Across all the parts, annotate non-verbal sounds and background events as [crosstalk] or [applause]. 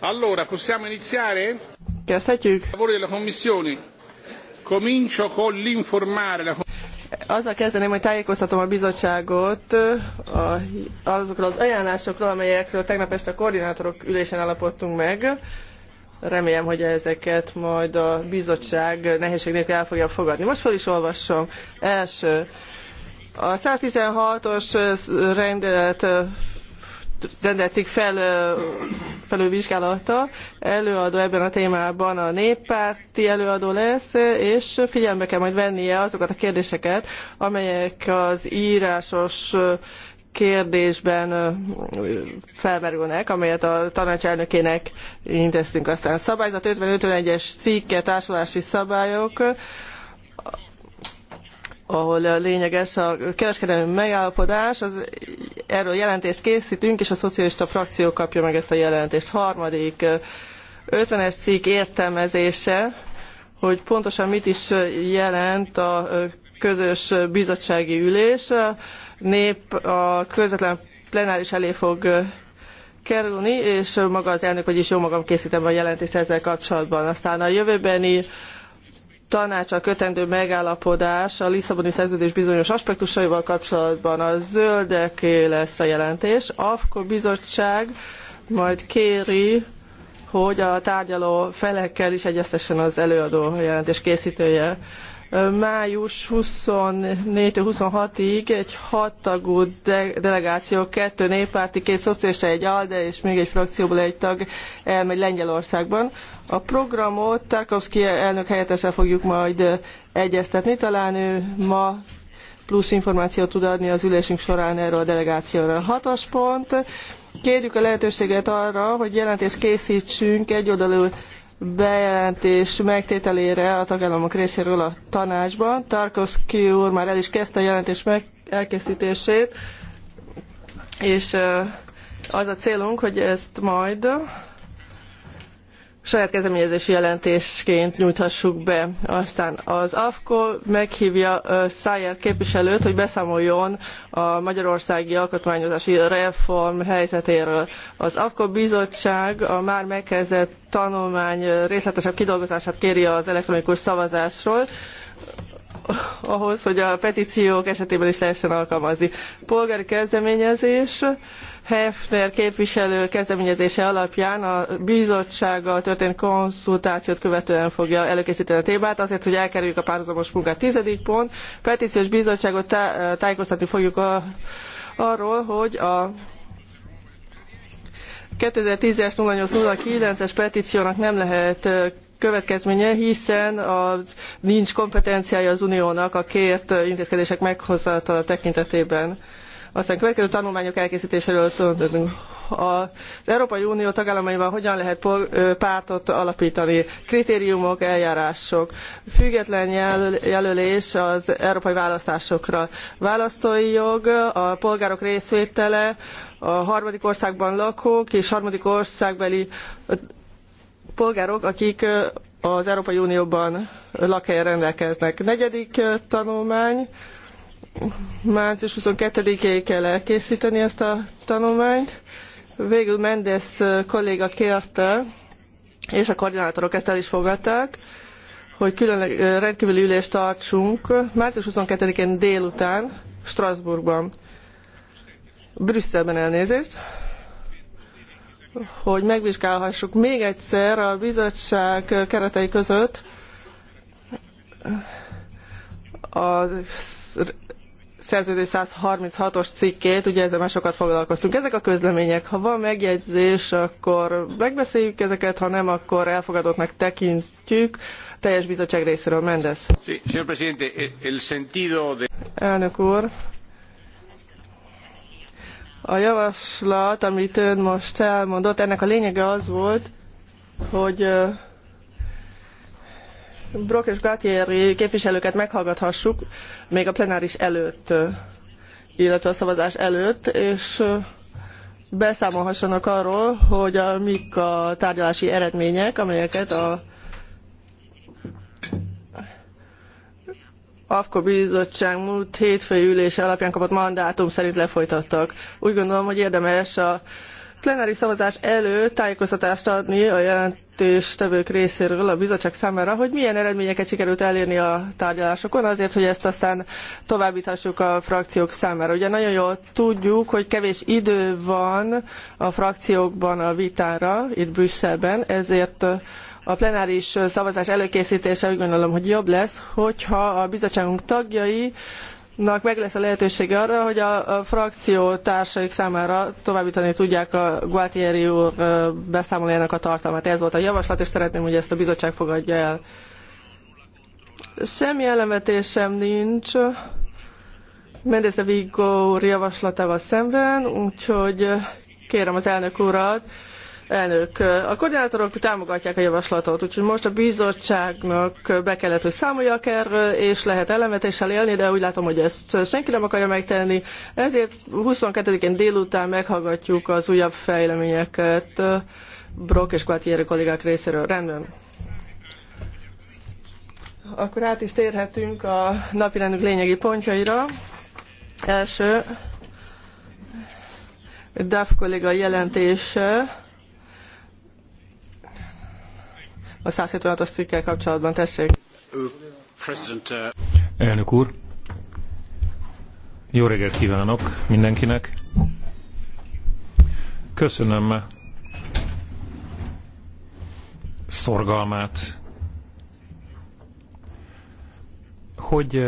Allora, possiamo iniziare? Kezdhetjük? Lavori della Commissione. Comincio con l'informare la azzal kezdeném, hogy tájékoztatom a bizottságot azokról az ajánlásokról, amelyekről tegnap este a koordinátorok ülésen állapodtunk meg. Remélem, hogy ezeket majd a bizottság nehézség nélkül el fogja fogadni. Most fel is olvassam. Első. A 116-os rendelet rendelcik fel, felülvizsgálata. Előadó ebben a témában a néppárti előadó lesz, és figyelembe kell majd vennie azokat a kérdéseket, amelyek az írásos kérdésben felmerülnek, amelyet a tanács elnökének intéztünk aztán. A szabályzat 55. 51 es cikke, társulási szabályok ahol a lényeges a kereskedelmi megállapodás, az, erről jelentést készítünk, és a szocialista frakció kapja meg ezt a jelentést. Harmadik 50-es cikk értelmezése, hogy pontosan mit is jelent a közös bizottsági ülés. A nép a közvetlen plenáris elé fog kerülni, és maga az elnök, is jó magam készítem a jelentést ezzel kapcsolatban. Aztán a jövőbeni a kötendő megállapodás a Lisszaboni szerződés bizonyos aspektusaival kapcsolatban a zöldeké lesz a jelentés. Akkor bizottság majd kéri, hogy a tárgyaló felekkel is egyeztessen az előadó jelentés készítője május 24-26-ig egy hat tagú delegáció, kettő néppárti, két szocialista, egy ALDE és még egy frakcióból egy tag elmegy Lengyelországban. A programot Tarkovsky elnök helyettesen fogjuk majd egyeztetni, talán ő ma plusz információt tud adni az ülésünk során erről a delegációról. Hatos pont, kérjük a lehetőséget arra, hogy jelentést készítsünk egyoldalú bejelentés megtételére a tagállamok részéről a tanácsban. Tarkovsky úr már el is kezdte a jelentés meg, elkészítését, és az a célunk, hogy ezt majd saját kezdeményezési jelentésként nyújthassuk be. Aztán az AFKO meghívja Szájer képviselőt, hogy beszámoljon a magyarországi alkotmányozási reform helyzetéről. Az AFKO bizottság a már megkezdett tanulmány részletesebb kidolgozását kéri az elektronikus szavazásról, ahhoz, hogy a petíciók esetében is lehessen alkalmazni. Polgári kezdeményezés Hefner képviselő kezdeményezése alapján a bizottsággal történt konzultációt követően fogja előkészíteni a témát, azért, hogy elkerüljük a párhuzamos munkát. Tizedik pont, petíciós bizottságot tájékoztatni fogjuk a, arról, hogy a 2010-es 0809-es petíciónak nem lehet következménye, hiszen a, nincs kompetenciája az uniónak a kért intézkedések meghozatala tekintetében. Aztán következő tanulmányok elkészítéséről tudunk az Európai Unió tagállamaiban hogyan lehet pártot alapítani, kritériumok, eljárások, független jelölés az európai választásokra, választói jog, a polgárok részvétele, a harmadik országban lakók és harmadik országbeli polgárok, akik az Európai Unióban lakhelyen rendelkeznek. Negyedik tanulmány, március 22-ig kell elkészíteni ezt a tanulmányt. Végül Mendes kolléga kérte, és a koordinátorok ezt el is fogadták, hogy külön rendkívüli ülést tartsunk március 22-én délután Strasbourgban, Brüsszelben elnézést, hogy megvizsgálhassuk még egyszer a bizottság keretei között a szerződés 136-os cikkét, ugye ezzel már sokat foglalkoztunk. Ezek a közlemények, ha van megjegyzés, akkor megbeszéljük ezeket, ha nem, akkor elfogadottnak tekintjük. Teljes bizottság részéről, Mendes. presidente, el sentido de... Elnök úr, a javaslat, amit ön most elmondott, ennek a lényege az volt, hogy Brock és Galtieri képviselőket meghallgathassuk még a plenáris előtt, illetve a szavazás előtt, és beszámolhassanak arról, hogy a, mik a tárgyalási eredmények, amelyeket a AFKO bizottság múlt hétfői ülése alapján kapott mandátum szerint lefolytattak. Úgy gondolom, hogy érdemes a plenáris szavazás előtt tájékoztatást adni a jelentéstevők részéről a bizottság számára, hogy milyen eredményeket sikerült elérni a tárgyalásokon, azért, hogy ezt aztán továbbíthassuk a frakciók számára. Ugye nagyon jól tudjuk, hogy kevés idő van a frakciókban a vitára itt Brüsszelben, ezért a plenáris szavazás előkészítése úgy gondolom, hogy jobb lesz, hogyha a bizottságunk tagjai nak meg lesz a lehetősége arra, hogy a, frakció társaik számára továbbítani tudják a Gualtieri úr beszámolójának a tartalmát. Ez volt a javaslat, és szeretném, hogy ezt a bizottság fogadja el. Semmi ellenvetésem nincs Mendez de Vigo úr javaslatával szemben, úgyhogy kérem az elnök urat, Elnök, a koordinátorok támogatják a javaslatot, úgyhogy most a bizottságnak be kellett, hogy számoljak erről, és lehet ellenvetéssel élni, de úgy látom, hogy ezt senki nem akarja megtenni. Ezért 22-én délután meghallgatjuk az újabb fejleményeket Brock és Guattieri kollégák részéről. Rendben. Akkor át is térhetünk a napirendünk lényegi pontjaira. Első, Duff kolléga jelentése a 176-os cikkel kapcsolatban. Tessék! Elnök úr! Jó reggelt kívánok mindenkinek! Köszönöm szorgalmát, hogy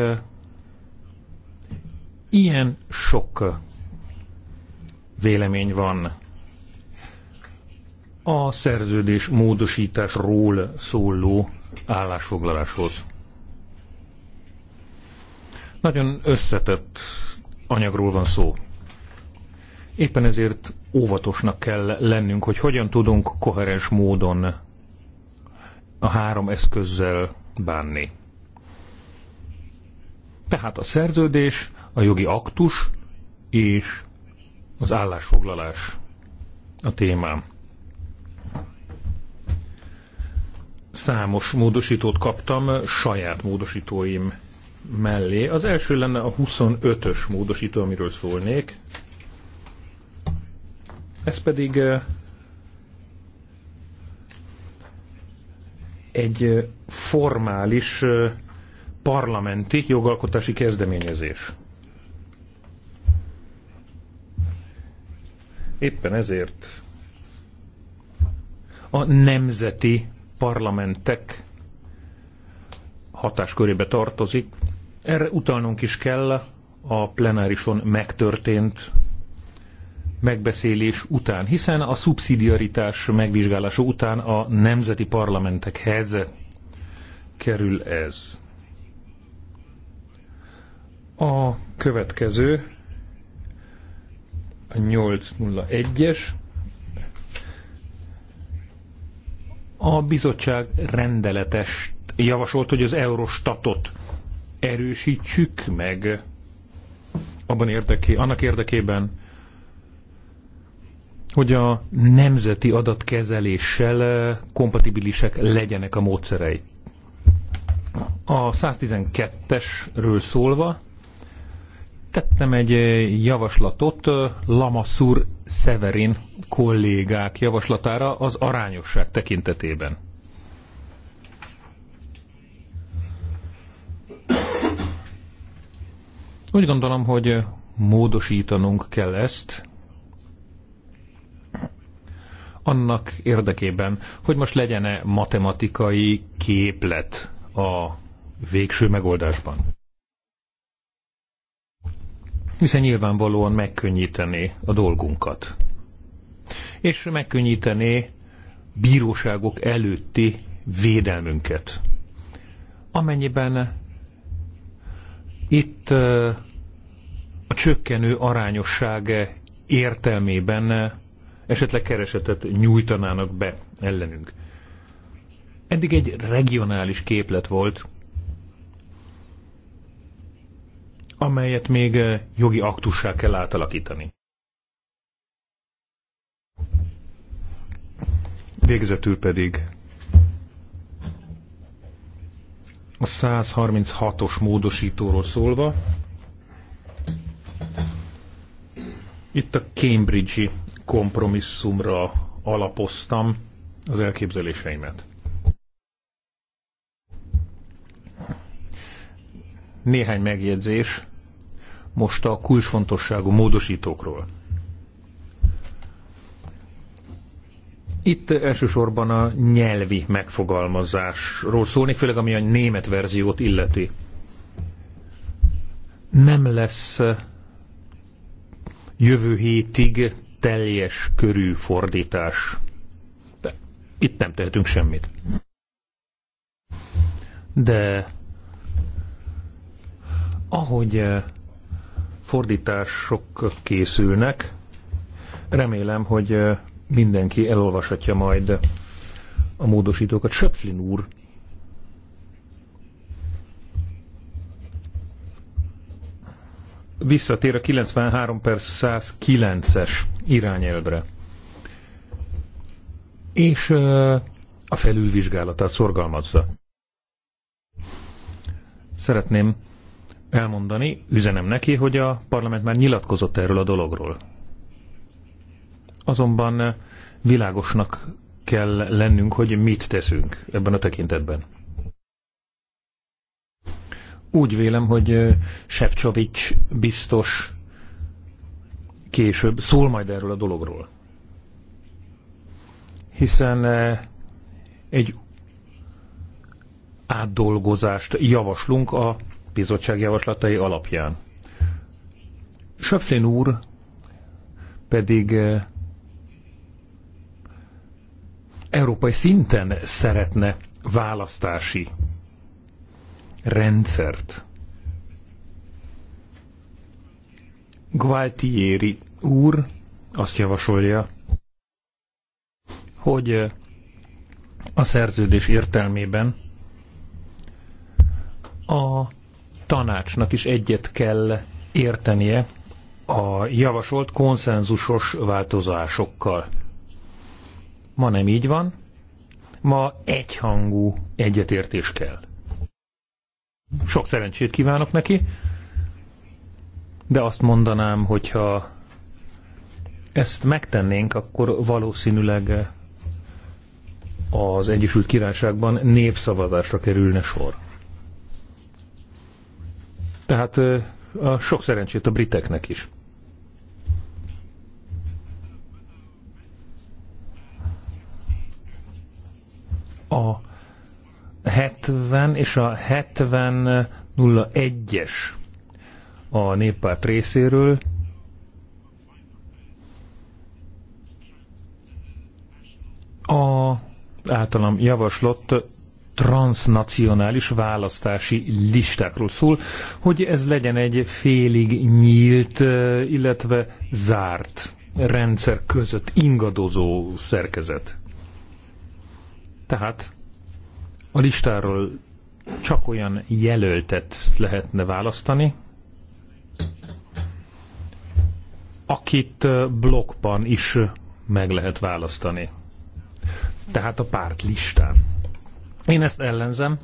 ilyen sok vélemény van a szerződés módosításról szóló állásfoglaláshoz. Nagyon összetett anyagról van szó. Éppen ezért óvatosnak kell lennünk, hogy hogyan tudunk koherens módon a három eszközzel bánni. Tehát a szerződés, a jogi aktus és az állásfoglalás a témám. Számos módosítót kaptam saját módosítóim mellé. Az első lenne a 25-ös módosító, amiről szólnék. Ez pedig eh, egy eh, formális eh, parlamenti jogalkotási kezdeményezés. Éppen ezért a nemzeti parlamentek hatáskörébe tartozik. Erre utalnunk is kell a plenárison megtörtént megbeszélés után, hiszen a szubszidiaritás megvizsgálása után a nemzeti parlamentekhez kerül ez. A következő a 801-es, A bizottság rendeletes javasolt, hogy az Eurostatot erősítsük meg abban érdeké, annak érdekében, hogy a nemzeti adatkezeléssel eh, kompatibilisek legyenek a módszerei. A 112-esről szólva tettem egy eh, javaslatot eh, Lamassur Severin kollégák javaslatára az arányosság tekintetében. Úgy gondolom, hogy eh, módosítanunk kell ezt annak érdekében, hogy most legyen-e matematikai képlet a végső megoldásban hiszen nyilvánvalóan megkönnyítené a dolgunkat. És megkönnyítené bíróságok előtti védelmünket. Amennyiben itt a csökkenő arányosság értelmében esetleg keresetet nyújtanának be ellenünk. Eddig egy regionális képlet volt, amelyet még jogi aktussá kell átalakítani. Végezetül pedig a 136-os módosítóról szólva, itt a Cambridge-i kompromisszumra alapoztam az elképzeléseimet. Néhány megjegyzés most a kulcsfontosságú módosítókról. Itt elsősorban a nyelvi megfogalmazásról szólni, főleg ami a német verziót illeti. Nem lesz eh, jövő hétig teljes körű fordítás. De itt nem tehetünk semmit. De ahogy eh, fordítások készülnek. Remélem, hogy mindenki elolvashatja majd a módosítókat. Söpflin úr visszatér a 93 per 109-es irányelvre. És a felülvizsgálatát szorgalmazza. Szeretném elmondani, üzenem neki, hogy a parlament már nyilatkozott erről a dologról. Azonban eh, világosnak kell lennünk, hogy mit teszünk ebben a tekintetben. Úgy vélem, hogy eh, Sefcsovics biztos később szól majd erről a dologról. Hiszen eh, egy átdolgozást javaslunk a bizottság javaslatai alapján. Söpflin úr pedig eh, európai szinten szeretne választási rendszert. Gualtieri úr azt javasolja, hogy eh, a szerződés értelmében a tanácsnak is egyet kell értenie a javasolt konszenzusos változásokkal. Ma nem így van, ma egyhangú egyetértés kell. Sok szerencsét kívánok neki, de azt mondanám, hogyha ezt megtennénk, akkor valószínűleg az Egyesült Királyságban népszavazásra kerülne sor. Tehát a sok szerencsét a briteknek is. A 70 és a 7001-es a néppárt részéről a általam javaslott transnacionális választási listákról szól, hogy ez legyen egy félig nyílt, illetve zárt rendszer között ingadozó szerkezet. Tehát a listáról csak olyan jelöltet lehetne választani, akit blokkban is meg lehet választani. Tehát a párt listán. Én ezt ellenzem,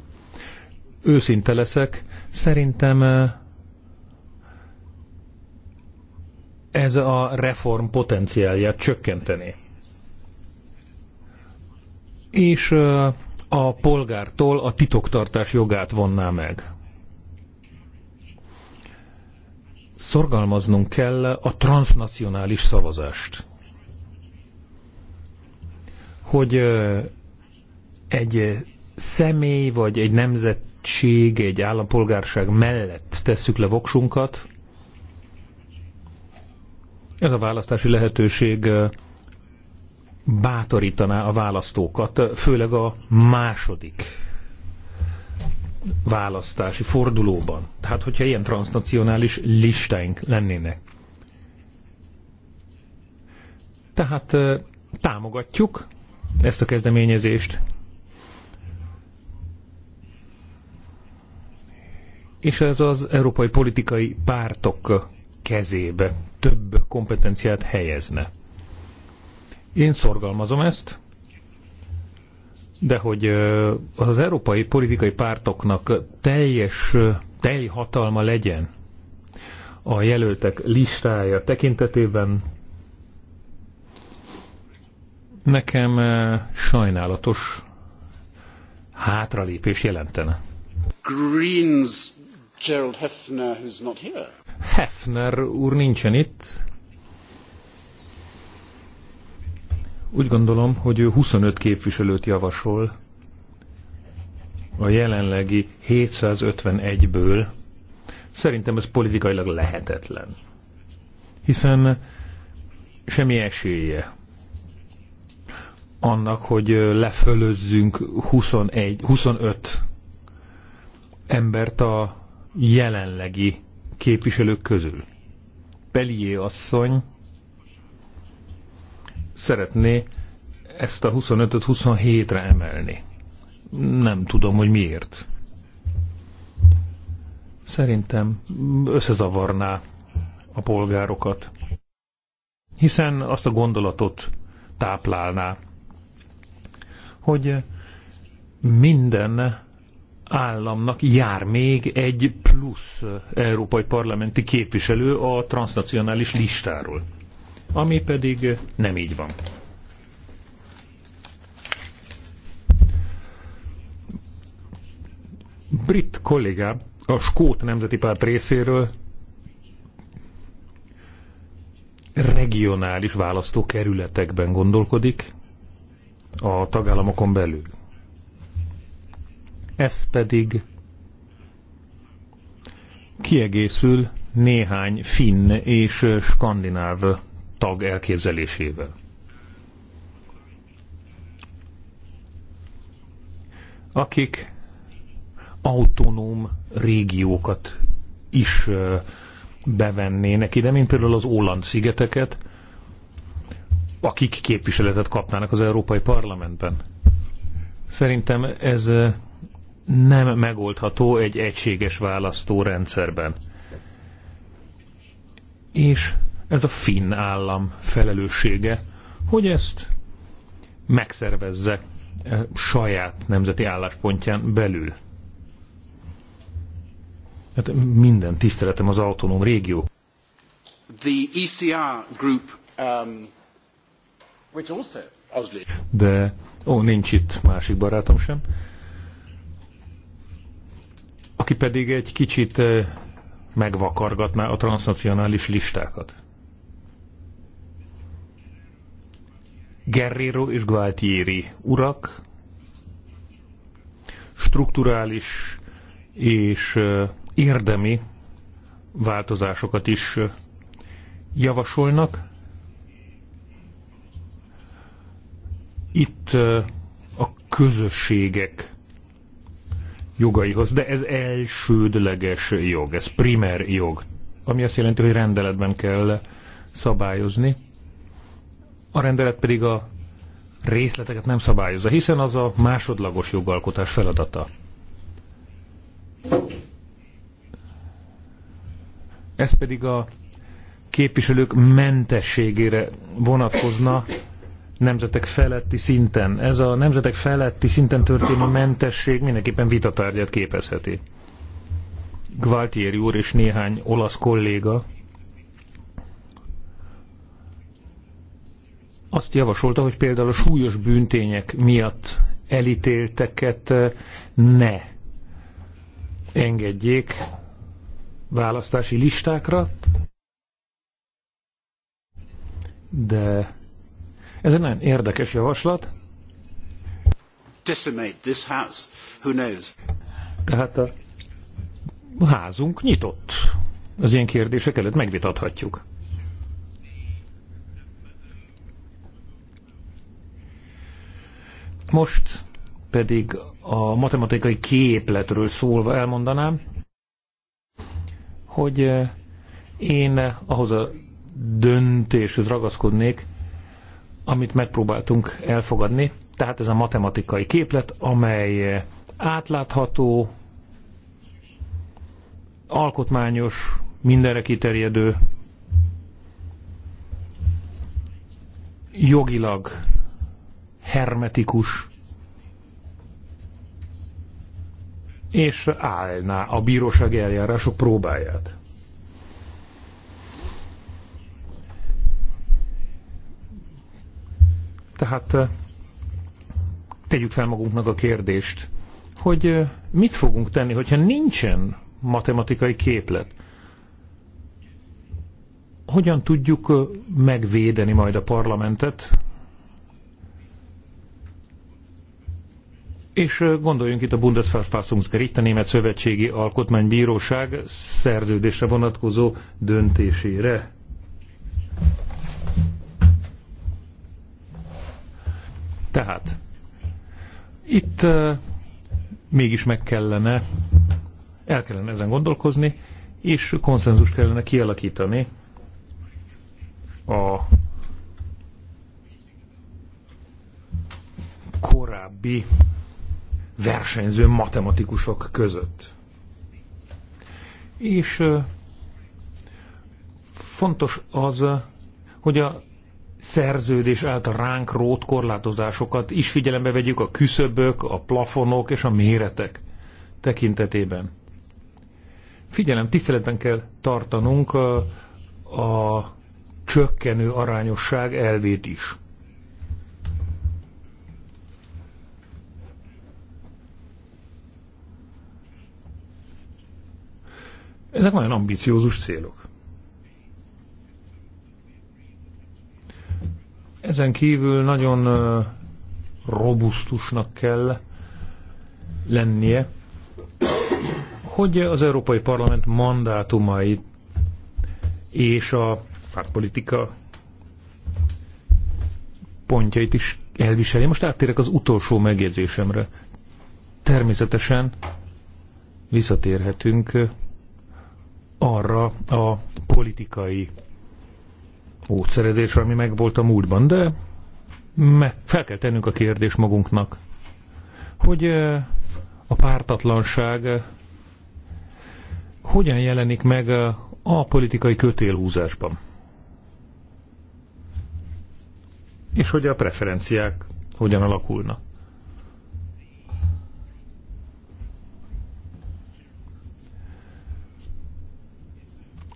őszinte leszek, szerintem ez a reform potenciálját csökkenteni. És a polgártól a titoktartás jogát vonná meg. Szorgalmaznunk kell a transnacionális szavazást. Hogy egy személy, vagy egy nemzetség, egy állampolgárság mellett tesszük le voksunkat, ez a választási lehetőség bátorítaná a választókat, főleg a második választási fordulóban. Tehát, hogyha ilyen transnacionális listáink lennének. Tehát támogatjuk ezt a kezdeményezést, és ez az európai politikai pártok kezébe több kompetenciát helyezne. Én szorgalmazom ezt, de hogy az európai politikai pártoknak teljes, telj hatalma legyen a jelöltek listája tekintetében, nekem sajnálatos hátralépés jelentene. Greens Gerald Hefner, who's not here. Hefner úr nincsen itt. Úgy gondolom, hogy ő 25 képviselőt javasol a jelenlegi 751-ből. Szerintem ez politikailag lehetetlen. Hiszen semmi esélye annak, hogy lefölözzünk 21, 25 embert a jelenlegi képviselők közül. Pelié asszony szeretné ezt a 25-öt 27-re emelni. Nem tudom, hogy miért. Szerintem összezavarná a polgárokat, hiszen azt a gondolatot táplálná, hogy minden államnak jár még egy plusz európai parlamenti képviselő a transnacionális listáról, ami pedig nem így van. Brit kollégá a Skót Nemzeti Párt részéről regionális választókerületekben gondolkodik a tagállamokon belül. Ez pedig kiegészül néhány finn és skandináv tag elképzelésével. Akik autonóm régiókat is bevennének ide, mint például az Óland szigeteket, akik képviseletet kapnának az Európai Parlamentben. Szerintem ez nem megoldható egy egységes választórendszerben. És ez a finn állam felelőssége, hogy ezt megszervezze e, saját nemzeti álláspontján belül. Hát minden tiszteletem az autonóm régió. The ECR group, um, which also... De, ó, nincs itt másik barátom sem aki pedig egy kicsit eh, megvakargatná a transnacionális listákat. Guerrero és Gualtieri urak strukturális és eh, érdemi változásokat is eh, javasolnak. Itt a közösségek jogaihoz, de ez elsődleges jog, ez primer jog, ami azt jelenti, hogy rendeletben kell szabályozni. A rendelet pedig a részleteket nem szabályozza, hiszen az a másodlagos jogalkotás feladata. Ez pedig a képviselők mentességére vonatkozna nemzetek feletti szinten. Ez a nemzetek feletti szinten történő mentesség mindenképpen vitatárgyat képezheti. Gualtieri úr és néhány olasz kolléga azt javasolta, hogy például a súlyos bűntények miatt elítélteket eh, ne engedjék választási listákra, de ez egy nagyon érdekes javaslat. this house, who knows? Tehát a házunk nyitott. Az ilyen kérdések előtt megvitathatjuk. Most pedig a matematikai képletről szólva elmondanám, hogy eh, én ahhoz a döntéshez ragaszkodnék, amit megpróbáltunk elfogadni. Tehát ez a matematikai képlet, amely átlátható, alkotmányos, mindenre kiterjedő, jogilag hermetikus, és állná a bíróság eljárások próbáját. Tehát tegyük fel magunknak a kérdést, hogy mit fogunk tenni, hogyha nincsen matematikai képlet. Hogyan tudjuk megvédeni majd a parlamentet? És gondoljunk itt a Bundesverfassungsgericht, a Német Szövetségi Alkotmánybíróság szerződésre vonatkozó döntésére. Tehát itt uh, mégis meg kellene, el kellene ezen gondolkozni, és konszenzus kellene kialakítani a korábbi versenyző matematikusok között. És fontos az, hogy a szerződés által ránk rót korlátozásokat is figyelembe vegyük a küszöbök, a plafonok és a méretek tekintetében. Figyelem, tiszteletben kell tartanunk a, a csökkenő arányosság elvét is. Ezek nagyon ambiciózus célok. Ezen kívül nagyon robusztusnak kell lennie, hogy az Európai Parlament mandátumai és a pártpolitika pontjait is elviselje. Most áttérek az utolsó megjegyzésemre. Természetesen visszatérhetünk arra a politikai módszerezésre, ami volt a múltban, de fel kell tennünk a kérdés magunknak, hogy a pártatlanság hogyan jelenik meg a politikai kötélhúzásban. És hogy a preferenciák hogyan alakulnak.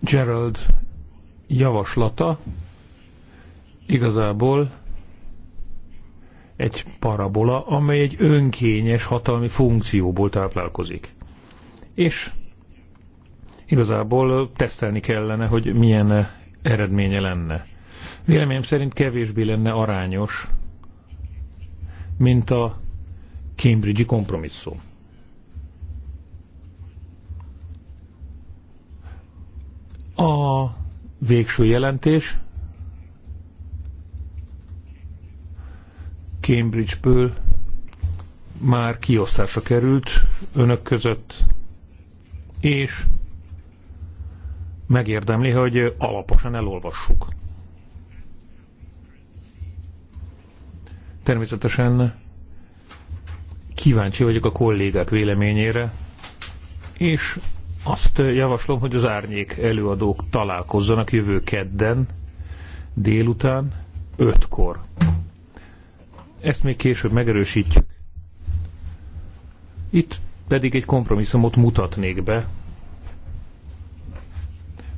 Gerald javaslata igazából egy parabola, amely egy önkényes hatalmi funkcióból táplálkozik. És igazából tesztelni kellene, hogy milyen eredménye lenne. Véleményem szerint kevésbé lenne arányos, mint a Cambridge-i kompromisszum. A végső jelentés Cambridge-ből már kiosztásra került önök között, és megérdemli, hogy alaposan elolvassuk. Természetesen kíváncsi vagyok a kollégák véleményére, és azt javaslom, hogy az árnyék előadók találkozzanak jövő kedden délután ötkor ezt még később megerősítjük. Itt pedig egy kompromisszumot mutatnék be,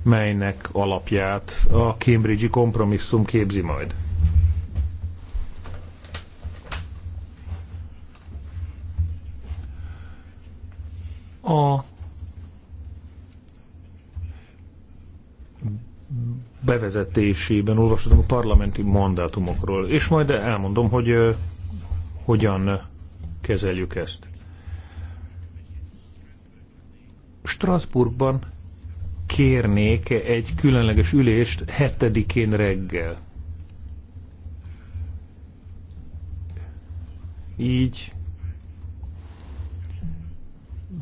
melynek alapját a Cambridge-i kompromisszum képzi majd. A bevezetésében olvashatunk a parlamenti mandátumokról, és majd elmondom, hogy uh, hogyan kezeljük ezt. Strasbourgban kérnék egy különleges ülést hetedikén reggel. Így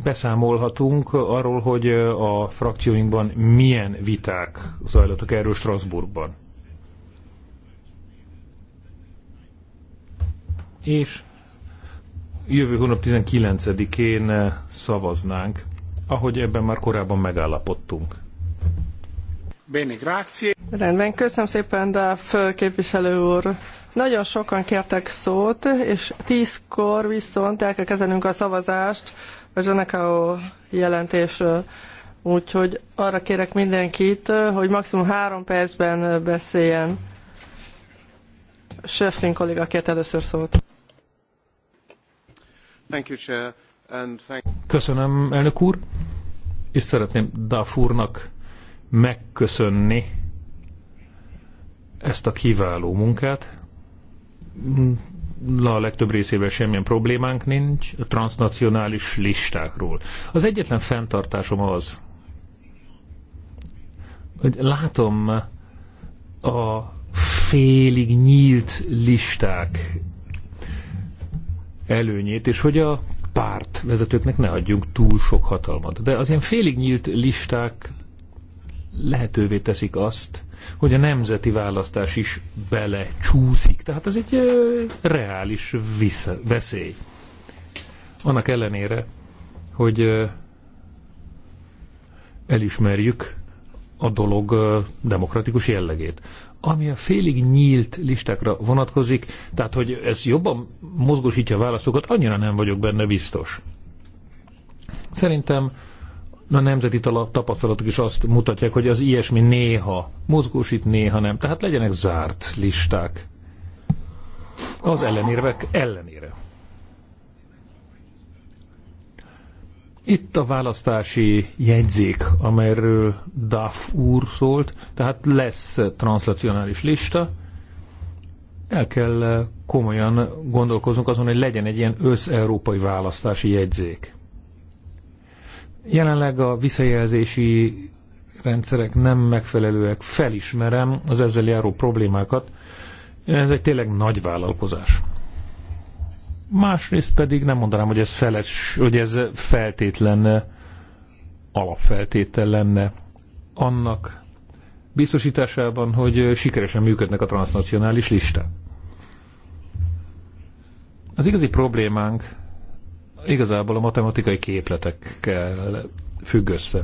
beszámolhatunk arról, hogy a frakcióinkban milyen viták zajlottak erről Strasbourgban. És jövő hónap 19-én szavaznánk, ahogy ebben már korábban megállapodtunk. Bene, grazie. Rendben, köszönöm szépen, de fölképviselő úr. Nagyon sokan kértek szót, és tízkor viszont el kell kezdenünk a szavazást, a Zsenekao jelentésről. Úgyhogy arra kérek mindenkit, hogy maximum három percben beszéljen. Schöffling kolléga kért először szót. Köszönöm, elnök úr, és szeretném Dafurnak megköszönni ezt a kiváló munkát a legtöbb részével semmilyen problémánk nincs, a transnacionális listákról. Az egyetlen fenntartásom az, hogy látom a félig nyílt listák előnyét, és hogy a pártvezetőknek ne adjunk túl sok hatalmat. De az ilyen félig nyílt listák lehetővé teszik azt, hogy a nemzeti választás is belecsúszik. Tehát ez egy reális vissza, veszély. Annak ellenére, hogy elismerjük a dolog demokratikus jellegét. Ami a félig nyílt listákra vonatkozik, tehát hogy ez jobban mozgósítja a válaszokat, annyira nem vagyok benne biztos. Szerintem a nemzeti tapasztalatok is azt mutatják, hogy az ilyesmi néha mozgósít, néha nem. Tehát legyenek zárt listák. Az ellenérvek ellenére. Itt a választási jegyzék, amelyről Duff úr szólt, tehát lesz translacionális lista. El kell eh, komolyan gondolkoznunk azon, hogy legyen egy ilyen össz-európai választási jegyzék. Jelenleg a visszajelzési rendszerek nem megfelelőek, felismerem az ezzel járó problémákat. Ez egy tényleg nagy vállalkozás. Másrészt pedig nem mondanám, hogy ez, feles, hogy ez feltétlen eh, alapfeltétel lenne annak biztosításában, hogy eh, sikeresen működnek a transnacionális listák. Az igazi problémánk igazából a matematikai képletekkel függ össze.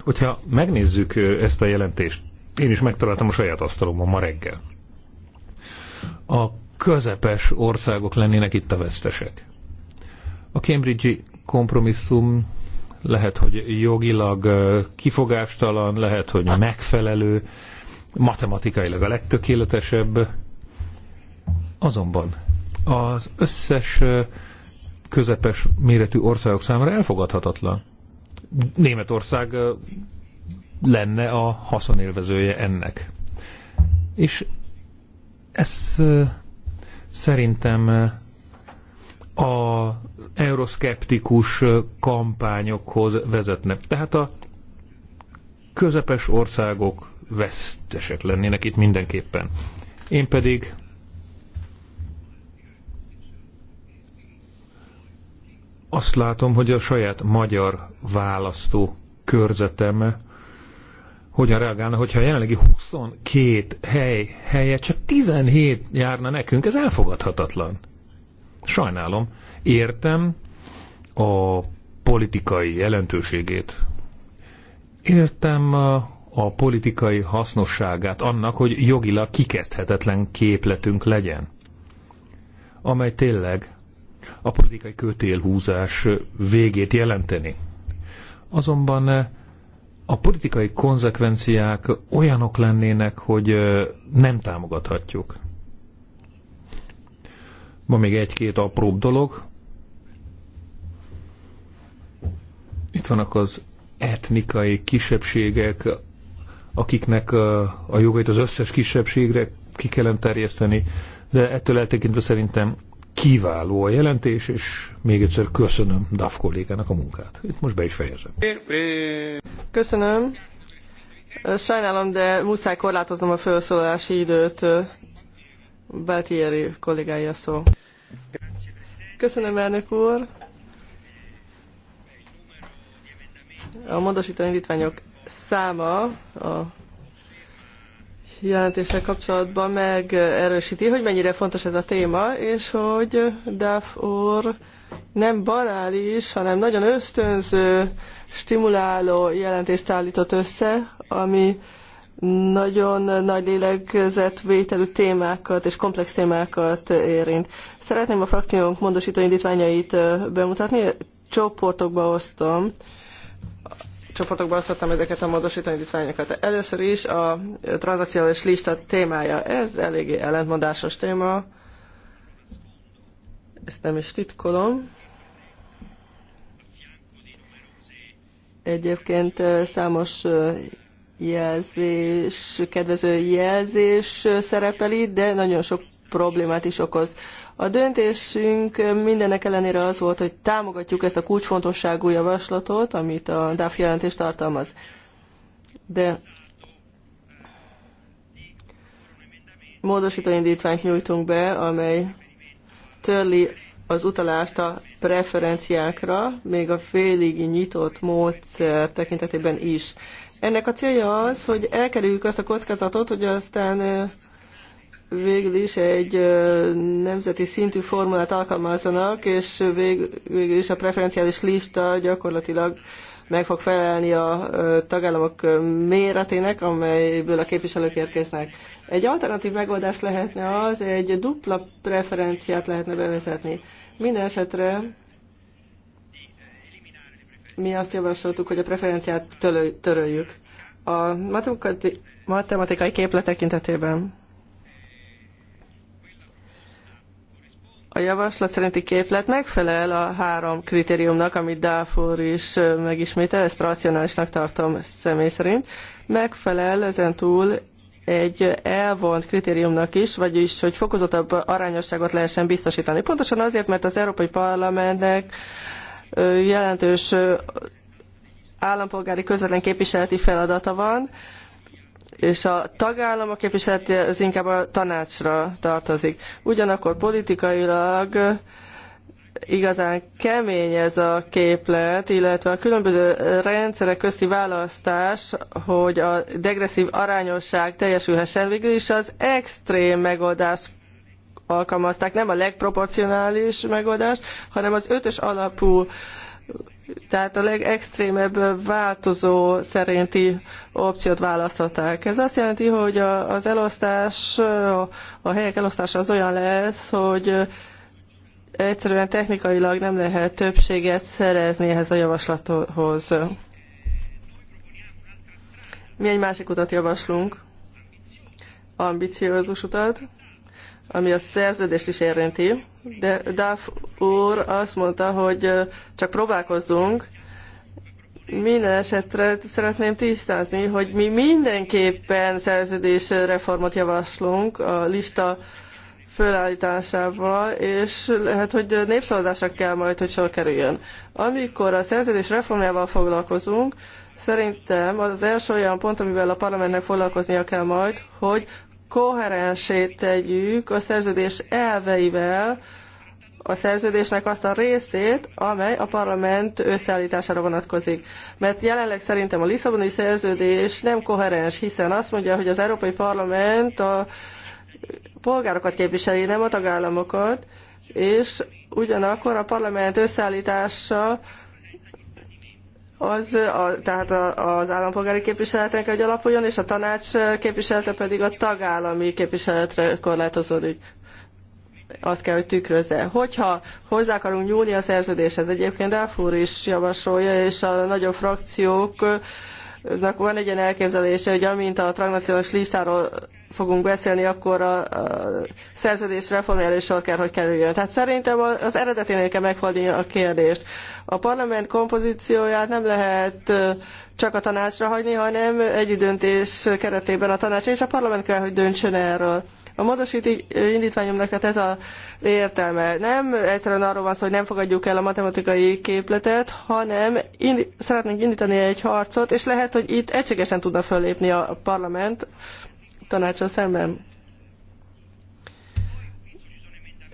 Hogyha megnézzük ezt a jelentést, én is megtaláltam a saját asztalomon ma reggel. A közepes országok lennének itt a vesztesek. A Cambridge-i kompromisszum lehet, hogy jogilag kifogástalan, lehet, hogy megfelelő, matematikailag a legtökéletesebb. Azonban az összes közepes méretű országok számára elfogadhatatlan. Németország lenne a haszonélvezője ennek. És ez szerintem a euroszkeptikus kampányokhoz vezetne. Tehát a közepes országok vesztesek lennének itt mindenképpen. Én pedig azt látom, hogy a saját magyar választó körzetem hogyan reagálna, hogyha a jelenlegi 22 hely helye csak 17 járna nekünk, ez elfogadhatatlan. Sajnálom. Értem a politikai jelentőségét. Értem a, a politikai hasznosságát annak, hogy jogilag kikezdhetetlen képletünk legyen, amely tényleg a politikai kötélhúzás végét jelenteni. Azonban eh, a politikai konzekvenciák olyanok lennének, hogy eh, nem támogathatjuk. Van még egy-két apróbb dolog. Itt vannak az etnikai kisebbségek, akiknek eh, a jogait az összes kisebbségre ki kellene terjeszteni, de ettől eltekintve szerintem Kiváló a jelentés, és még egyszer köszönöm DAF kollégának a munkát. Itt most be is fejezem. Köszönöm. Sajnálom, de muszáj korlátoznom a felszólalási időt. Beltieri kollégája szó. Köszönöm, elnök úr. A módosító indítványok száma a jelentéssel kapcsolatban erősíti, hogy mennyire fontos ez a téma, és hogy Duff úr nem banális, hanem nagyon ösztönző, stimuláló jelentést állított össze, ami nagyon nagy lélegzetvételű témákat és komplex témákat érint. Szeretném a frakciónk módosító indítványait bemutatni, csoportokba osztom csoportokba osztottam ezeket a módosítani indítványokat. Először is a tranzakciós lista témája. Ez eléggé ellentmondásos téma. Ezt nem is titkolom. Egyébként számos jelzés, kedvező jelzés szerepel itt, de nagyon sok problémát is okoz. A döntésünk mindenek ellenére az volt, hogy támogatjuk ezt a kulcsfontosságú javaslatot, amit a DAF jelentés tartalmaz. De módosító indítványt nyújtunk be, amely törli az utalást a preferenciákra, még a félig nyitott módszer tekintetében is. Ennek a célja az, hogy elkerüljük azt a kockázatot, hogy aztán végül is egy nemzeti szintű formulát alkalmazzanak, és végül is a preferenciális lista gyakorlatilag meg fog felelni a tagállamok méretének, amelyből a képviselők érkeznek. Egy alternatív megoldás lehetne az, egy dupla preferenciát lehetne bevezetni. Minden esetre mi azt javasoltuk, hogy a preferenciát töröljük. A matematikai képlet tekintetében A javaslat szerinti képlet megfelel a három kritériumnak, amit Dáfor is megismétel, ezt racionálisnak tartom személy szerint. Megfelel ezen túl egy elvont kritériumnak is, vagyis hogy fokozottabb arányosságot lehessen biztosítani. Pontosan azért, mert az Európai Parlamentnek jelentős állampolgári közvetlen képviseleti feladata van, és a tagállamok képviselete az inkább a tanácsra tartozik. Ugyanakkor politikailag igazán kemény ez a képlet, illetve a különböző rendszerek közti választás, hogy a degresszív arányosság teljesülhessen, végül is az extrém megoldást alkalmazták, nem a legproporcionális megoldást, hanem az ötös alapú tehát a legextrémebb változó szerinti opciót választották. Ez azt jelenti, hogy a, az elosztás, a, a helyek elosztása az olyan lesz, hogy egyszerűen technikailag nem lehet többséget szerezni ehhez a javaslathoz. Mi egy másik utat javaslunk, ambiciózus utat, ami a szerződést is érinti, de Duff úr azt mondta, hogy csak próbálkozzunk, minden esetre szeretném tisztázni, hogy mi mindenképpen szerződésreformot reformot javaslunk a lista fölállításával, és lehet, hogy népszavazásra kell majd, hogy sor kerüljön. Amikor a szerződés reformjával foglalkozunk, szerintem az első olyan pont, amivel a parlamentnek foglalkoznia kell majd, hogy koherensé tegyük a szerződés elveivel a szerződésnek azt a részét, amely a parlament összeállítására vonatkozik. Mert jelenleg szerintem a Lisszaboni szerződés nem koherens, hiszen azt mondja, hogy az Európai Parlament a polgárokat képviseli, nem a tagállamokat, és ugyanakkor a parlament összeállítása az a, tehát a, az állampolgári képviseleten kell, hogy alapuljon, és a tanács képviselete pedig a tagállami képviseletre korlátozódik. Azt kell, hogy tükrözze. Hogyha hozzá akarunk nyúlni a szerződéshez, egyébként Dáfúr is javasolja, és a nagyobb frakciók van egy ilyen elképzelése, hogy amint a transnacionális listáról fogunk beszélni, akkor a, a szerződés reformjára sor kell, hogy kerüljön. Tehát szerintem az eredeténél kell megfordulni a kérdést. A parlament kompozícióját nem lehet csak a tanácsra hagyni, hanem együttdöntés keretében a tanács és a parlament kell, hogy döntsön erről. A módosíti indítványomnak, tehát ez az értelme. Nem egyszerűen arról van szó, hogy nem fogadjuk el a matematikai képletet, hanem indi, szeretnénk indítani egy harcot, és lehet, hogy itt egységesen tudna föllépni a parlament, tanácsa szemben.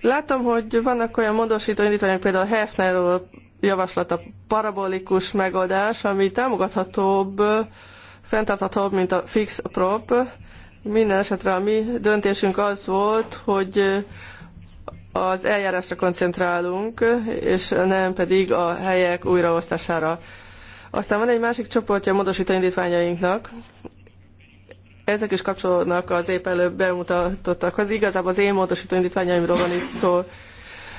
Látom, hogy vannak olyan módosító indítványok, például Hefner javaslat a parabolikus megoldás, ami támogathatóbb, fenntarthatóbb, mint a fix prop. Minden esetre a mi döntésünk az volt, hogy az eljárásra koncentrálunk, és nem pedig a helyek újraosztására. Aztán van egy másik csoportja a módosító indítványainknak, ezek is kapcsolódnak az épp előbb bemutatottakhoz. Igazából az én módosító indítványaimról van itt szó.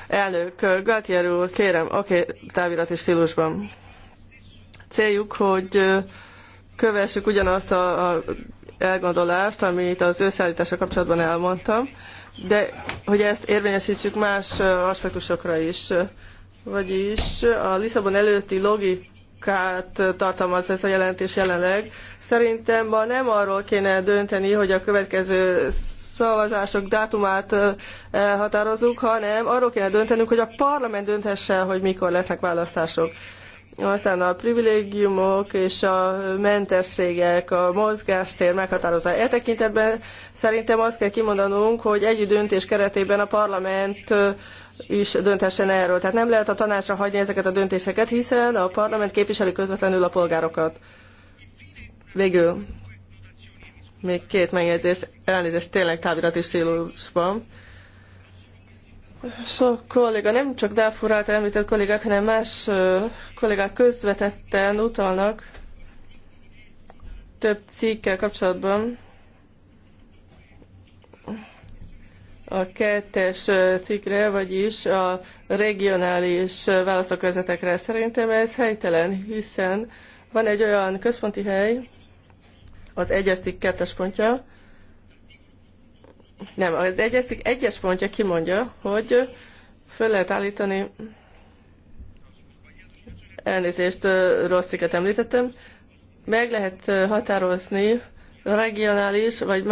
Elnök, Galtier úr, kérem, oké, okay, távirati stílusban. Céljuk, hogy kövessük ugyanazt a, a elgondolást, amit az összeállítása kapcsolatban elmondtam, de hogy ezt érvényesítsük más aspektusokra is. Vagyis a Lisszabon előtti logikát tartalmaz ez a jelentés jelenleg, Szerintem ma nem arról kéne dönteni, hogy a következő szavazások dátumát elhatározunk, hanem arról kéne döntenünk, hogy a parlament dönthesse, hogy mikor lesznek választások. Aztán a privilégiumok és a mentességek, a mozgástér meghatározza. E tekintetben szerintem azt kell kimondanunk, hogy egy döntés keretében a parlament is dönthessen erről. Tehát nem lehet a tanácsra hagyni ezeket a döntéseket, hiszen a parlament képviseli közvetlenül a polgárokat. Végül még két megjegyzés, elnézést tényleg távirati stílusban. Sok kolléga, nem csak Dáfur által említett kollégák, hanem más kollégák közvetetten utalnak több cikkkel kapcsolatban. A kettes cikkre, vagyis a regionális választókörzetekre szerintem ez helytelen, hiszen van egy olyan központi hely, az cikk kettes pontja, nem, az cikk egyes pontja kimondja, hogy föl lehet állítani, elnézést, rosszikat említettem, meg lehet határozni regionális vagy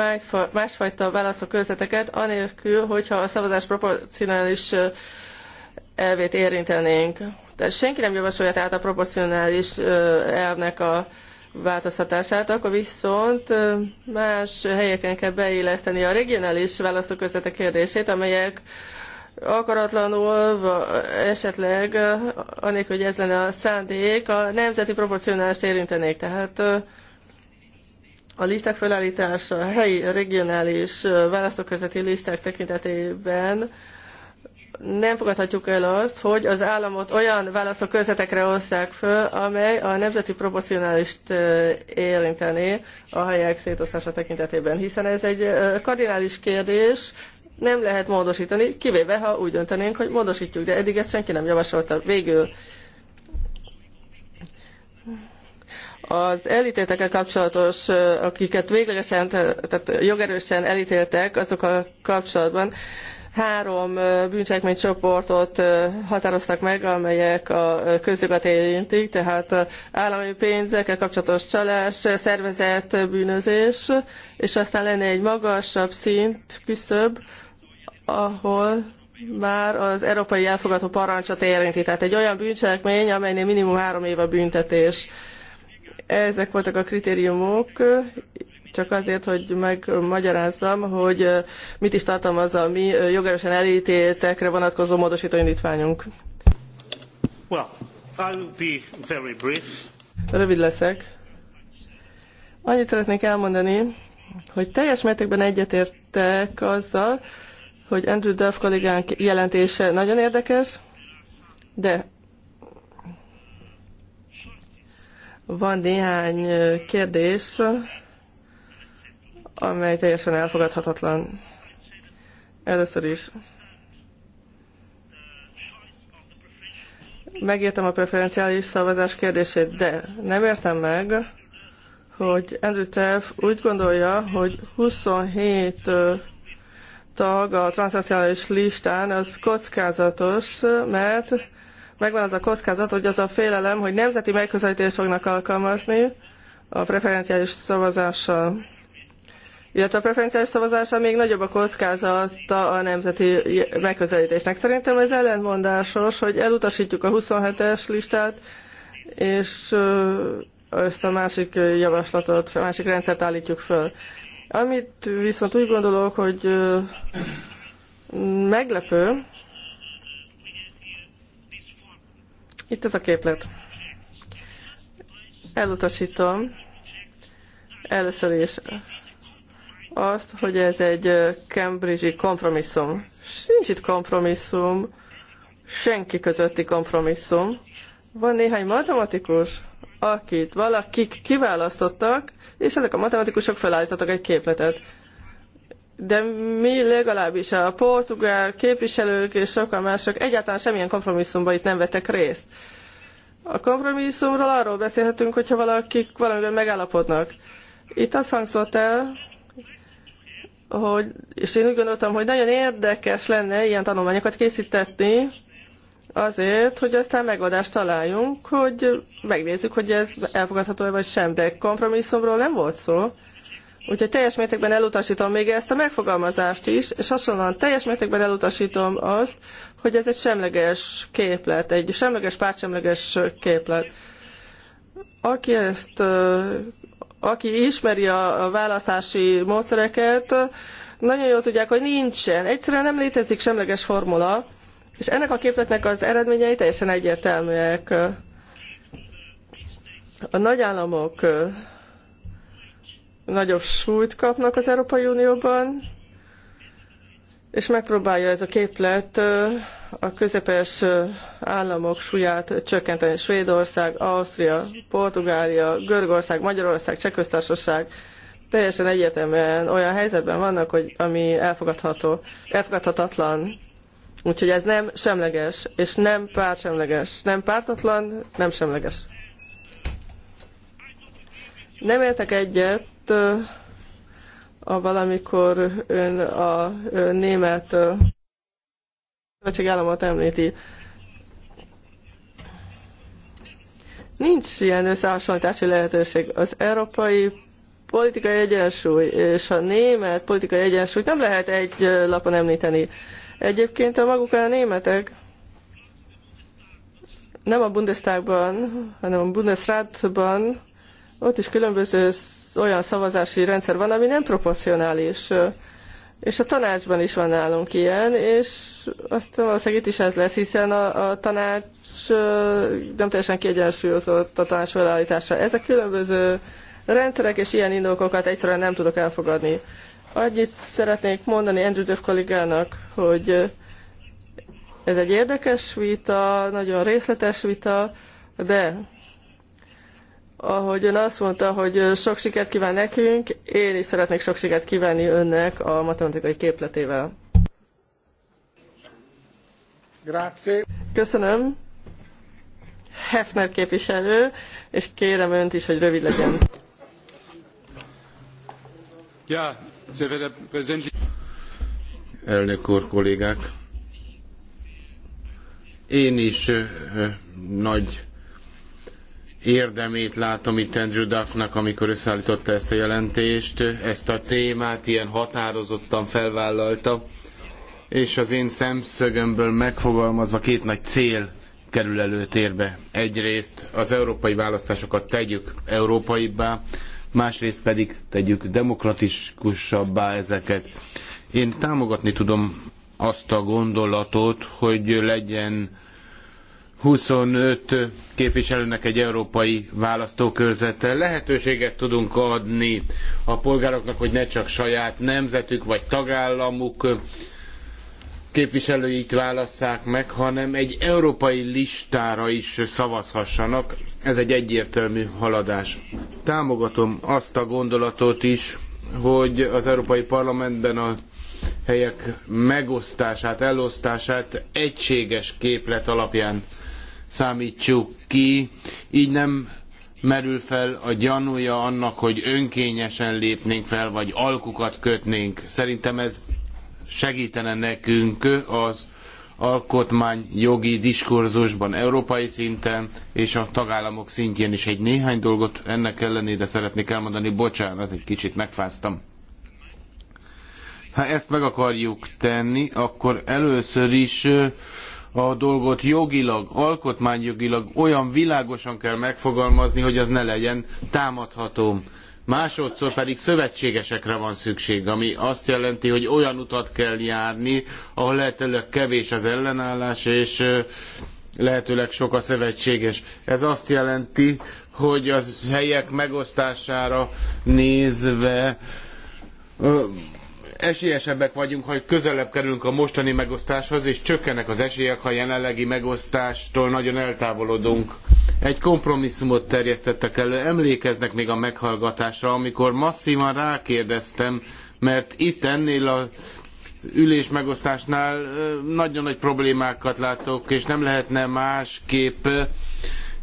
másfajta válaszok körzeteket, anélkül, hogyha a szavazás proporcionális elvét érintenénk. Tehát senki nem javasolja tehát a proporcionális elvnek a változtatását, akkor viszont más helyeken kell beilleszteni a regionális választóközletek kérdését, amelyek akaratlanul esetleg, anélkül, hogy ez lenne a szándék, a nemzeti proporcionálást érintenék. Tehát a listák felállítása a helyi, regionális választóközleti listák tekintetében nem fogadhatjuk el azt, hogy az államot olyan választókörzetekre osszák föl, amely a nemzeti proporcionálist érinteni a helyek szétosztása tekintetében, hiszen ez egy kardinális kérdés, nem lehet módosítani, kivéve ha úgy döntenénk, hogy módosítjuk, de eddig ezt senki nem javasolta. Végül az elítéltekkel kapcsolatos, akiket véglegesen, tehát jogerősen elítéltek, azok a kapcsolatban Három bűncselekménycsoportot határoztak meg, amelyek a közjogat érintik, tehát állami pénzekkel kapcsolatos csalás, szervezett bűnözés, és aztán lenne egy magasabb szint, küszöbb, ahol már az európai elfogadó parancsot érinti. Tehát egy olyan bűncselekmény, amelynél minimum három év a büntetés. Ezek voltak a kritériumok, csak azért, hogy megmagyarázzam, hogy mit is tartalmaz a mi jogerősen elítéltekre vonatkozó módosító indítványunk. Well, I'll be very brief. Rövid leszek. Annyit szeretnék elmondani, hogy teljes mértékben egyetértek azzal, hogy Andrew Duff kollégánk jelentése nagyon érdekes, de van néhány kérdés, amely teljesen elfogadhatatlan. Először is megértem a preferenciális szavazás kérdését, de nem értem meg, hogy Andrew Teff úgy gondolja, hogy 27 tag a transnacionális listán az kockázatos, mert megvan az a kockázat, hogy az a félelem, hogy nemzeti megközelítést fognak alkalmazni a preferenciális szavazással illetve a preferenciás szavazása még nagyobb a kockázata a nemzeti megközelítésnek. Szerintem ez ellentmondásos, hogy elutasítjuk a 27-es listát, és ezt a másik javaslatot, a másik rendszert állítjuk föl. Amit viszont úgy gondolok, hogy meglepő, itt ez a képlet. Elutasítom. Először is azt, hogy ez egy Cambridge-i kompromisszum. Sincs itt kompromisszum, senki közötti kompromisszum. Van néhány matematikus, akit valakik kiválasztottak, és ezek a matematikusok felállítottak egy képletet. De mi legalábbis a portugál képviselők és sokan mások egyáltalán semmilyen kompromisszumban itt nem vettek részt. A kompromisszumról arról beszélhetünk, hogyha valakik valamiben megállapodnak. Itt azt hangzott el, hogy, és én úgy gondoltam, hogy nagyon érdekes lenne ilyen tanulmányokat készítetni, azért, hogy aztán megoldást találjunk, hogy megnézzük, hogy ez elfogadható-e vagy sem, de kompromisszumról nem volt szó. Úgyhogy teljes mértékben elutasítom még ezt a megfogalmazást is, és hasonlóan teljes mértékben elutasítom azt, hogy ez egy semleges képlet, egy semleges, pártsemleges képlet. Aki ezt aki ismeri a választási módszereket, nagyon jól tudják, hogy nincsen. Egyszerűen nem létezik semleges formula, és ennek a képletnek az eredményei teljesen egyértelműek. A nagyállamok nagyobb súlyt kapnak az Európai Unióban, és megpróbálja ez a képlet a közepes államok súlyát csökkenteni. Svédország, Ausztria, Portugália, Görögország, Magyarország, Köztársaság teljesen egyértelműen olyan helyzetben vannak, hogy ami elfogadható, elfogadhatatlan. Úgyhogy ez nem semleges, és nem pártsemleges. Nem pártatlan, nem semleges. Nem értek egyet a valamikor ön a német költségállamot említi. Nincs ilyen összehasonlítási lehetőség. Az európai politikai egyensúly és a német politikai egyensúly nem lehet egy lapon említeni. Egyébként a maguk a németek nem a Bundestagban, hanem a Bundesratban, ott is különböző olyan szavazási rendszer van, ami nem proporcionális. És a tanácsban is van nálunk ilyen, és azt valószínűleg itt is ez lesz, hiszen a, a tanács nem teljesen kiegyensúlyozott a tanács felállítása. Ezek különböző rendszerek és ilyen indokokat egyszerűen nem tudok elfogadni. Annyit szeretnék mondani Andrew Duff kollégának, hogy ez egy érdekes vita, nagyon részletes vita, de ahogy ön azt mondta, hogy sok sikert kíván nekünk, én is szeretnék sok sikert kívánni önnek a matematikai képletével. Grazie. Köszönöm. Hefner képviselő, és kérem önt is, hogy rövid legyen. Ja, Elnök úr, kollégák! Én is nagy érdemét látom itt Andrew Duffnak, amikor összeállította ezt a jelentést, ezt a témát ilyen határozottan felvállalta, és az én szemszögömből megfogalmazva két nagy cél kerül előtérbe. Egyrészt az európai választásokat tegyük európaibbá, másrészt pedig tegyük demokratikusabbá ezeket. Én támogatni tudom azt a gondolatot, hogy legyen 25 képviselőnek egy európai választókörzettel Lehetőséget tudunk adni a polgároknak, hogy ne csak saját nemzetük vagy tagállamuk képviselőit válasszák meg, hanem egy európai listára is szavazhassanak. Ez egy egyértelmű haladás. Támogatom azt a gondolatot is, hogy az Európai Parlamentben a helyek megosztását, elosztását egységes képlet alapján számítsuk ki, így nem merül fel a gyanúja annak, hogy önkényesen lépnénk fel, vagy alkukat kötnénk. Szerintem ez segítene nekünk az alkotmány jogi diskurzusban európai szinten és a tagállamok szintjén is. Egy néhány dolgot ennek ellenére szeretnék elmondani. Bocsánat, egy kicsit megfáztam. Ha ezt meg akarjuk tenni, akkor először is a dolgot jogilag, alkotmányjogilag olyan világosan kell megfogalmazni, hogy az ne legyen támadható. Másodszor pedig szövetségesekre van szükség, ami azt jelenti, hogy olyan utat kell járni, ahol lehetőleg kevés az ellenállás, és lehetőleg sok a szövetséges. Ez azt jelenti, hogy az helyek megosztására nézve esélyesebbek vagyunk, ha közelebb kerülünk a mostani megosztáshoz, és csökkennek az esélyek, ha a jelenlegi megosztástól nagyon eltávolodunk. Egy kompromisszumot terjesztettek elő, emlékeznek még a meghallgatásra, amikor masszívan rákérdeztem, mert itt ennél a ülés megosztásnál nagyon nagy problémákat látok, és nem lehetne másképp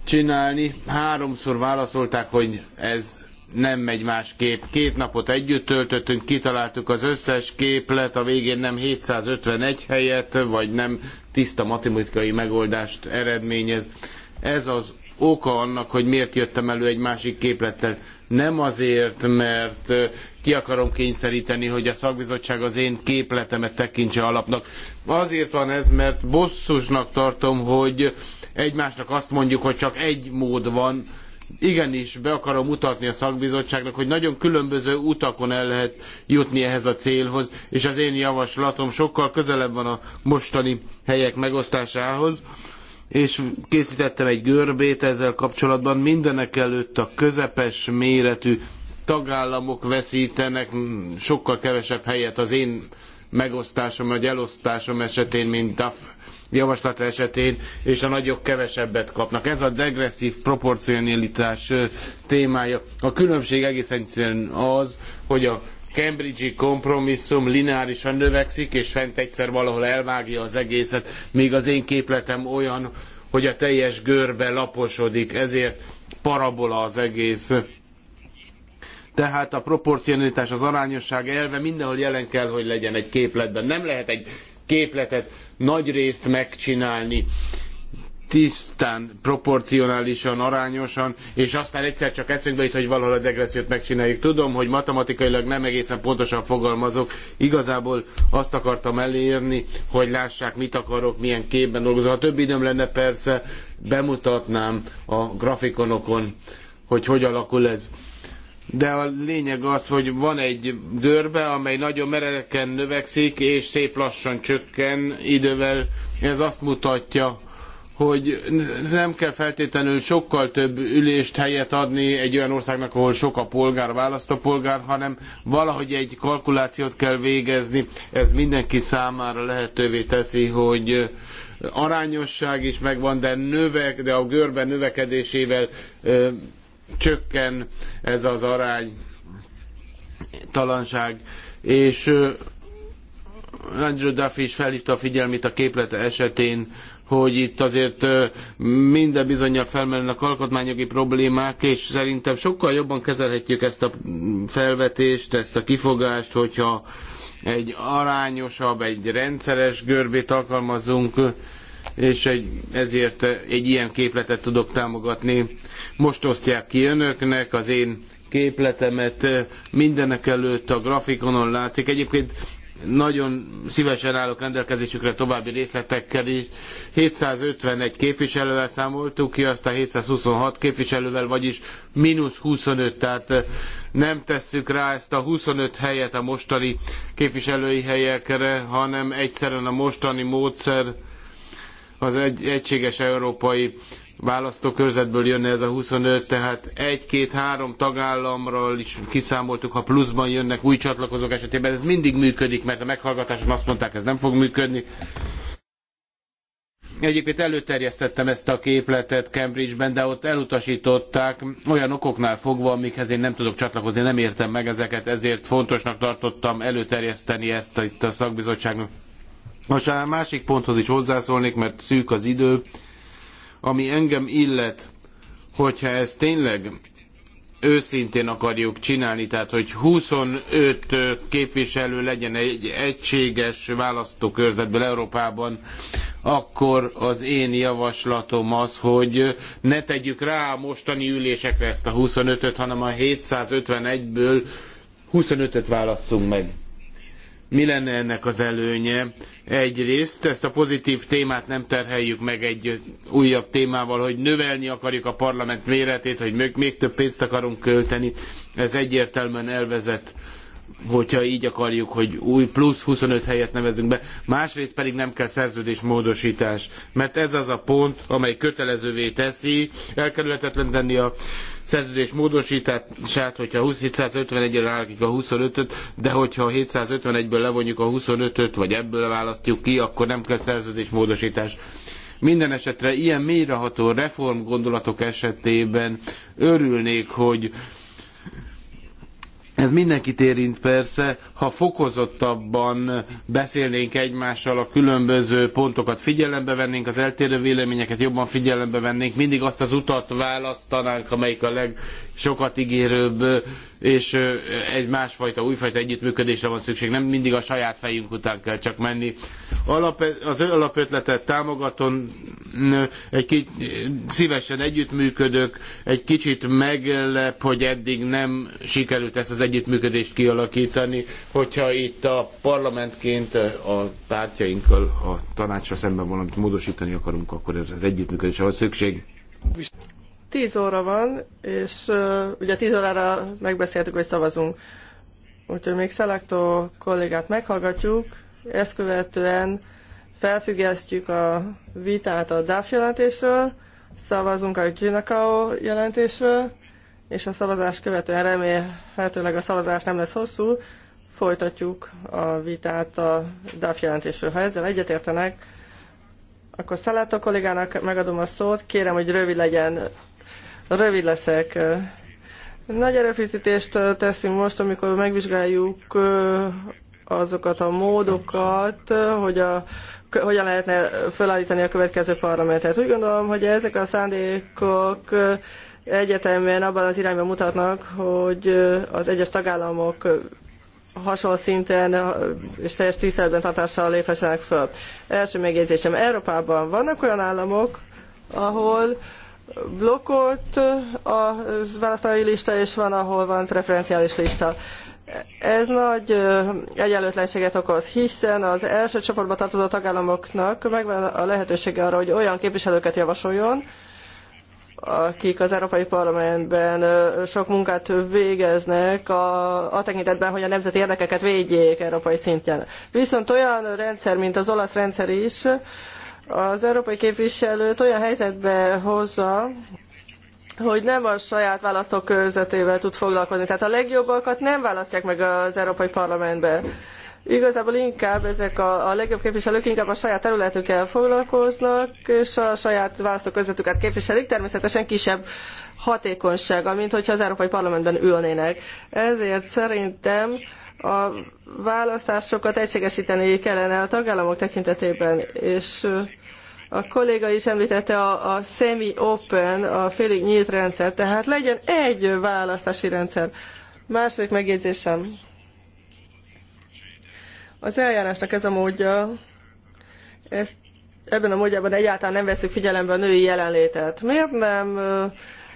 csinálni. Háromszor válaszolták, hogy ez nem megy másképp. Két napot együtt töltöttünk, kitaláltuk az összes képlet, a végén nem 751 helyet, vagy nem tiszta matematikai megoldást eredményez. Ez az oka annak, hogy miért jöttem elő egy másik képlettel. Nem azért, mert ki akarom kényszeríteni, hogy a szakbizottság az én képletemet tekintse alapnak. Azért van ez, mert bosszusnak tartom, hogy egymásnak azt mondjuk, hogy csak egy mód van igenis be akarom mutatni a szakbizottságnak, hogy nagyon különböző utakon el lehet jutni ehhez a célhoz, és az én javaslatom sokkal közelebb van a mostani helyek megosztásához és készítettem egy görbét ezzel kapcsolatban. Mindenekelőtt a közepes méretű tagállamok veszítenek sokkal kevesebb helyet az én megosztásom, vagy elosztásom esetén, mint DAF javaslat esetén, és a nagyok kevesebbet kapnak. Ez a degresszív proporcionalitás témája. A különbség egész egyszerűen az, hogy a Cambridge-i kompromisszum lineárisan növekszik, és fent egyszer valahol elvágja az egészet, míg az én képletem olyan, hogy a teljes görbe laposodik, ezért parabola az egész. Tehát a proporcionalitás, az arányosság elve mindenhol jelen kell, hogy legyen egy képletben. Nem lehet egy képletet nagy részt megcsinálni tisztán, proporcionálisan, arányosan, és aztán egyszer csak eszünkbe jut, hogy valahol a degressziót megcsináljuk. Tudom, hogy matematikailag nem egészen pontosan fogalmazok, igazából azt akartam elérni, hogy lássák, mit akarok, milyen képben dolgozom. Ha több időm lenne, persze bemutatnám a grafikonokon, hogy hogy alakul ez de a lényeg az, hogy van egy görbe, amely nagyon meredeken növekszik, és szép lassan csökken idővel. Ez azt mutatja, hogy nem kell feltétlenül sokkal több ülést helyet adni egy olyan országnak, ahol sok a polgár, választ a polgár, hanem valahogy egy kalkulációt kell végezni. Ez mindenki számára lehetővé teszi, hogy arányosság is megvan, de, növek, de a görbe növekedésével csökken ez az arány talanság, és Andrew Duffy is felhívta a figyelmét a képlete esetén, hogy itt azért minden bizonyal felmerülnek alkotmányogi problémák, és szerintem sokkal jobban kezelhetjük ezt a felvetést, ezt a kifogást, hogyha egy arányosabb, egy rendszeres görbét alkalmazunk, és egy, ezért egy ilyen képletet tudok támogatni. Most osztják ki önöknek az én képletemet mindenek előtt a grafikonon látszik. Egyébként nagyon szívesen állok rendelkezésükre további részletekkel is. 751 képviselővel számoltuk ki, a 726 képviselővel, vagyis mínusz 25, tehát eh, nem tesszük rá ezt a 25 helyet a mostani képviselői helyekre, hanem egyszerűen a mostani módszer az egy, egységes európai választókörzetből jönne ez a 25, tehát egy-két-három tagállamról is kiszámoltuk, ha pluszban jönnek új csatlakozók esetében, ez mindig működik, mert a meghallgatáson azt mondták, ez nem fog működni. Egyébként előterjesztettem ezt a képletet Cambridge-ben, de ott elutasították olyan okoknál fogva, amikhez én nem tudok csatlakozni, nem értem meg ezeket, ezért fontosnak tartottam előterjeszteni ezt itt a szakbizottságnak. Most a másik ponthoz is hozzászólnék, mert szűk az idő, ami engem illet, hogyha ezt tényleg őszintén akarjuk csinálni, tehát hogy 25 képviselő legyen egy egységes választókörzetből Európában, akkor az én javaslatom az, hogy ne tegyük rá a mostani ülésekre ezt a 25-öt, hanem a 751-ből 25-öt válasszunk meg. Mi lenne ennek az előnye? Egyrészt ezt a pozitív témát nem terheljük meg egy újabb témával, hogy növelni akarjuk a parlament méretét, hogy még, még több pénzt akarunk költeni. Ez egyértelműen elvezet hogyha így akarjuk, hogy új plusz 25 helyet nevezünk be, másrészt pedig nem kell szerződésmódosítás, mert ez az a pont, amely kötelezővé teszi, elkerülhetetlen tenni a szerződés módosítását, hogyha 751-re állítjuk a 25-öt, de hogyha 751-ből levonjuk a 25-öt, vagy ebből választjuk ki, akkor nem kell szerződés módosítás. Minden esetre ilyen mélyreható reform gondolatok esetében örülnék, hogy ez mindenkit érint persze, ha fokozottabban beszélnénk egymással a különböző pontokat, figyelembe vennénk az eltérő véleményeket, jobban figyelembe vennénk, mindig azt az utat választanánk, amelyik a legsokat ígérőbb és egy másfajta, újfajta együttműködésre van szükség, nem mindig a saját fejünk után kell csak menni. Alap, az alapötletet támogatom, egy szívesen együttműködök, egy kicsit meglep, hogy eddig nem sikerült ezt az együttműködést kialakítani, hogyha itt a parlamentként a pártjainkkal a tanácsra szemben valamit módosítani akarunk, akkor ez az együttműködésre van szükség. 10 óra van, és uh, ugye 10 órára megbeszéltük, hogy szavazunk. Úgyhogy még Szelektó kollégát meghallgatjuk, ezt követően felfüggesztjük a vitát a DAF jelentésről, szavazunk a Gyinakao jelentésről, és a szavazás követően remélhetőleg a szavazás nem lesz hosszú, folytatjuk a vitát a DAF jelentésről. Ha ezzel egyetértenek, akkor Szelektó kollégának megadom a szót, kérem, hogy rövid legyen, Rövid leszek. Nagy erőfeszítést teszünk most, amikor megvizsgáljuk azokat a módokat, hogy a, hogyan lehetne felállítani a következő parlamentet. Úgy gondolom, hogy ezek a szándékok egyetemben abban az irányban mutatnak, hogy az egyes tagállamok hasonló szinten és teljes tiszteletben tartással léphessenek föl. Első megjegyzésem, Európában vannak olyan államok, ahol blokkolt a választási lista, és van, ahol van preferenciális lista. Ez nagy egyenlőtlenséget okoz, hiszen az első csoportba tartozó tagállamoknak megvan a lehetősége arra, hogy olyan képviselőket javasoljon, akik az Európai Parlamentben sok munkát végeznek a, a tekintetben, hogy a nemzeti érdekeket védjék európai szinten. Viszont olyan rendszer, mint az olasz rendszer is, az európai képviselőt olyan helyzetbe hozza, hogy nem a saját választókörzetével tud foglalkozni. Tehát a legjobbakat nem választják meg az Európai Parlamentbe. Igazából inkább ezek a, a legjobb képviselők inkább a saját területükkel foglalkoznak, és a saját választókörzetüket képviselik, természetesen kisebb hatékonysága, mint hogyha az Európai Parlamentben ülnének. Ezért szerintem a választásokat egységesíteni kellene a tagállamok tekintetében, és a kolléga is említette a, a semi-open, a félig nyílt rendszer, tehát legyen egy választási rendszer. Második megjegyzésem. Az eljárásnak ez a módja, ezt, ebben a módjában egyáltalán nem veszük figyelembe a női jelenlétet. Miért nem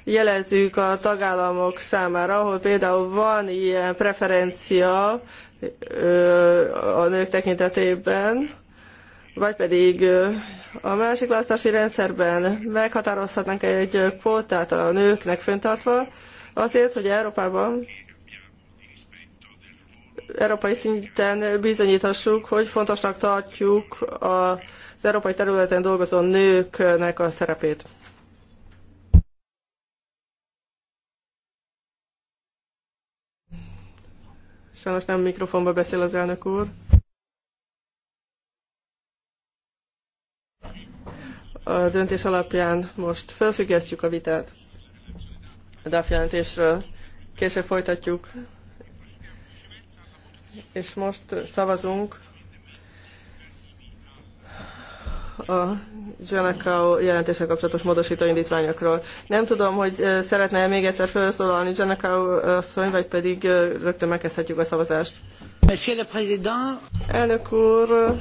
jelezzük a tagállamok számára, ahol például van ilyen preferencia a nők tekintetében, vagy pedig a másik választási rendszerben meghatározhatnánk egy kvótát a nőknek föntartva, azért, hogy Európában európai szinten bizonyíthassuk, hogy fontosnak tartjuk az európai területen dolgozó nőknek a szerepét. Sajnos nem mikrofonba beszél az elnök úr. a döntés alapján most felfüggesztjük a vitát a DAF jelentésről. Később folytatjuk, és most szavazunk a Zsenekau jelentése kapcsolatos módosító indítványokról. Nem tudom, hogy eh, szeretne -e még egyszer felszólalni Zsenekau asszony, vagy pedig eh, rögtön megkezdhetjük a szavazást. Monsieur le Président. Elnök úr,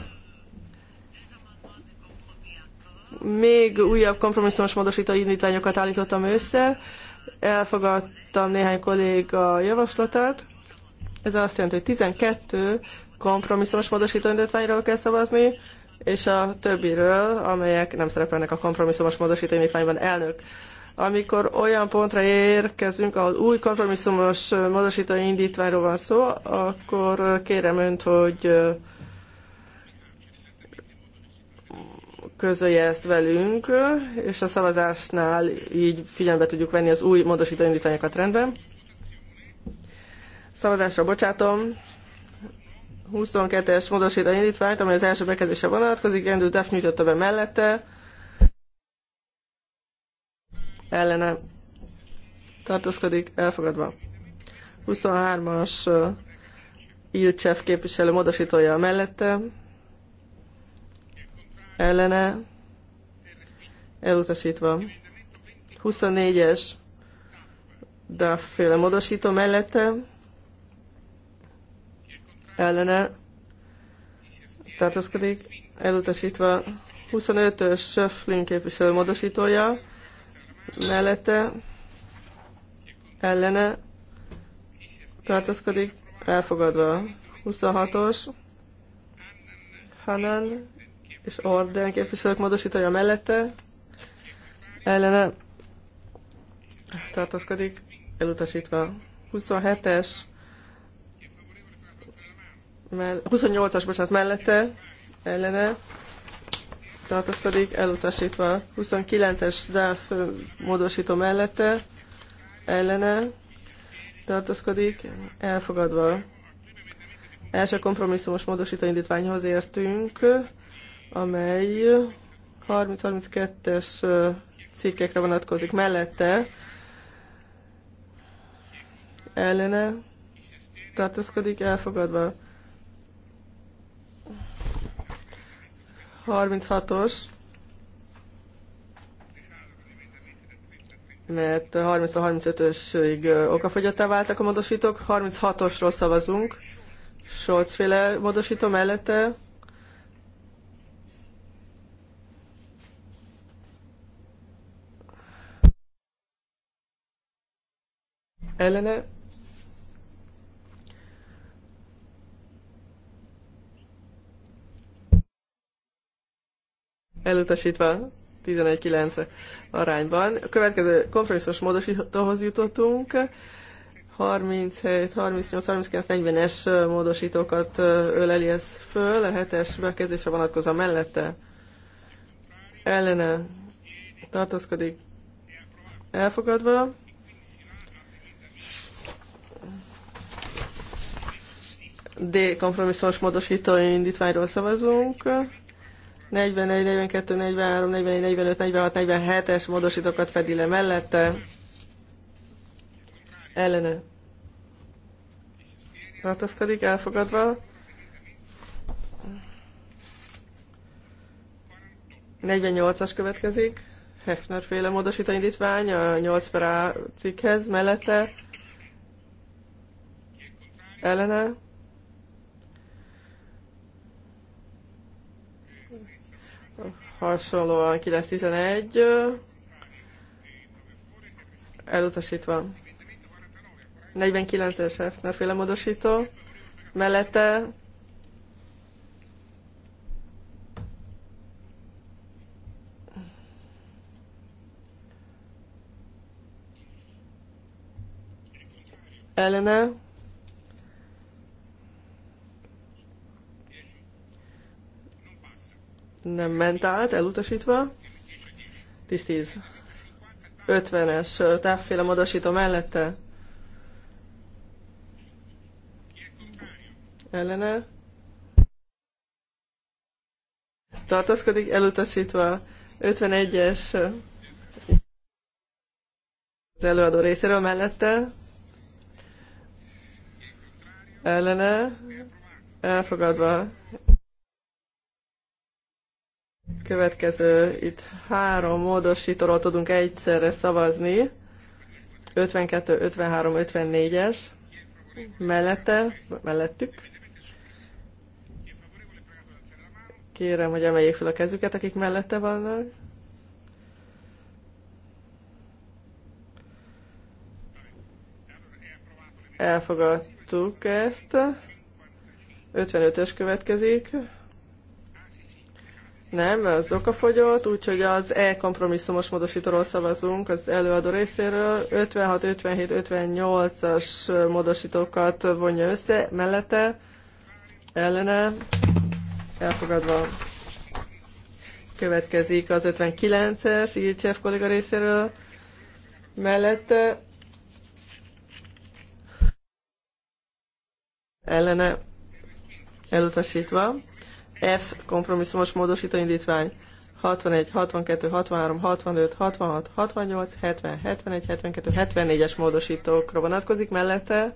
még újabb kompromisszumos módosító indítványokat állítottam össze, elfogadtam néhány kolléga javaslatát. Ez azt jelenti, hogy 12 kompromisszumos módosító indítványról kell szavazni, és a többiről, amelyek nem szerepelnek a kompromisszumos módosító indítványban, elnök. Amikor olyan pontra érkezünk, ahol új kompromisszumos módosító indítványról van szó, akkor kérem önt, hogy közölje ezt velünk, és a szavazásnál így figyelembe tudjuk venni az új módosító indítványokat rendben. Szavazásra bocsátom. 22-es módosító indítványt, amely az első bekezdése vonatkozik, Andrew Duff nyújtotta be mellette. Ellene tartózkodik, elfogadva. 23-as uh, Ilcsev képviselő módosítója mellette ellene elutasítva. 24-es DAF-féle módosító mellette ellene tartózkodik, elutasítva 25-ös Schöfflin képviselő módosítója mellette ellene tartózkodik, elfogadva. 26-os Hanan és Orden képviselők módosítója mellette ellene tartózkodik, elutasítva. 27-es, 28-as, bocsánat, mellette ellene tartózkodik, elutasítva. 29-es DAF módosító mellette ellene tartózkodik, elfogadva. Első kompromisszumos módosító indítványhoz értünk amely 30-32-es cikkekre vonatkozik mellette, ellene tartózkodik elfogadva. 36-os, mert 30-35-ösig okafogyottá váltak a módosítók, 36-osról szavazunk, Scholz-féle módosító mellette, ellene. Elutasítva 11-9 arányban. A következő konferenciós módosítóhoz jutottunk. 37, 38, 39, 40-es módosítókat öleli ez föl, a hetes bekezdése vonatkozó mellette ellene tartózkodik elfogadva. D kompromisszumos módosító indítványról szavazunk. 41, 42, 43, 44, 45, 46, 47-es módosítókat fedi le mellette. Ellene. Tartozkodik, elfogadva. 48-as következik. Hefner féle módosító indítvány a 8 per A cikkhez mellette. Ellene hasonlóan 911 elutasítva. 49-es Hefner féle módosító, mellette Elena. nem ment át, elutasítva. 10-10. 50-es távféle modosító mellette. Ellene. Tartózkodik, elutasítva. 51-es az előadó részéről mellette. Ellene. Elfogadva. Következő, itt három módosítóról tudunk egyszerre szavazni. 52, 53, 54-es. Mellette, mellettük. Kérem, hogy emeljék fel a kezüket, akik mellette vannak. Elfogadtuk ezt. 55-ös következik. Nem, az okafogyott, úgyhogy az e-kompromisszumos módosítóról szavazunk az előadó részéről. 56, 57, 58-as módosítókat vonja össze, mellette, ellene, elfogadva. Következik az 59-es, Ilcsev kolléga részéről, mellette, ellene, elutasítva. F kompromisszumos módosító indítvány 61, 62, 63, 65, 66, 68, 70, 71, 72, 74-es módosítókra vonatkozik mellette.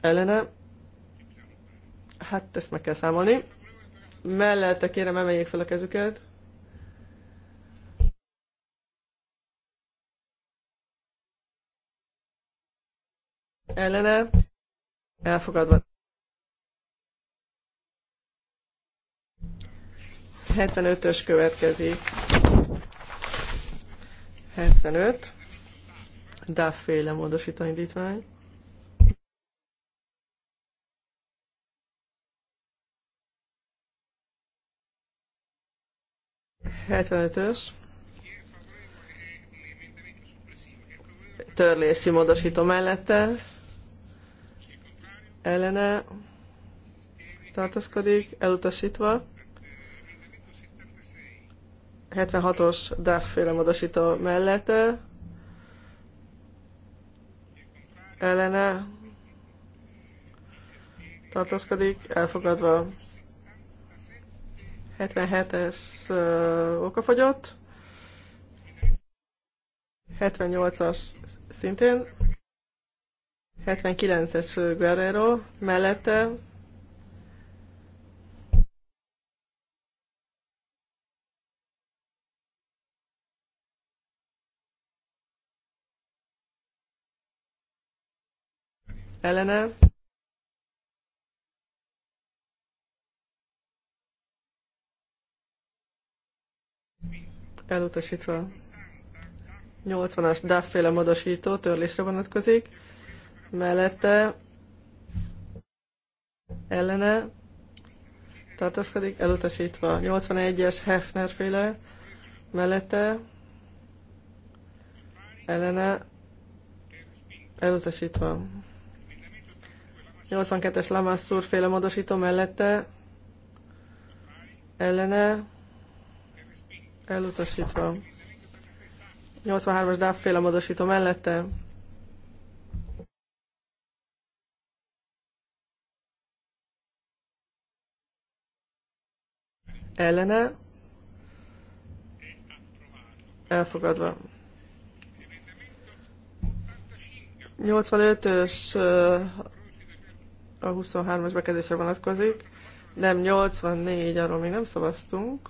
Ellene. Hát ezt meg kell számolni. Mellette kérem emeljék fel a kezüket. Ellene. Elfogadva. 75-ös következik. 75. DAF-féle módosító indítvány. Hetvenötös. Törlési módosító mellette. Ellene tartózkodik, elutasítva. 76-os DAF féle módosító mellett ellene tartózkodik, elfogadva 77-es okafogyott, 78-as szintén, 79-es Guerrero mellette ellene. Elutasítva. 80-as DAF-féle modosító törlésre vonatkozik. Mellette ellene tartózkodik, elutasítva. 81-es Hefner féle mellette ellene elutasítva. 82-es Lamassur féle módosító mellette ellene elutasítva. 83-as DAF féle módosító mellette ellene elfogadva. 85-ös a 23-as bekezdésre vonatkozik. Nem, 84, arról még nem szavaztunk.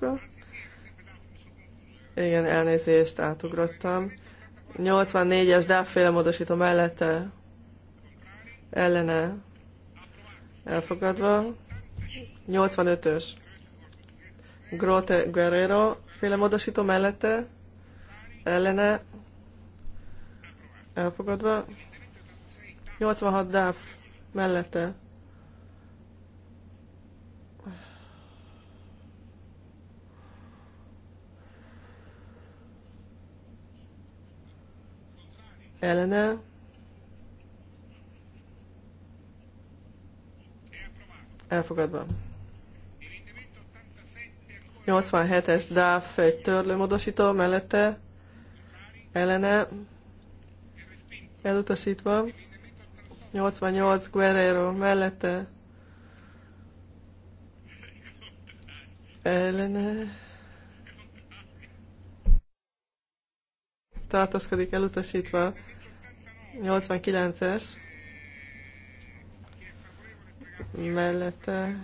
Igen, elnézést, átugrottam. 84-es dávféle módosító mellette ellene elfogadva. 85-ös Grote Guerrero féle módosító mellette ellene elfogadva. 86 DAF mellette ellene elfogadva. 87-es DAF egy törlőmódosító mellette ellene elutasítva. 88 Guerrero mellette ellene tartózkodik elutasítva. 89-es mellette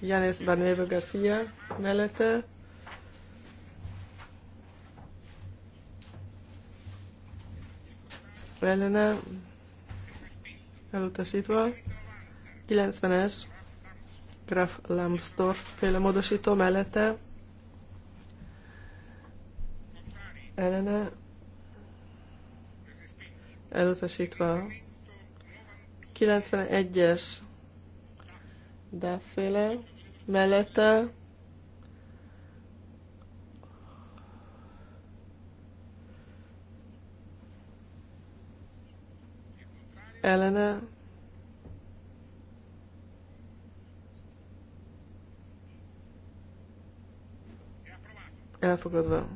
Janis Barnevo Garcia mellette ellene elutasítva 90-es Graf Lamstor féle módosító mellette ellene elutasítva. 91-es Dáféle mellette ellene elfogadva.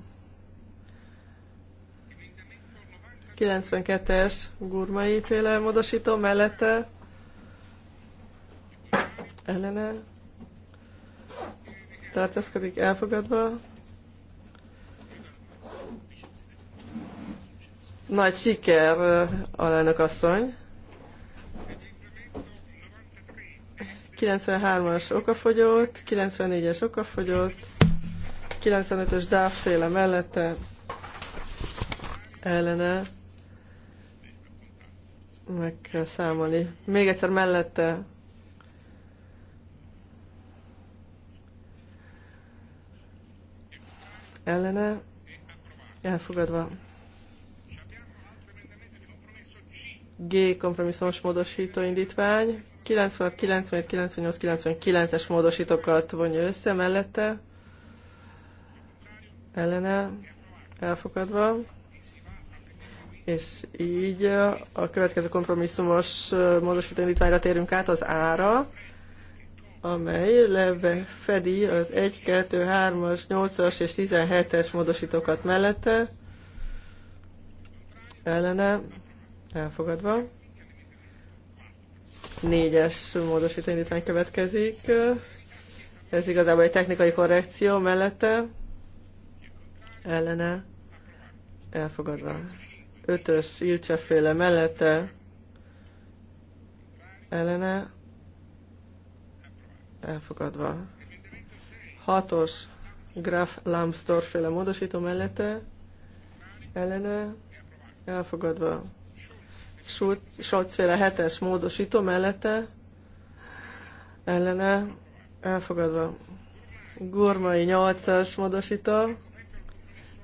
92-es gurmai féle modosító mellette ellene tartaszkodik elfogadva. Nagy siker, alelnök asszony. 93-as okafogyott, 94-es okafogyott, 95-ös dávféle mellette ellene meg kell számolni. Még egyszer mellette ellene elfogadva. G kompromisszumos módosító indítvány. 96, 97, 98, 99-es módosítókat vonja össze mellette. Ellene elfogadva és így a következő kompromisszumos módosító indítványra térünk át az ára, amely leve fedi az 1, 2, 3-as, 8-as és 17-es módosítókat mellette, ellene, elfogadva. 4-es módosító indítvány következik. Ez igazából egy technikai korrekció mellette, ellene, elfogadva. Ötös Ilcseféle mellette ellene elfogadva. Hatos Graf Lambsdorff féle módosító mellette ellene elfogadva. Scholz féle hetes módosító mellette ellene elfogadva. Gurmai 8-as módosító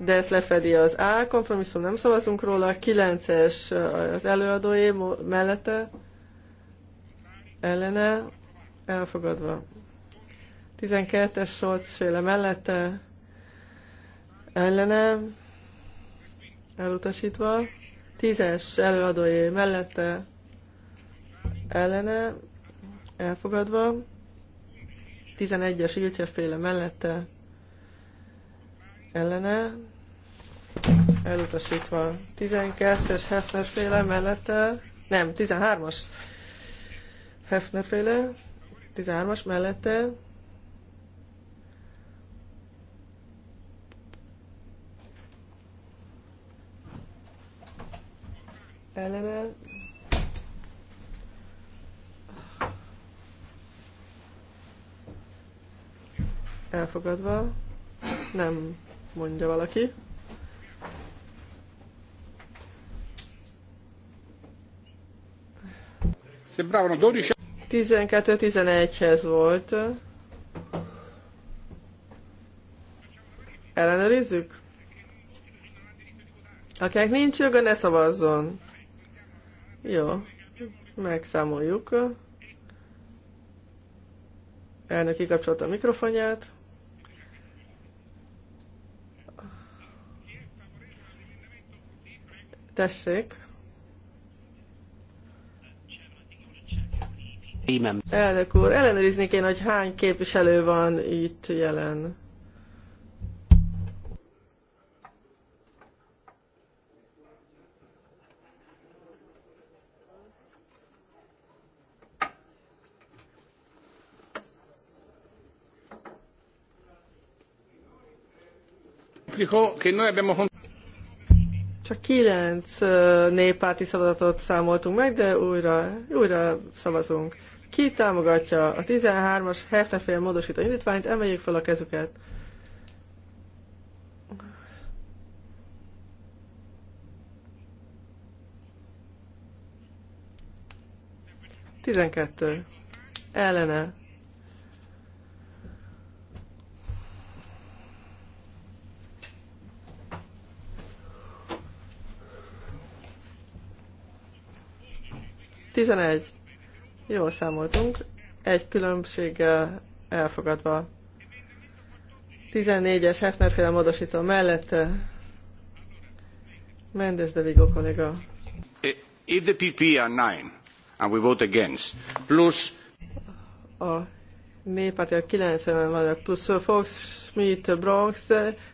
de ezt lefedi az A kompromisszum, nem szavazunk róla, 9-es eh, az előadóé mellette, ellene, elfogadva. 12-es Solc féle mellette, ellene, elutasítva. 10-es előadóé mellette, ellene, elfogadva. 11-es Ilcseféle mellette, ellene, elutasítva. 12-es Hefner féle mellette, nem, 13-as Hefner féle, 13-as mellette, ellene. Elfogadva. Nem mondja valaki. Sembravano 12... 12-11-hez volt. Ellenőrizzük? Akinek nincs joga, ne szavazzon. Jó, megszámoljuk. Elnök kikapcsolta a mikrofonját. Tessék. Émem. Elnök úr, ellenőriznék én, hogy hány képviselő van itt jelen. Csak kilenc néppárti szavazatot számoltunk meg, de újra, újra szavazunk. Ki támogatja a 13-as Hefnefél módosító indítványt? Emeljék fel a kezüket. Tizenkettő. Ellene. Tizenegy. Jól számoltunk, egy különbséggel elfogadva. 14-es Hefnerféle módosító mellett Mendes de Vigo kollega. Eh, if the PP are nine and we vote against, plus a néppárti a 90-en vannak, plusz Fox, Schmidt, Bronx,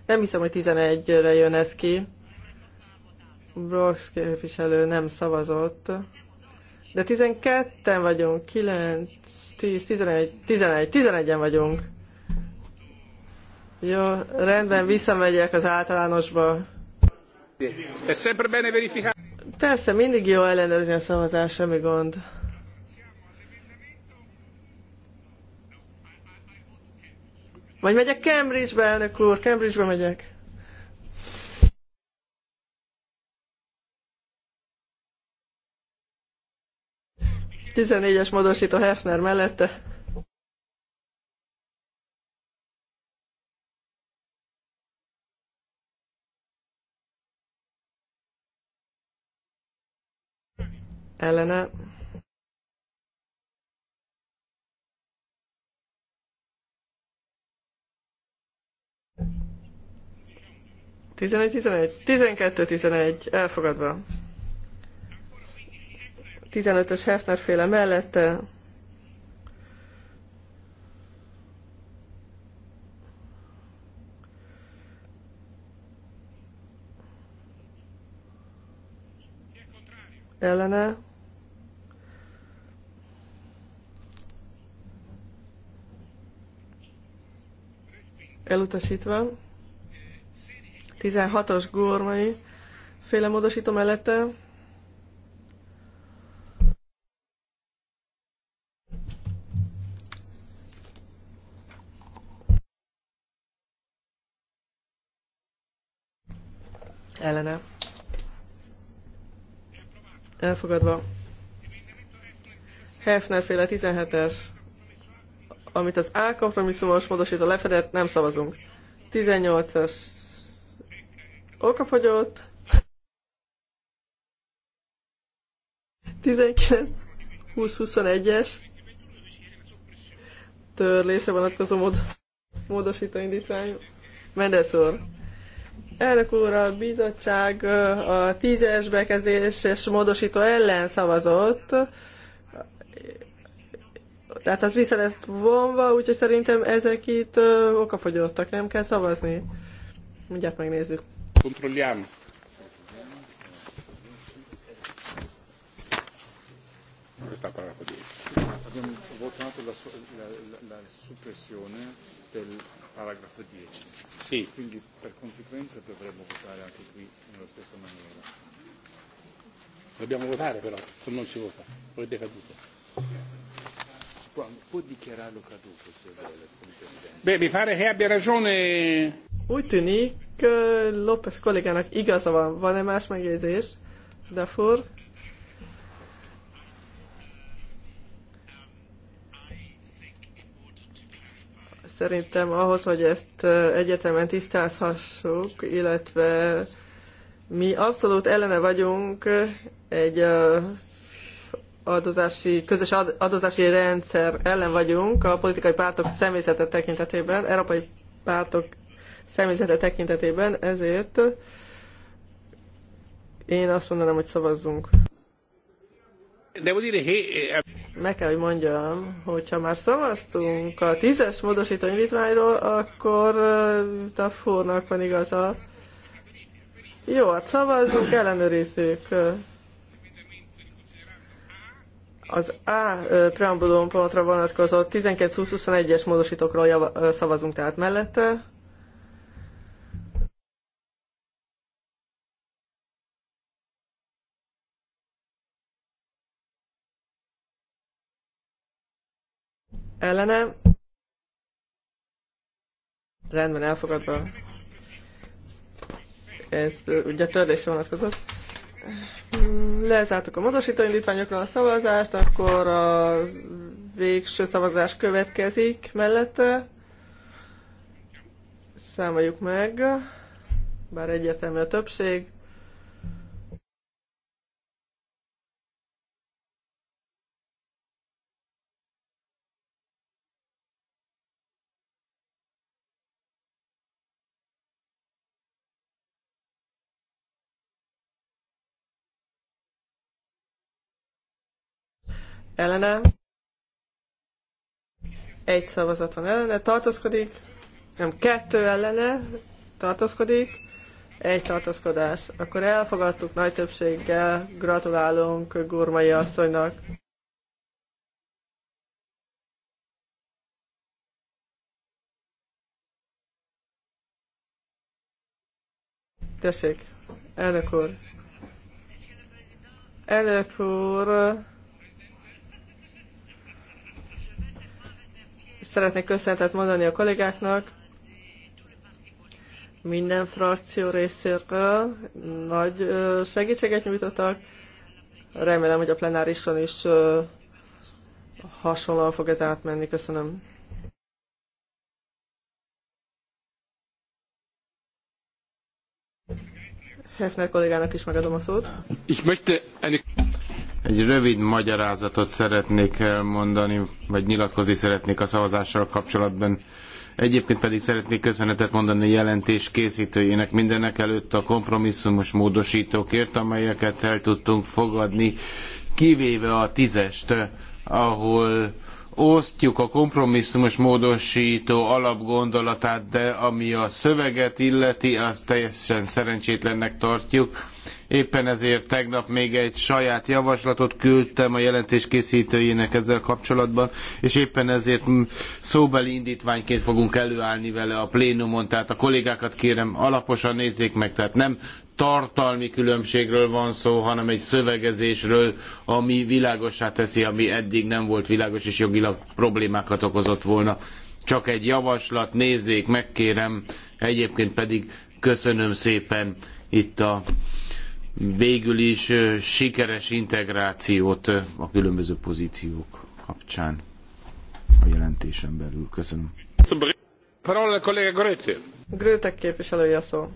nem hiszem, hogy 11-re jön ez ki. Bronx képviselő nem szavazott. De 12-en vagyunk, 9, 10, 11, 11, 11-en vagyunk. Jó, rendben, visszamegyek az általánosba. Persze, mindig jó ellenőrizni a szavazás, semmi gond. Vagy megyek Cambridge-be, elnök úr, Cambridge-be megyek. 14-es módosító Hefner mellette. Ellene. Tizenegy, tizenegy, tizenkettő, tizenegy, elfogadva. 15-ös Hefner féle mellette ellene elutasítva 16-os górmai féle módosító mellette ellene. Elfogadva. Hefner féle 17-es, amit az A kompromisszumos módosít a lefedett, nem szavazunk. 18 es okafogyott. 19, 20, 21-es törlése vonatkozó mód, módosító indítvány. Mendez úr. Elnök úr, a bizottság a tízes bekezdés és módosító ellen szavazott, tehát az vissza lett vonva, úgyhogy szerintem ezek itt okafogyottak, nem kell szavazni. Mindjárt megnézzük. Kontrolljám. sta parlando di. Abbiamo votato la, la, la, la suppressione del paragrafo 10. Sì. Quindi per conseguenza dovremmo votare anche qui nella stessa maniera. Dobbiamo votare però, se non si vota, o è decaduto. può, dichiararlo caduto se vuole. Beh, mi pare che abbia ragione. Úgy tűnik, eh, López kollégának igaza van, van-e más megjegyzés? de fur, Szerintem ahhoz, hogy ezt egyetemen tisztázhassuk, illetve mi abszolút ellene vagyunk egy adózási, közös adózási rendszer ellen vagyunk a politikai pártok személyzete tekintetében, európai pártok személyzete tekintetében, ezért én azt mondanám, hogy szavazzunk meg kell, hogy mondjam, hogyha már szavaztunk a tízes módosító indítványról, akkor a fórnak van igaza. Jó, hát szavazzunk, ellenőrizzük. Az A preambulum pontra vonatkozó 12-21-es módosítókról szavazunk tehát mellette. ellene. Rendben, elfogadva. Ez ugye törlésre vonatkozott. Lezártuk a módosító indítványokra a szavazást, akkor a végső szavazás következik mellette. Számoljuk meg, bár egyértelmű a többség. Ellene. Egy szavazat van ellene, tartózkodik, nem, kettő ellene, tartózkodik, egy tartózkodás. Akkor elfogadtuk nagy többséggel, gratulálunk Gurmai asszonynak. Tessék, elnök úr. Elnök úr, Szeretnék köszönetet mondani a kollégáknak, minden frakció részéről nagy segítséget nyújtottak. Remélem, hogy a plenárison is hasonlóan fog ez átmenni. Köszönöm. Hefner kollégának is megadom a szót. Ich möchte eine... Egy rövid magyarázatot szeretnék elmondani, vagy nyilatkozni szeretnék a szavazással kapcsolatban. Egyébként pedig szeretnék köszönetet mondani a jelentés készítőjének mindenek előtt a kompromisszumos módosítókért, amelyeket el tudtunk fogadni, kivéve a tízest, ahol osztjuk a kompromisszumos módosító alapgondolatát, de ami a szöveget illeti, azt teljesen szerencsétlennek tartjuk Éppen ezért tegnap még egy saját javaslatot küldtem a jelentés készítőjének ezzel kapcsolatban, és éppen ezért szóbeli indítványként fogunk előállni vele a plénumon, tehát a kollégákat kérem alaposan nézzék meg, tehát nem tartalmi különbségről van szó, hanem egy szövegezésről, ami világossá teszi, ami eddig nem volt világos és jogilag problémákat okozott volna. Csak egy javaslat, nézzék, megkérem, egyébként pedig köszönöm szépen itt a végül is sikeres integrációt a különböző pozíciók kapcsán a jelentésen belül. Köszönöm. Parola kollega Gröte. Gröte a szó.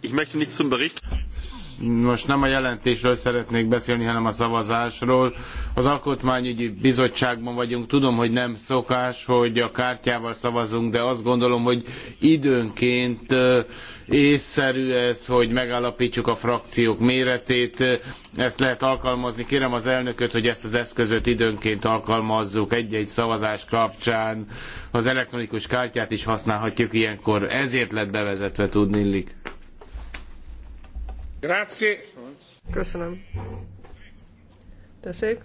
Ich möchte nicht zum Bericht most nem a jelentésről szeretnék beszélni, hanem a szavazásról. Az Alkotmányügyi Bizottságban vagyunk, tudom, hogy nem szokás, hogy a kártyával szavazunk, de azt gondolom, hogy időnként észszerű ez, hogy megállapítsuk a frakciók méretét, ezt lehet alkalmazni. Kérem az elnököt, hogy ezt az eszközöt időnként alkalmazzuk egy-egy szavazás kapcsán. Az elektronikus kártyát is használhatjuk ilyenkor. Ezért lett bevezetve tudnillik. Grazie. Köszönöm. Tessék.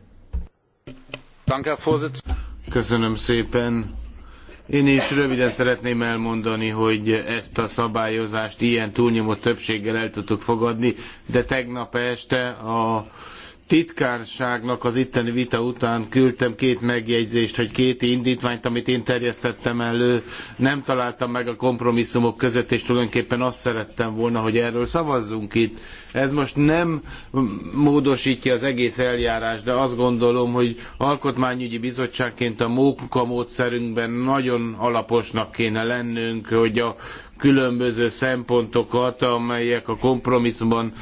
Köszönöm szépen. Én is röviden szeretném elmondani, hogy ezt a szabályozást ilyen túlnyomó többséggel el tudtuk fogadni, de tegnap este a titkárságnak az itteni vita után küldtem két megjegyzést, hogy két indítványt, amit én terjesztettem elő, nem találtam meg a kompromisszumok között, és tulajdonképpen azt szerettem volna, hogy erről szavazzunk itt. Ez most nem módosítja az egész eljárást, de azt gondolom, hogy alkotmányügyi bizottságként a munkamódszerünkben nagyon alaposnak kéne lennünk, hogy a különböző szempontokat, amelyek a kompromisszumban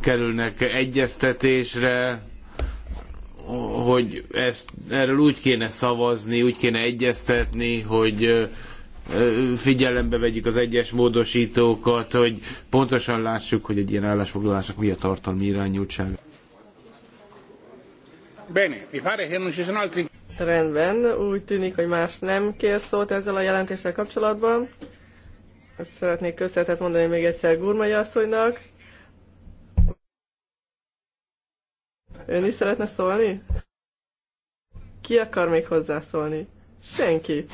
kerülnek egyeztetésre, hogy ezt, erről úgy kéne szavazni, úgy kéne egyeztetni, hogy figyelembe vegyük az egyes módosítókat, hogy pontosan lássuk, hogy egy ilyen állásfoglalásnak mi a tartalmi irányultsága. Bene, Rendben, úgy tűnik, hogy más nem kér szót ezzel a jelentéssel kapcsolatban. Szeretnék köszönetet mondani még egyszer Gurmai asszonynak. Ön is szeretne szólni? Ki akar még hozzászólni? Senki.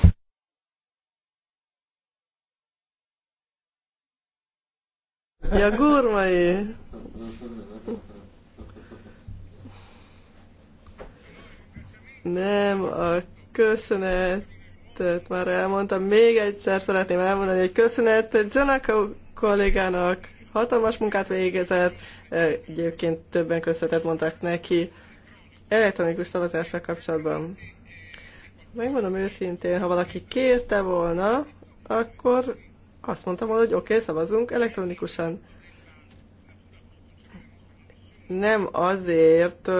Ja, gurmai. Nem, a köszönet köszönetet már elmondtam. Még egyszer szeretném elmondani, hogy köszönet Janaka kollégának. Hatalmas munkát végezett, egyébként többen köszönetet mondtak neki elektronikus szavazással kapcsolatban. Megmondom őszintén, ha valaki kérte volna, akkor azt mondtam volna, hogy oké, okay, szavazunk elektronikusan. Nem azért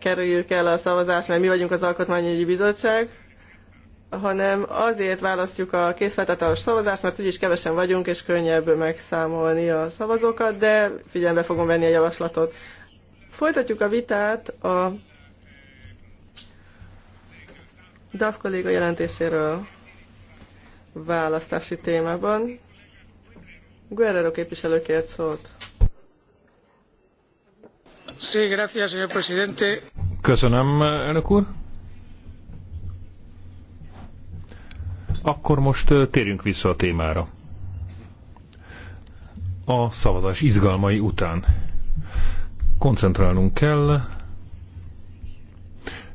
kerüljük el a szavazást, mert mi vagyunk az Alkotmányügyi Bizottság, hanem azért választjuk a készfeltartalos szavazást, mert úgyis kevesen vagyunk, és könnyebb megszámolni a szavazókat, de figyelembe fogom venni a javaslatot. Folytatjuk a vitát a DAF kolléga jelentéséről választási témában. Guerrero képviselő kért szót. Sí, gracias, señor presidente. Köszönöm, elnök úr. Akkor most térjünk vissza a témára. A szavazás izgalmai után. Koncentrálnunk kell.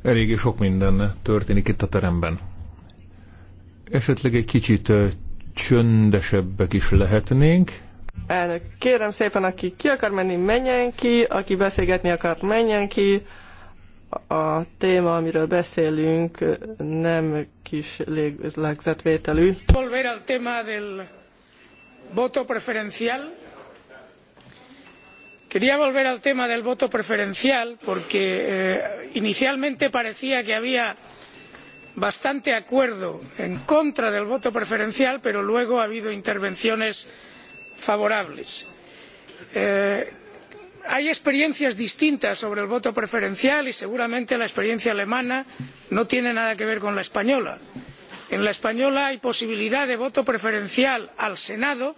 Eléggé sok minden történik itt a teremben. Esetleg egy kicsit csöndesebbek is lehetnénk. Elnök, kérem szépen, aki ki akar menni, menjen ki, aki beszélgetni akar, menjen ki a téma, amiről beszélünk, nem kis legzetvételű. Volver al tema del voto preferencial. Quería volver al tema del voto preferencial porque eh, inicialmente parecía que había bastante acuerdo en contra del voto preferencial, pero luego ha habido intervenciones favorables. Eh, hay experiencias distintas sobre el voto preferencial y seguramente la experiencia alemana no tiene nada que ver con la española. en la española hay posibilidad de voto preferencial al senado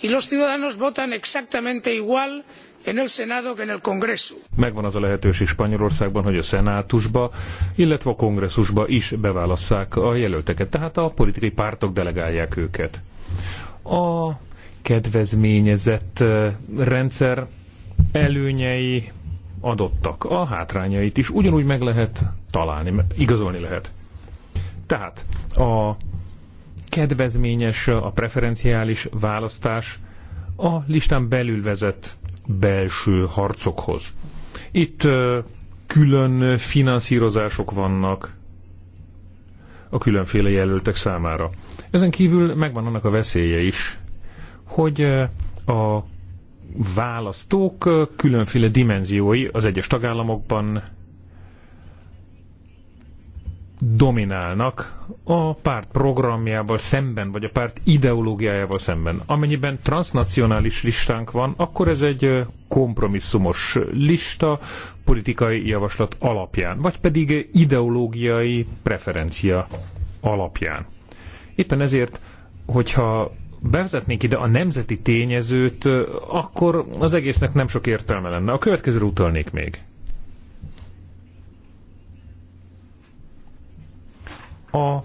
y los ciudadanos votan exactamente igual en el senado que en el congreso. Megvan az a lehetőség Spanyolországban, hogy a szenátusba, illetve a kongresszusba is beválasszák a jelölteket, tehát a politikai pártok delegálják őket. A kedvezményezett eh, rendszer előnyei adottak, a hátrányait is ugyanúgy meg lehet találni, igazolni lehet. Tehát a kedvezményes, a preferenciális választás a listán belül vezet belső harcokhoz. Itt külön finanszírozások vannak a különféle jelöltek számára. Ezen kívül megvan annak a veszélye is, hogy a választók különféle dimenziói az egyes tagállamokban dominálnak a párt programjával szemben, vagy a párt ideológiájával szemben. Amennyiben transnacionális listánk van, akkor ez egy kompromisszumos lista politikai javaslat alapján, vagy pedig ideológiai preferencia alapján. Éppen ezért, hogyha bevezetnénk ide a nemzeti tényezőt, akkor az egésznek nem sok értelme lenne. A következőre utalnék még. A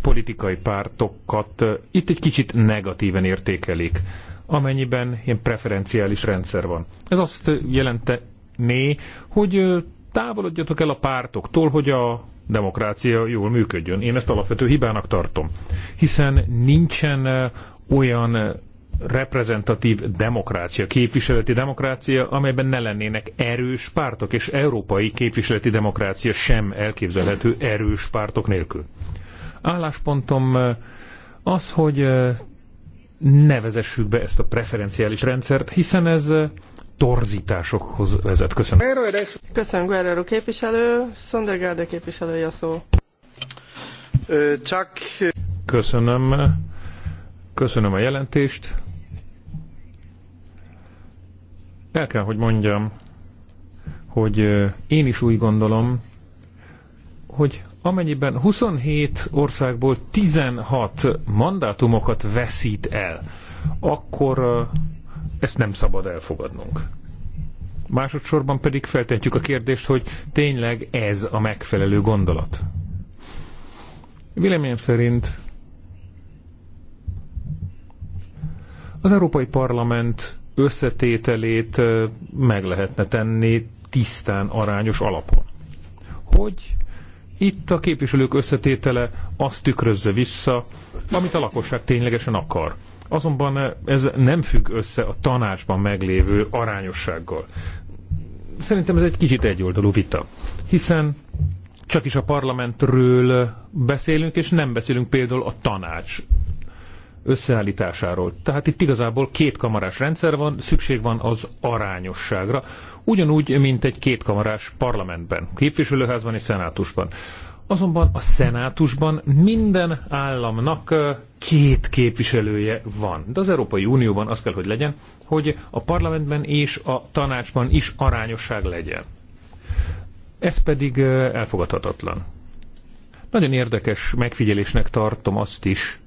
politikai pártokat itt egy kicsit negatíven értékelik, amennyiben ilyen preferenciális rendszer van. Ez azt jelentené, hogy távolodjatok el a pártoktól, hogy a demokrácia jól működjön. Én ezt alapvető hibának tartom. Hiszen nincsen olyan eh, reprezentatív demokrácia, képviseleti demokrácia, amelyben ne lennének erős pártok, és európai képviseleti demokrácia sem elképzelhető erős pártok nélkül. Álláspontom eh, az, hogy eh, nevezessük be ezt a preferenciális rendszert, hiszen ez torzításokhoz vezet. Köszönöm. Köszönöm, Guerrero képviselő. Sondergaard képviselője a szó. Csak... Köszönöm Köszönöm a jelentést. El kell, hogy mondjam, hogy én is úgy gondolom, hogy amennyiben 27 országból 16 mandátumokat veszít el, akkor ezt nem szabad elfogadnunk. Másodszorban pedig feltetjük a kérdést, hogy tényleg ez a megfelelő gondolat. Véleményem szerint Az Európai Parlament összetételét meg lehetne tenni tisztán arányos alapon. Hogy itt a képviselők összetétele azt tükrözze vissza, amit a lakosság ténylegesen akar. Azonban ez nem függ össze a tanácsban meglévő arányossággal. Szerintem ez egy kicsit egyoldalú vita, hiszen csak is a parlamentről beszélünk, és nem beszélünk például a tanács összeállításáról. Tehát itt igazából két kamarás rendszer van, szükség van az arányosságra, ugyanúgy, mint egy kétkamarás parlamentben, képviselőházban és szenátusban. Azonban a szenátusban minden államnak két képviselője van. De az Európai Unióban az kell, hogy legyen, hogy a parlamentben és a tanácsban is arányosság legyen. Ez pedig elfogadhatatlan. Nagyon érdekes megfigyelésnek tartom azt is,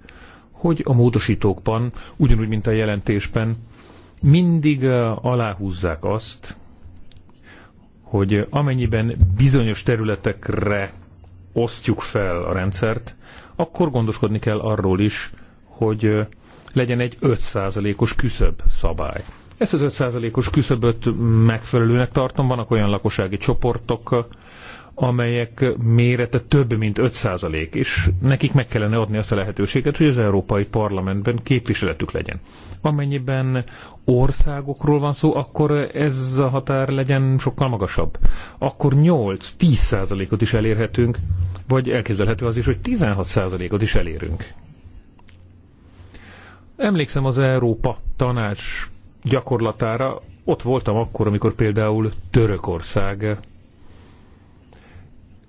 hogy a módosítókban, ugyanúgy, mint a jelentésben, mindig aláhúzzák azt, hogy amennyiben bizonyos területekre osztjuk fel a rendszert, akkor gondoskodni kell arról is, hogy legyen egy 5%-os küszöbb szabály. Ezt az 5%-os küszöböt megfelelőnek tartom, vannak olyan lakossági csoportok, amelyek mérete több mint 5% és nekik meg kellene adni azt a lehetőséget, hogy az Európai Parlamentben képviseletük legyen. Amennyiben országokról van szó, akkor ez a határ legyen sokkal magasabb. Akkor 8-10%-ot is elérhetünk, vagy elképzelhető az is, hogy 16%-ot is elérünk. Emlékszem az Európa tanács gyakorlatára, ott voltam akkor, amikor például Törökország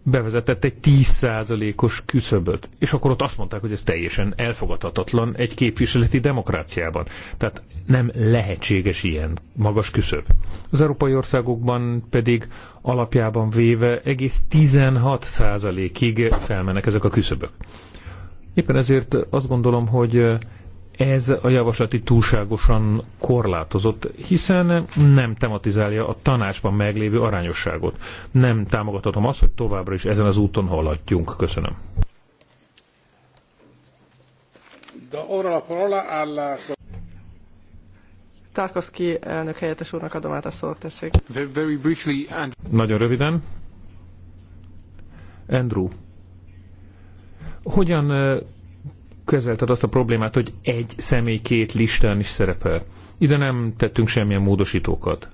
bevezetett egy 10%-os küszöböt, és akkor ott azt mondták, hogy ez teljesen elfogadhatatlan egy képviseleti demokráciában. Tehát nem lehetséges ilyen magas küszöb. Az európai országokban pedig alapjában véve egész 16%-ig felmennek ezek a küszöbök. Éppen ezért azt gondolom, hogy ez a javaslati túlságosan korlátozott, hiszen nem tematizálja a tanácsban meglévő arányosságot. Nem támogathatom azt, hogy továbbra is ezen az úton haladjunk. Köszönöm. Tarkovsky elnök helyettes úrnak adom át a szót, tessék. Very briefly and... Nagyon röviden. Andrew, hogyan eh, kezelted azt a problémát, hogy egy személy két listán is szerepel. Ide nem tettünk semmilyen módosítókat.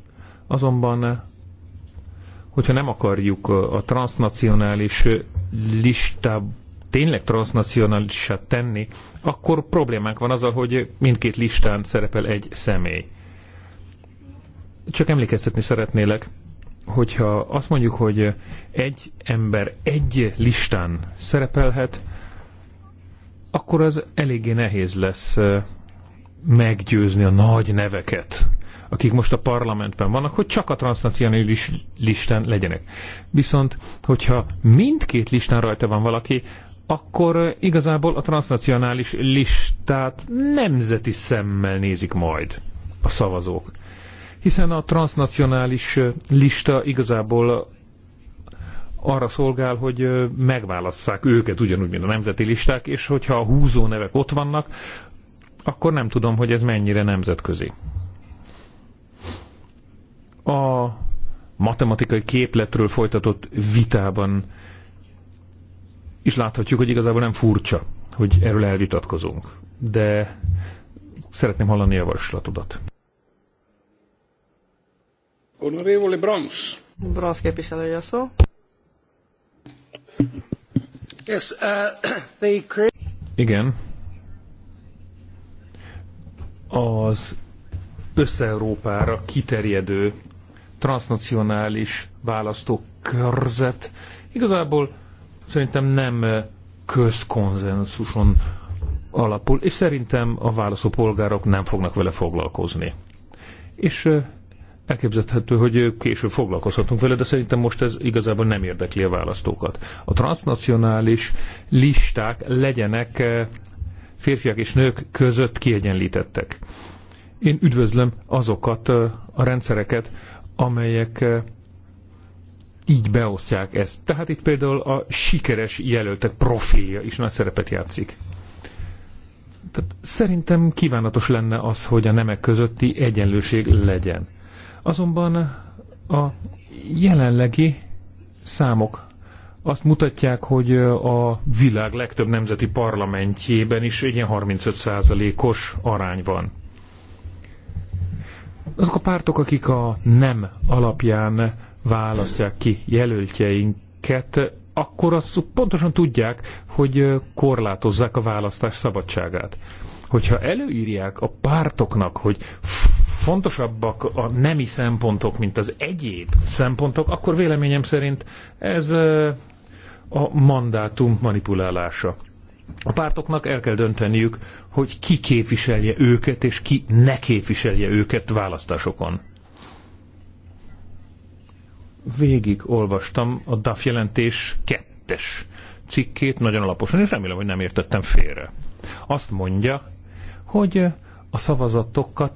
Azonban, hogyha nem akarjuk a transnacionális listát tényleg transnacionálisát tenni, akkor problémánk van azzal, hogy mindkét listán szerepel egy személy. Csak emlékeztetni szeretnélek, hogyha azt mondjuk, hogy egy ember egy listán szerepelhet, akkor az eléggé nehéz lesz meggyőzni a nagy neveket, akik most a parlamentben vannak, hogy csak a transznacionális listán legyenek. Viszont, hogyha mindkét listán rajta van valaki, akkor igazából a transznacionális listát nemzeti szemmel nézik majd a szavazók. Hiszen a transznacionális lista igazából arra szolgál, hogy megválasszák őket ugyanúgy, mint a nemzeti listák, és hogyha a húzó nevek ott vannak, akkor nem tudom, hogy ez mennyire nemzetközi. A matematikai képletről folytatott vitában is láthatjuk, hogy igazából nem furcsa, hogy erről elvitatkozunk. De szeretném hallani a javaslatodat. Honorevole Brons. Brons képviselője a szó. Yes, uh, [clears throat] they create... Igen. Az össze-Európára kiterjedő transnacionális választókörzet igazából szerintem nem közkonzenzuson alapul, és szerintem a választópolgárok nem fognak vele foglalkozni. És uh, elképzelhető, hogy később foglalkozhatunk vele, de szerintem most ez igazából nem érdekli a választókat. A transnacionális listák legyenek eh, férfiak és nők között kiegyenlítettek. Én üdvözlöm azokat eh, a rendszereket, amelyek eh, így beosztják ezt. Tehát itt például a sikeres jelöltek profilja is nagy szerepet játszik. Tehát szerintem kívánatos lenne az, hogy a nemek közötti egyenlőség legyen. Azonban a jelenlegi számok azt mutatják, hogy a világ legtöbb nemzeti parlamentjében is egy ilyen 35%-os arány van. Azok a pártok, akik a nem alapján választják ki jelöltjeinket, akkor azt pontosan tudják, hogy korlátozzák a választás szabadságát. Hogyha előírják a pártoknak, hogy fontosabbak a nemi szempontok, mint az egyéb szempontok, akkor véleményem szerint ez a mandátum manipulálása. A pártoknak el kell dönteniük, hogy ki képviselje őket, és ki ne képviselje őket választásokon. Végig olvastam a DAF jelentés kettes cikkét nagyon alaposan, és remélem, hogy nem értettem félre. Azt mondja, hogy a szavazatokat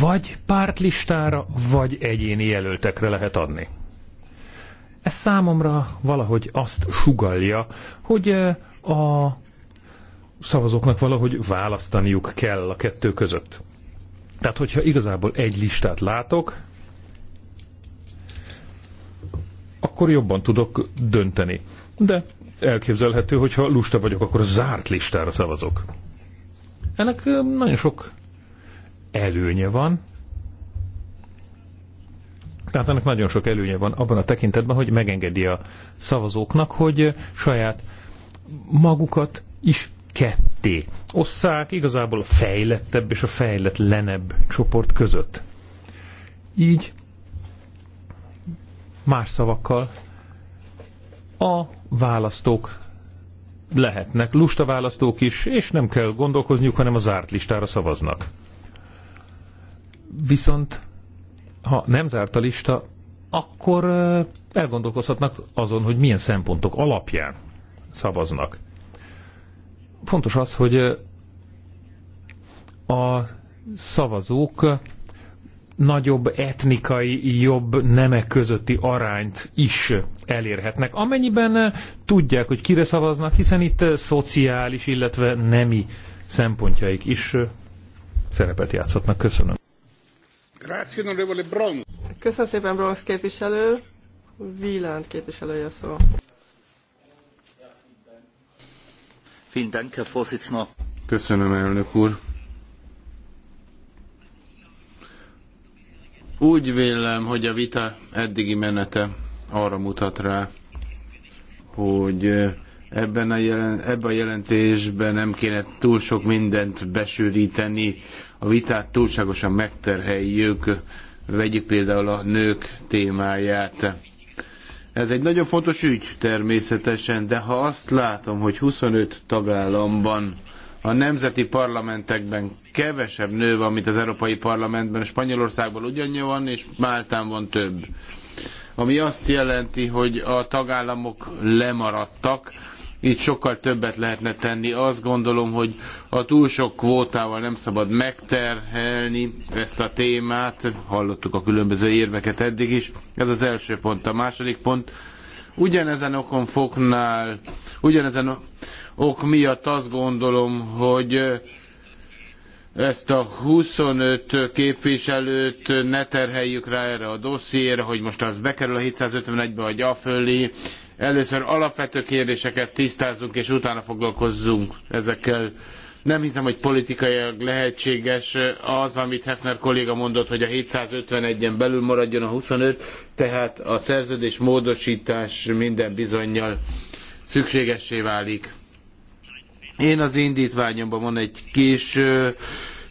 vagy pártlistára, vagy egyéni jelöltekre lehet adni. Ez számomra valahogy azt sugalja, hogy eh, a szavazóknak valahogy választaniuk kell a kettő között. Tehát, hogyha igazából egy listát látok, akkor jobban tudok dönteni. De elképzelhető, hogyha lusta vagyok, akkor zárt listára szavazok. Ennek eh, nagyon sok előnye van, tehát ennek nagyon sok előnye van abban a tekintetben, hogy megengedi a szavazóknak, hogy saját magukat is ketté osszák igazából a fejlettebb és a fejletlenebb csoport között. Így más szavakkal a választók lehetnek lusta választók is, és nem kell gondolkozniuk, hanem a zárt listára szavaznak. Viszont ha nem zárt a lista, akkor elgondolkozhatnak azon, hogy milyen szempontok alapján szavaznak. Fontos az, hogy a szavazók nagyobb etnikai, jobb nemek közötti arányt is elérhetnek, amennyiben tudják, hogy kire szavaznak, hiszen itt szociális, illetve nemi szempontjaik is szerepet játszhatnak. Köszönöm. Grazie, onorevole Bronz. Köszönöm szépen, Bronz képviselő. Wieland képviselője szó. Köszönöm, elnök úr. Úgy vélem, hogy a vita eddigi menete arra mutat rá, hogy ebben a, jelen, ebben a jelentésben nem kéne túl sok mindent besűríteni, a vitát túlságosan megterheljük, vegyük például a nők témáját. Ez egy nagyon fontos ügy természetesen, de ha azt látom, hogy 25 tagállamban a nemzeti parlamentekben kevesebb nő van, mint az Európai Parlamentben, Spanyolországban ugyannyi van, és Máltán van több. Ami azt jelenti, hogy a tagállamok lemaradtak, itt sokkal többet lehetne tenni. Azt gondolom, hogy a túl sok kvótával nem szabad megterhelni ezt a témát. Hallottuk a különböző érveket eddig is. Ez az első pont. A második pont, ugyanezen okon fognál, ugyanezen ok miatt azt gondolom, hogy ezt a 25 képviselőt ne terheljük rá erre a dossziéra, hogy most az bekerül a 751-be vagy a fölé. Először alapvető kérdéseket tisztázzunk, és utána foglalkozzunk ezekkel. Nem hiszem, hogy politikailag lehetséges az, amit Hefner kolléga mondott, hogy a 751-en belül maradjon a 25, tehát a szerződés módosítás minden bizonyal szükségessé válik én az indítványomban van egy kis ö,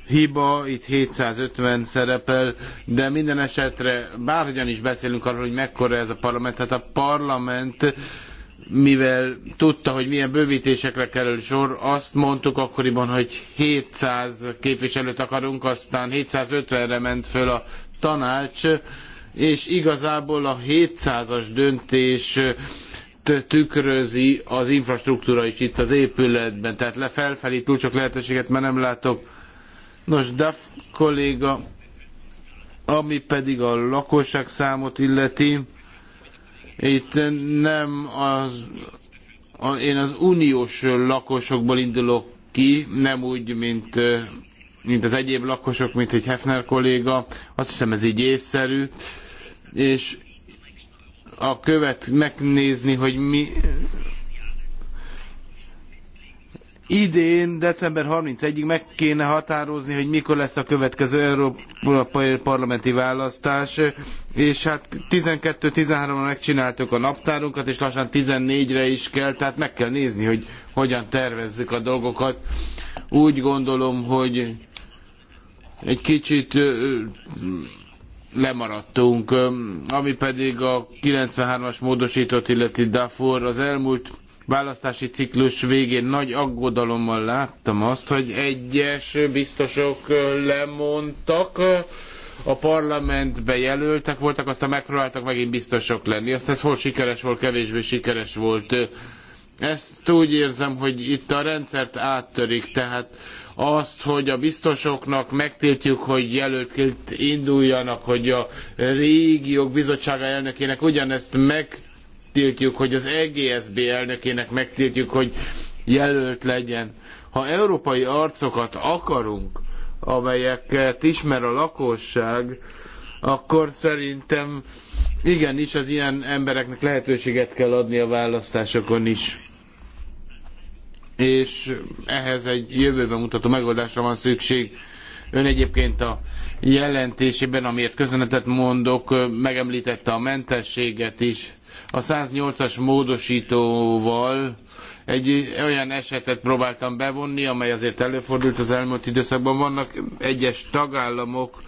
hiba, itt 750 szerepel, de minden esetre bárhogyan is beszélünk arról, hogy mekkora ez a parlament, tehát a parlament mivel tudta, hogy milyen bővítésekre kerül sor, azt mondtuk akkoriban, hogy 700 képviselőt akarunk, aztán 750-re ment föl a tanács, és igazából a 700-as döntés tükrözi az infrastruktúra is itt az épületben, tehát le felfelé túl sok lehetőséget már nem látok. Nos, DAF kolléga, ami pedig a lakosság számot illeti, itt nem az, a, én az uniós lakosokból indulok ki, nem úgy, mint, mint az egyéb lakosok, mint hogy Hefner kolléga, azt hiszem ez így észszerű, és a követ megnézni, hogy mi idén, december 31-ig meg kéne határozni, hogy mikor lesz a következő európai parlamenti választás, és hát 12-13-ra megcsináltuk a naptárunkat, és lassan 14-re is kell, tehát meg kell nézni, hogy hogyan tervezzük a dolgokat. Úgy gondolom, hogy egy kicsit lemaradtunk. Ami pedig a 93-as módosított, illeti Dafor, az elmúlt választási ciklus végén nagy aggodalommal láttam azt, hogy egyes biztosok lemondtak, a parlamentbe jelöltek voltak, aztán megpróbáltak megint biztosok lenni. Aztán ez hol sikeres volt, kevésbé sikeres volt. Ezt úgy érzem, hogy itt a rendszert áttörik, tehát azt, hogy a biztosoknak megtiltjuk, hogy jelöltként induljanak, hogy a régiók bizottsága elnökének ugyanezt megtiltjuk, hogy az EGSB elnökének megtiltjuk, hogy jelölt legyen. Ha európai arcokat akarunk, amelyeket ismer a lakosság, akkor szerintem igenis az ilyen embereknek lehetőséget kell adni a választásokon is és ehhez egy jövőben mutató megoldásra van szükség. Ön egyébként a jelentésében, amiért köszönetet mondok, megemlítette a mentességet is. A 108-as módosítóval egy olyan esetet próbáltam bevonni, amely azért előfordult az elmúlt időszakban. Vannak egyes tagállamok,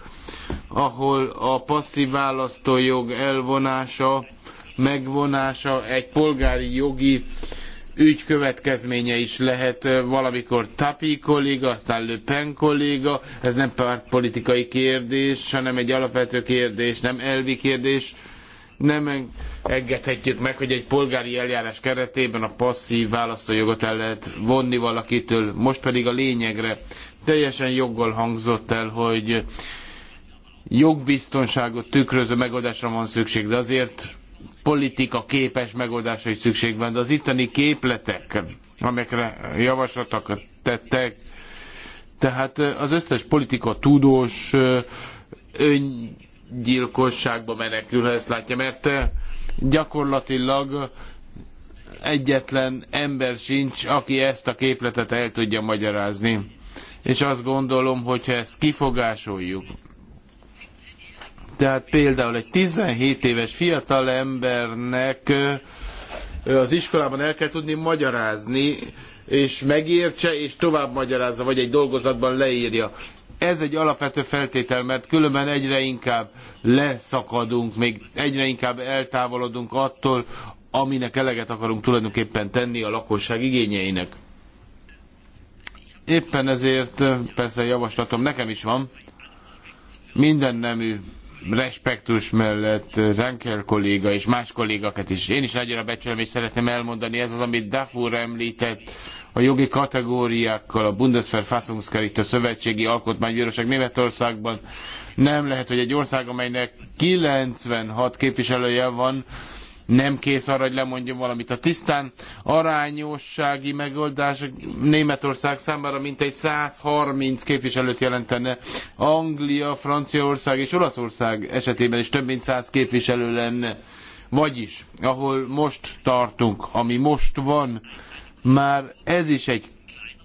ahol a passzív választójog elvonása, megvonása egy polgári jogi ügy következménye is lehet valamikor Tapi kolléga, aztán Le Pen kolléga, ez nem pártpolitikai kérdés, hanem egy alapvető kérdés, nem elvi kérdés, nem engedhetjük meg, hogy egy polgári eljárás keretében a passzív választójogot el lehet vonni valakitől. Most pedig a lényegre teljesen joggal hangzott el, hogy jogbiztonságot tükröző megoldásra van szükség, de azért politika képes megoldásra is szükség van, de az itteni képletek, amekre javaslatok tettek, tehát az összes politika tudós öngyilkosságba menekül, ha ezt látja, mert gyakorlatilag egyetlen ember sincs, aki ezt a képletet el tudja magyarázni. És azt gondolom, hogy ezt kifogásoljuk, tehát például egy 17 éves fiatal embernek az iskolában el kell tudni magyarázni, és megértse, és tovább magyarázza, vagy egy dolgozatban leírja. Ez egy alapvető feltétel, mert különben egyre inkább leszakadunk, még egyre inkább eltávolodunk attól, aminek eleget akarunk tulajdonképpen tenni a lakosság igényeinek. Éppen ezért persze javaslatom nekem is van, minden nemű respektus mellett Rankel kolléga és más kollégakat is. Én is nagyra becsülöm, és szeretném elmondani, ez az, amit Dafur említett, a jogi kategóriákkal a Bundesverfassungsgericht, a Szövetségi Alkotmánybíróság Németországban nem lehet, hogy egy ország, amelynek 96 képviselője van, nem kész arra, hogy lemondjon valamit. A tisztán arányossági megoldás Németország számára mintegy 130 képviselőt jelentene. Anglia, Franciaország és Olaszország esetében is több mint 100 képviselő lenne. Vagyis, ahol most tartunk, ami most van, már ez is egy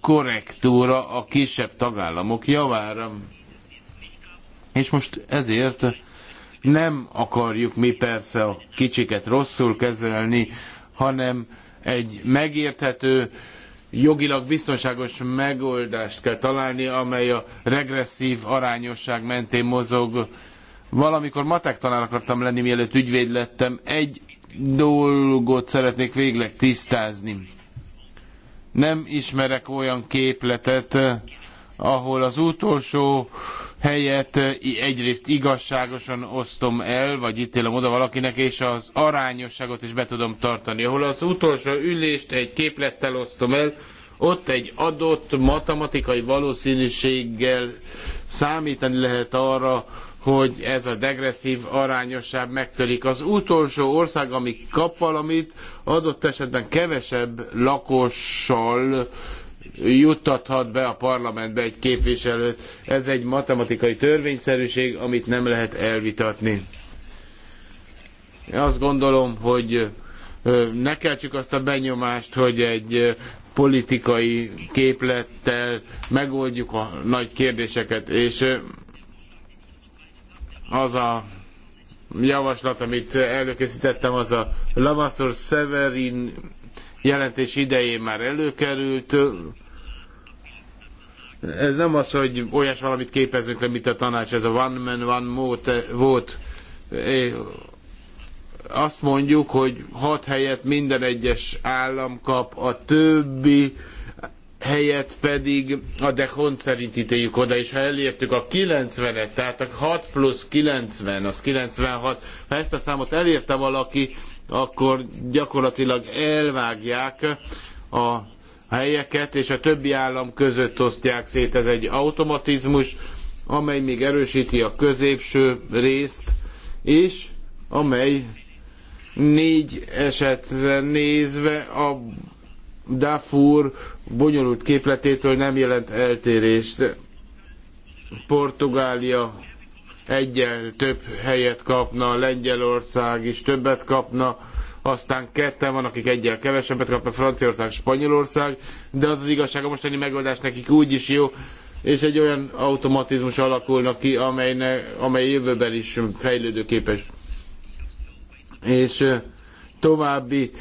korrektúra a kisebb tagállamok javára. És most ezért nem akarjuk mi persze a kicsiket rosszul kezelni, hanem egy megérthető, jogilag biztonságos megoldást kell találni, amely a regresszív arányosság mentén mozog. Valamikor matek tanár akartam lenni, mielőtt ügyvéd lettem. Egy dolgot szeretnék végleg tisztázni. Nem ismerek olyan képletet, ahol az utolsó helyet egyrészt igazságosan osztom el, vagy ítélem oda valakinek, és az arányosságot is be tudom tartani. Ahol az utolsó ülést egy képlettel osztom el, ott egy adott matematikai valószínűséggel számítani lehet arra, hogy ez a degresszív arányosság megtörik. Az utolsó ország, ami kap valamit, adott esetben kevesebb lakossal juttathat be a parlamentbe egy képviselőt. Ez egy matematikai törvényszerűség, amit nem lehet elvitatni. Azt gondolom, hogy ne keltsük azt a benyomást, hogy egy politikai képlettel megoldjuk a nagy kérdéseket, és az a javaslat, amit előkészítettem, az a Lamassor Severin jelentés idején már előkerült. Ez nem az, hogy olyas valamit képezünk le, mint a tanács, ez a one man, one vote. Azt mondjuk, hogy hat helyet minden egyes állam kap, a többi helyet pedig a Dehont szerint ítéljük oda, és ha elértük a 90-et, tehát a 6 plusz 90, az 96, ha ezt a számot elérte valaki, akkor gyakorlatilag elvágják a helyeket, és a többi állam között osztják szét. Ez egy automatizmus, amely még erősíti a középső részt, és amely négy esetre nézve a Dafur bonyolult képletétől nem jelent eltérést. Portugália egyel több helyet kapna, Lengyelország is többet kapna, aztán ketten van, akik egyel kevesebbet kapnak, Franciaország, Spanyolország, de az az igazság, a mostani megoldás nekik úgy is jó, és egy olyan automatizmus alakulnak ki, amelyne, amely jövőben is fejlődőképes. És további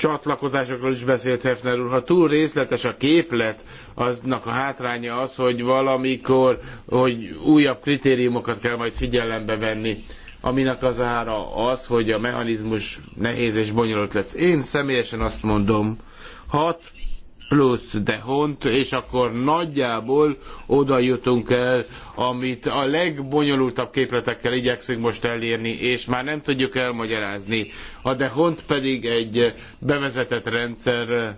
csatlakozásokról is beszélt Hefner úr. Ha túl részletes a képlet, aznak a hátránya az, hogy valamikor, hogy újabb kritériumokat kell majd figyelembe venni aminek az ára az, hogy a mechanizmus nehéz és bonyolult lesz. Én személyesen azt mondom, hat plusz de hont, és akkor nagyjából oda jutunk el, amit a legbonyolultabb képletekkel igyekszünk most elérni, és már nem tudjuk elmagyarázni. A de hont pedig egy bevezetett rendszer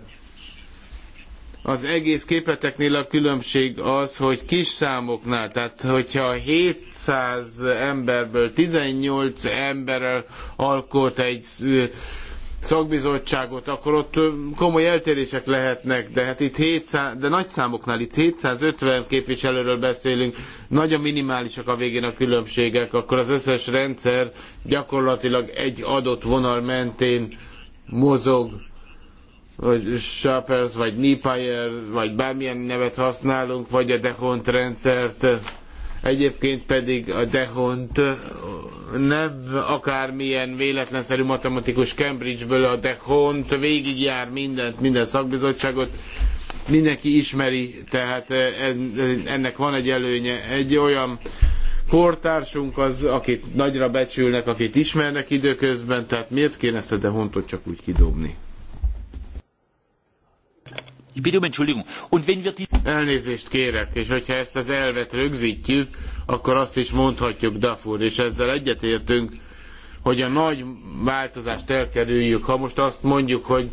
az egész képleteknél a különbség az, hogy kis számoknál, tehát hogyha 700 emberből 18 emberrel alkot egy szakbizottságot, akkor ott komoly eltérések lehetnek, de hát itt 700, de nagy számoknál itt 750 képviselőről beszélünk, nagyon minimálisak a végén a különbségek, akkor az összes rendszer gyakorlatilag egy adott vonal mentén mozog, vagy Sharpers, vagy Nipayer, vagy bármilyen nevet használunk, vagy a Dehont rendszert, Egyébként pedig a Dehont nem akármilyen véletlenszerű matematikus Cambridge-ből a Dehont végigjár mindent, minden szakbizottságot, mindenki ismeri, tehát eh, ennek van egy előnye. Egy olyan kortársunk az, akit nagyra becsülnek, akit ismernek időközben, tehát miért kéne ezt a Dehontot csak úgy kidobni? Um Elnézést kérek, és hogyha ezt az elvet rögzítjük, akkor azt is mondhatjuk, Dafur, és ezzel egyetértünk, hogy a nagy változást elkerüljük. Ha most azt mondjuk, hogy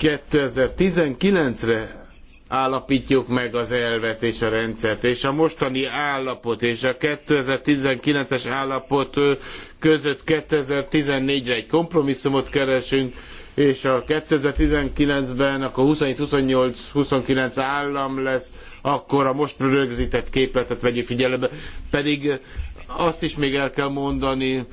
2019-re állapítjuk meg az elvet és a rendszert, és a mostani állapot és a 2019-es állapot között 2014-re egy kompromisszumot keresünk, és a 2019-ben akkor 27-28-29 állam lesz, akkor a most rögzített képletet vegyük figyelembe. Pedig azt is még el kell mondani,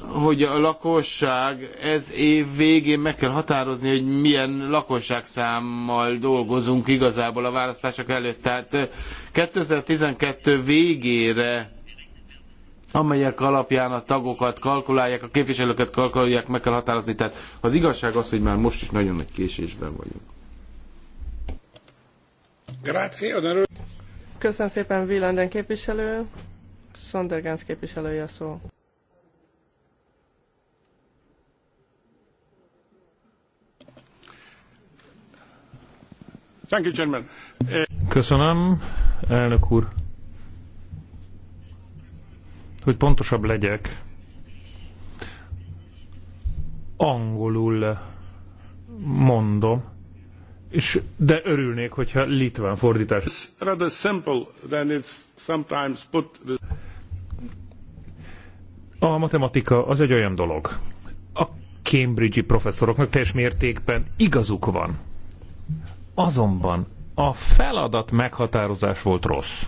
hogy a lakosság ez év végén meg kell határozni, hogy milyen lakosságszámmal dolgozunk igazából a választások előtt. Tehát 2012 eh, végére amelyek alapján a tagokat kalkulálják, a képviselőket kalkulálják, meg kell határozni. Tehát az igazság az, hogy már most is nagyon nagy késésben vagyunk. Grazie, Köszönöm szépen Villanden képviselő, Sondergans képviselője a szó. Köszönöm, elnök úr. Hogy pontosabb legyek, angolul mondom, és, de örülnék, hogyha litván fordítás. Rather simple than it's sometimes put... A matematika az egy olyan dolog. A Cambridge-i professzoroknak teljes mértékben igazuk van. Azonban a feladat meghatározás volt rossz.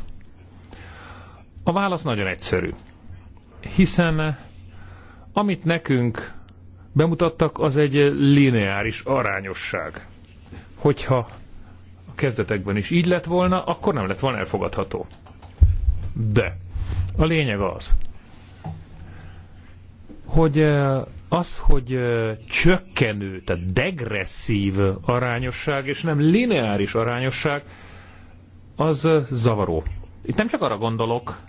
A válasz nagyon egyszerű hiszen eh, amit nekünk bemutattak, az egy lineáris arányosság. Hogyha a kezdetekben is így lett volna, akkor nem lett volna elfogadható. De a lényeg az, hogy eh, az, hogy eh, csökkenő, tehát degresszív arányosság, és nem lineáris arányosság, az zavaró. Itt nem csak arra gondolok,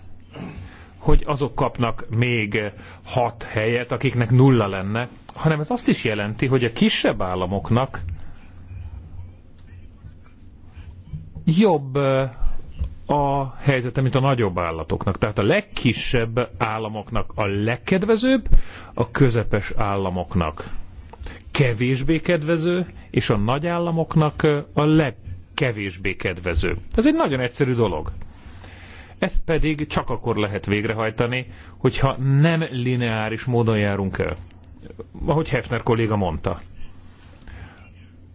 hogy azok kapnak még hat helyet, akiknek nulla lenne, hanem ez azt is jelenti, hogy a kisebb államoknak jobb eh, a helyzete, mint a nagyobb állatoknak. Tehát a legkisebb államoknak a legkedvezőbb, a közepes államoknak kevésbé kedvező, és a nagy államoknak eh, a legkevésbé kedvező. Ez egy nagyon egyszerű dolog. Ezt pedig csak akkor lehet végrehajtani, hogyha nem lineáris módon járunk el. Ahogy Hefner kolléga mondta.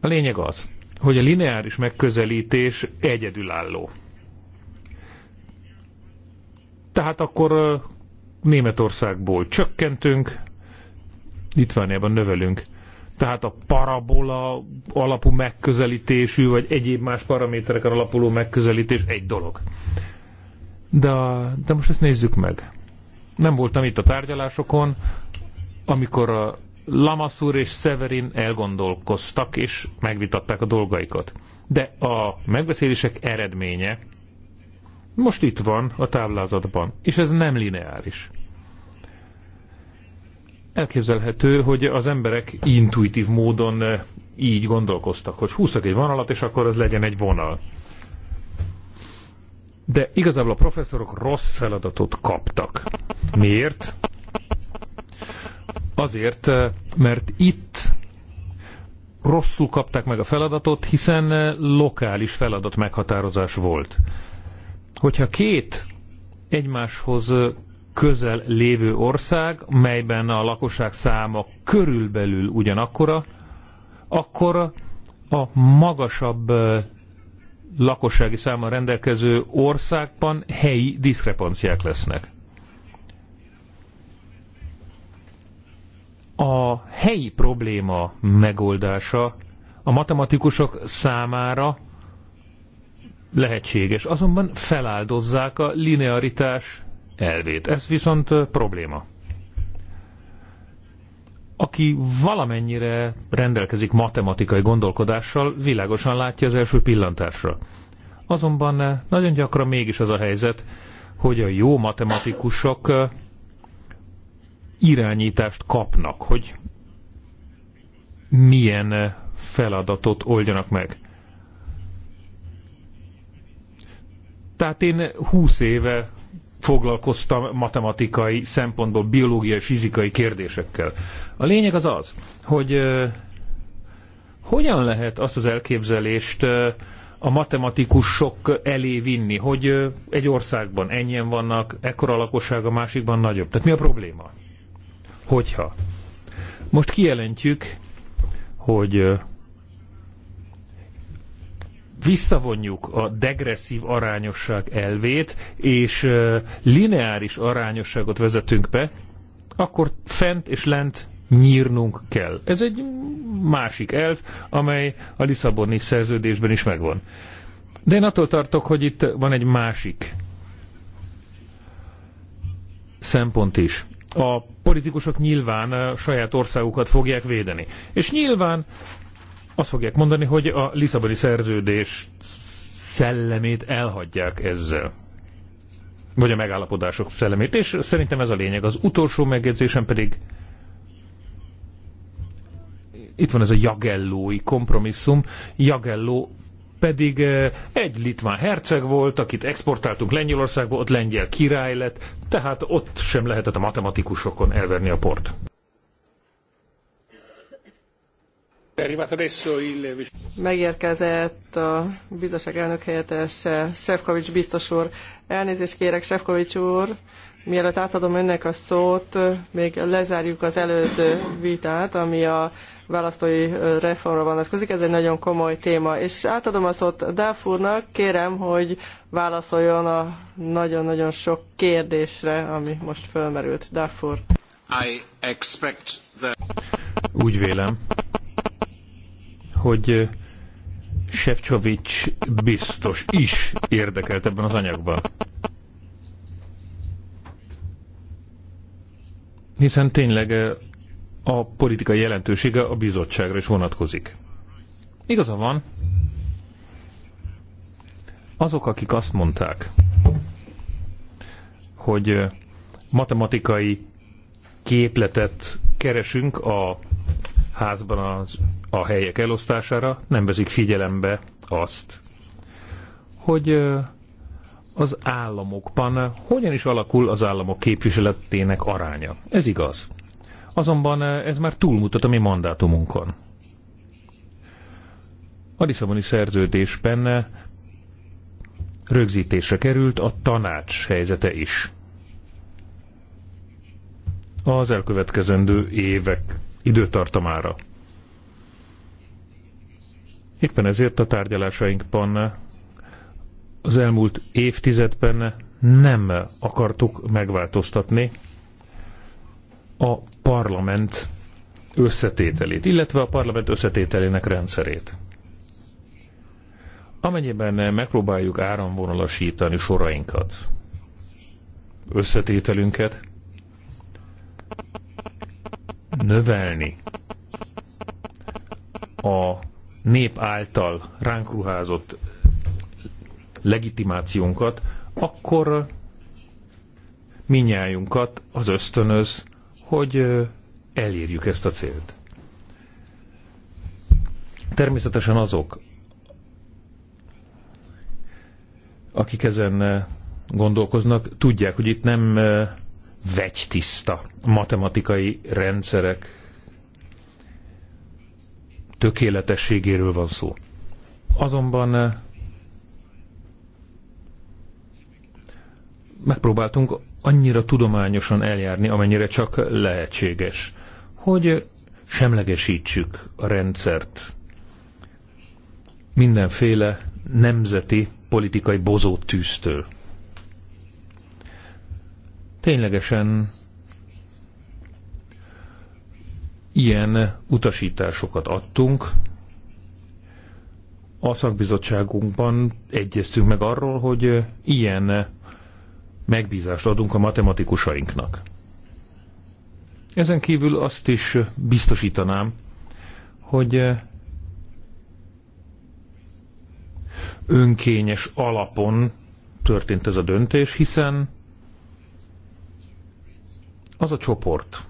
A lényeg az, hogy a lineáris megközelítés egyedülálló. Tehát akkor Németországból csökkentünk, Litvániában növelünk. Tehát a parabola alapú megközelítésű, vagy egyéb más paramétereken alapuló megközelítés egy dolog. De, de most ezt nézzük meg. Nem voltam itt a tárgyalásokon, amikor a Lamassur és Severin elgondolkoztak és megvitatták a dolgaikat. De a megbeszélések eredménye most itt van a táblázatban, és ez nem lineáris. Elképzelhető, hogy az emberek intuitív módon eh, így gondolkoztak, hogy húztak egy vonalat, és akkor az legyen egy vonal. De igazából a professzorok rossz feladatot kaptak. Miért? Azért, eh, mert itt rosszul kapták meg a feladatot, hiszen eh, lokális feladat meghatározás volt. Hogyha két egymáshoz eh, közel lévő ország, melyben a lakosság száma körülbelül ugyanakkora, akkor a magasabb lakossági számmal rendelkező országban helyi diszkrepanciák lesznek. A helyi probléma megoldása a matematikusok számára lehetséges, azonban feláldozzák a linearitás elvét. Ez viszont probléma aki valamennyire rendelkezik matematikai gondolkodással, világosan látja az első pillantásra. Azonban eh, nagyon gyakran mégis az a helyzet, hogy a jó matematikusok eh, irányítást kapnak, hogy milyen eh, feladatot oldjanak meg. Tehát én 20 éve foglalkoztam matematikai szempontból biológiai, fizikai kérdésekkel. A lényeg az az, hogy hogyan lehet azt az elképzelést a matematikusok elé vinni, hogy egy országban ennyien vannak, ekkora lakosság, a másikban nagyobb. Tehát mi a probléma? Hogyha most kijelentjük, hogy visszavonjuk a degresszív arányosság elvét, és lineáris arányosságot vezetünk be, akkor fent és lent nyírnunk kell. Ez egy másik elv, amely a Lisszaboni szerződésben is megvan. De én attól tartok, hogy itt van egy másik szempont is. A politikusok nyilván saját országukat fogják védeni. És nyilván azt fogják mondani, hogy a Lisszaboni szerződés szellemét elhagyják ezzel. Vagy a megállapodások szellemét. És szerintem ez a lényeg. Az utolsó megjegyzésem pedig itt van ez a jagellói kompromisszum. Jagelló pedig eh, egy litván herceg volt, akit exportáltunk Lengyelországba, ott lengyel király lett, tehát ott sem lehetett a matematikusokon elverni a port. Megérkezett a bizottság elnök helyettese, Sefkovics biztos úr. Elnézést kérek, Sefkovics úr, mielőtt átadom önnek a szót, még lezárjuk az előző vitát, ami a választói reformra vonatkozik. Ez egy nagyon komoly téma. És átadom a szót úrnak, kérem, hogy válaszoljon a nagyon-nagyon sok kérdésre, ami most fölmerült. Dáfur. I expect Úgy vélem, hogy Sefcsovics biztos is érdekelt ebben az anyagban. Hiszen tényleg a politikai jelentősége a bizottságra is vonatkozik. Igaza van, azok, akik azt mondták, hogy matematikai képletet keresünk a házban az, a helyek elosztására nem veszik figyelembe azt, hogy az államokban hogyan is alakul az államok képviseletének aránya. Ez igaz. Azonban ez már túlmutat a mi mandátumunkon. A Lisszaboni szerződésben rögzítésre került a tanács helyzete is. Az elkövetkezendő évek időtartamára. Éppen ezért a tárgyalásainkban az elmúlt évtizedben nem akartuk megváltoztatni a parlament összetételét, illetve a parlament összetételének rendszerét. Amennyiben megpróbáljuk áramvonalasítani sorainkat, összetételünket, növelni a nép által ránk ruházott legitimációnkat, akkor minnyájunkat az ösztönöz, hogy elérjük ezt a célt. Természetesen azok, akik ezen gondolkoznak, tudják, hogy itt nem vegytiszta matematikai rendszerek tökéletességéről van szó. Azonban eh, megpróbáltunk annyira tudományosan eljárni, amennyire csak lehetséges, hogy semlegesítsük a rendszert mindenféle nemzeti politikai bozót tűztől ténylegesen ilyen utasításokat adtunk. A szakbizottságunkban egyeztünk meg arról, hogy ilyen megbízást adunk a matematikusainknak. Ezen kívül azt is biztosítanám, hogy önkényes alapon történt ez a döntés, hiszen az a csoport,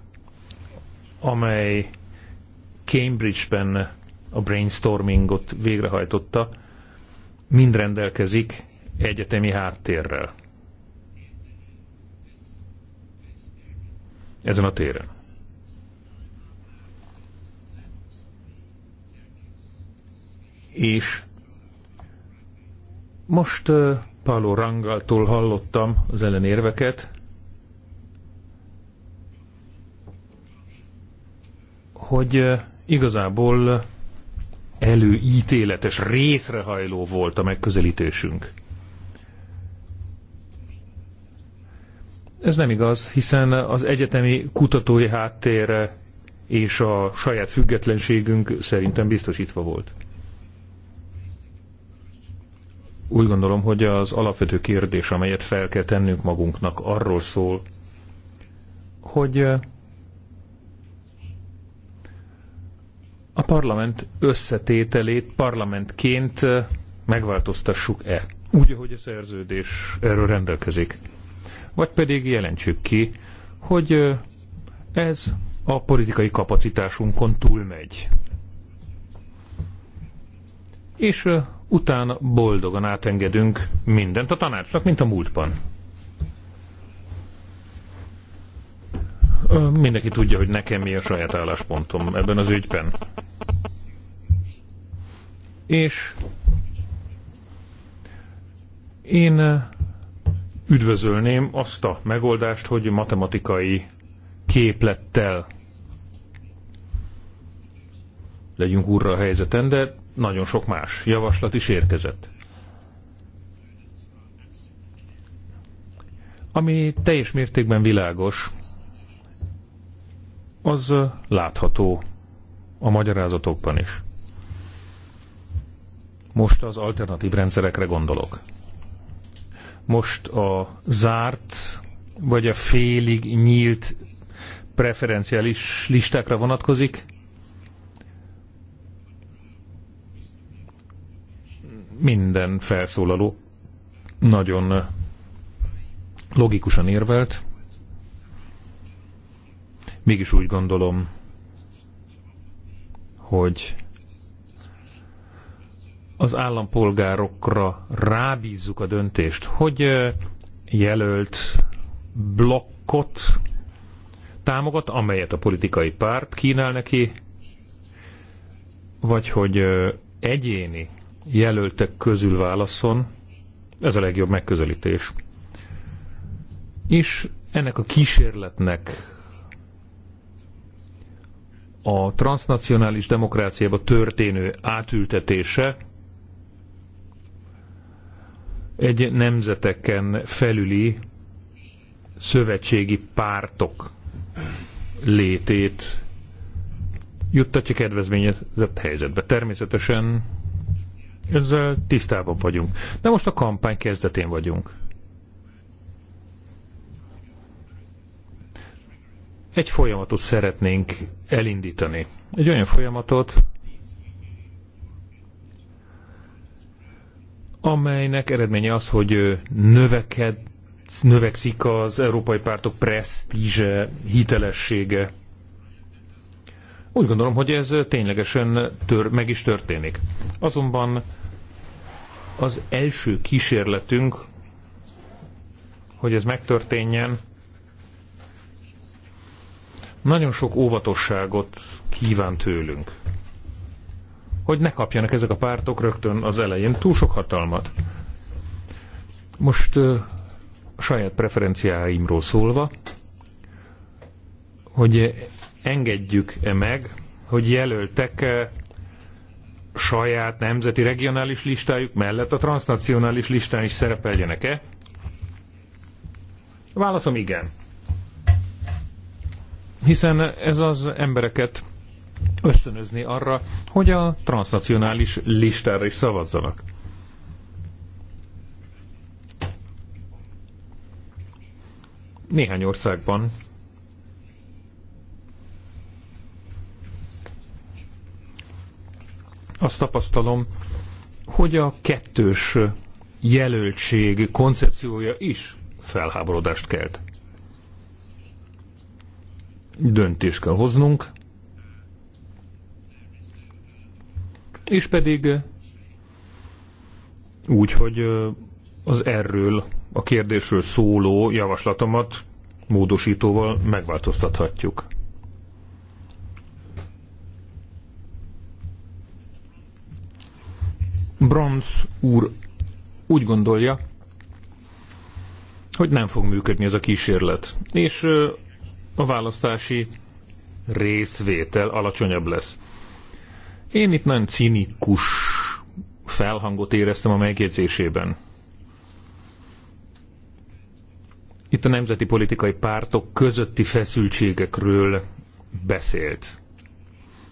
amely Cambridge-ben a brainstormingot végrehajtotta, mind rendelkezik egyetemi háttérrel. Ezen a téren. És most uh, eh, Paulo Rangaltól hallottam az ellenérveket, hogy igazából előítéletes, részrehajló volt a megközelítésünk. Ez nem igaz, hiszen az egyetemi kutatói háttér és a saját függetlenségünk szerintem biztosítva volt. Úgy gondolom, hogy az alapvető kérdés, amelyet fel kell tennünk magunknak, arról szól, hogy a parlament összetételét parlamentként megváltoztassuk-e, úgy, ahogy a szerződés erről rendelkezik. Vagy pedig jelentsük ki, hogy ez a politikai kapacitásunkon túlmegy. És utána boldogan átengedünk mindent a tanácsnak, mint a múltban. Mindenki tudja, hogy nekem mi a saját álláspontom ebben az ügyben. És én üdvözölném azt a megoldást, hogy matematikai képlettel legyünk úrra a helyzeten, de nagyon sok más javaslat is érkezett. Ami teljes mértékben világos, az látható a magyarázatokban is. Most az alternatív rendszerekre gondolok. Most a zárt vagy a félig nyílt preferenciális listákra vonatkozik. Minden felszólaló nagyon logikusan érvelt, mégis úgy gondolom, hogy az állampolgárokra rábízzuk a döntést, hogy jelölt blokkot támogat, amelyet a politikai párt kínál neki, vagy hogy egyéni jelöltek közül válaszon, ez a legjobb megközelítés. És ennek a kísérletnek a transnacionális demokráciába történő átültetése egy nemzeteken felüli szövetségi pártok létét juttatja kedvezményezett helyzetbe. Természetesen ezzel tisztában vagyunk. De most a kampány kezdetén vagyunk. egy folyamatot szeretnénk elindítani. Egy olyan folyamatot, amelynek eredménye az, hogy növeked, növekszik az európai pártok presztízse, hitelessége. Úgy gondolom, hogy ez ténylegesen tör, meg is történik. Azonban az első kísérletünk, hogy ez megtörténjen, nagyon sok óvatosságot kíván tőlünk. Hogy ne kapjanak ezek a pártok rögtön az elején túl sok hatalmat. Most a saját preferenciáimról szólva, hogy engedjük-e meg, hogy jelöltek saját nemzeti regionális listájuk mellett a transnacionális listán is szerepeljenek-e? Válaszom igen hiszen ez az embereket ösztönözni arra, hogy a transnacionális listára is szavazzanak. Néhány országban azt tapasztalom, hogy a kettős jelöltség koncepciója is felháborodást kelt döntést kell hoznunk, és pedig eh, úgy, hogy eh, az erről a kérdésről szóló javaslatomat módosítóval megváltoztathatjuk. Brons úr úgy gondolja, hogy nem fog működni ez a kísérlet. És eh, a választási részvétel alacsonyabb lesz. Én itt nagyon cinikus felhangot éreztem a megjegyzésében. Itt a nemzeti politikai pártok közötti feszültségekről beszélt.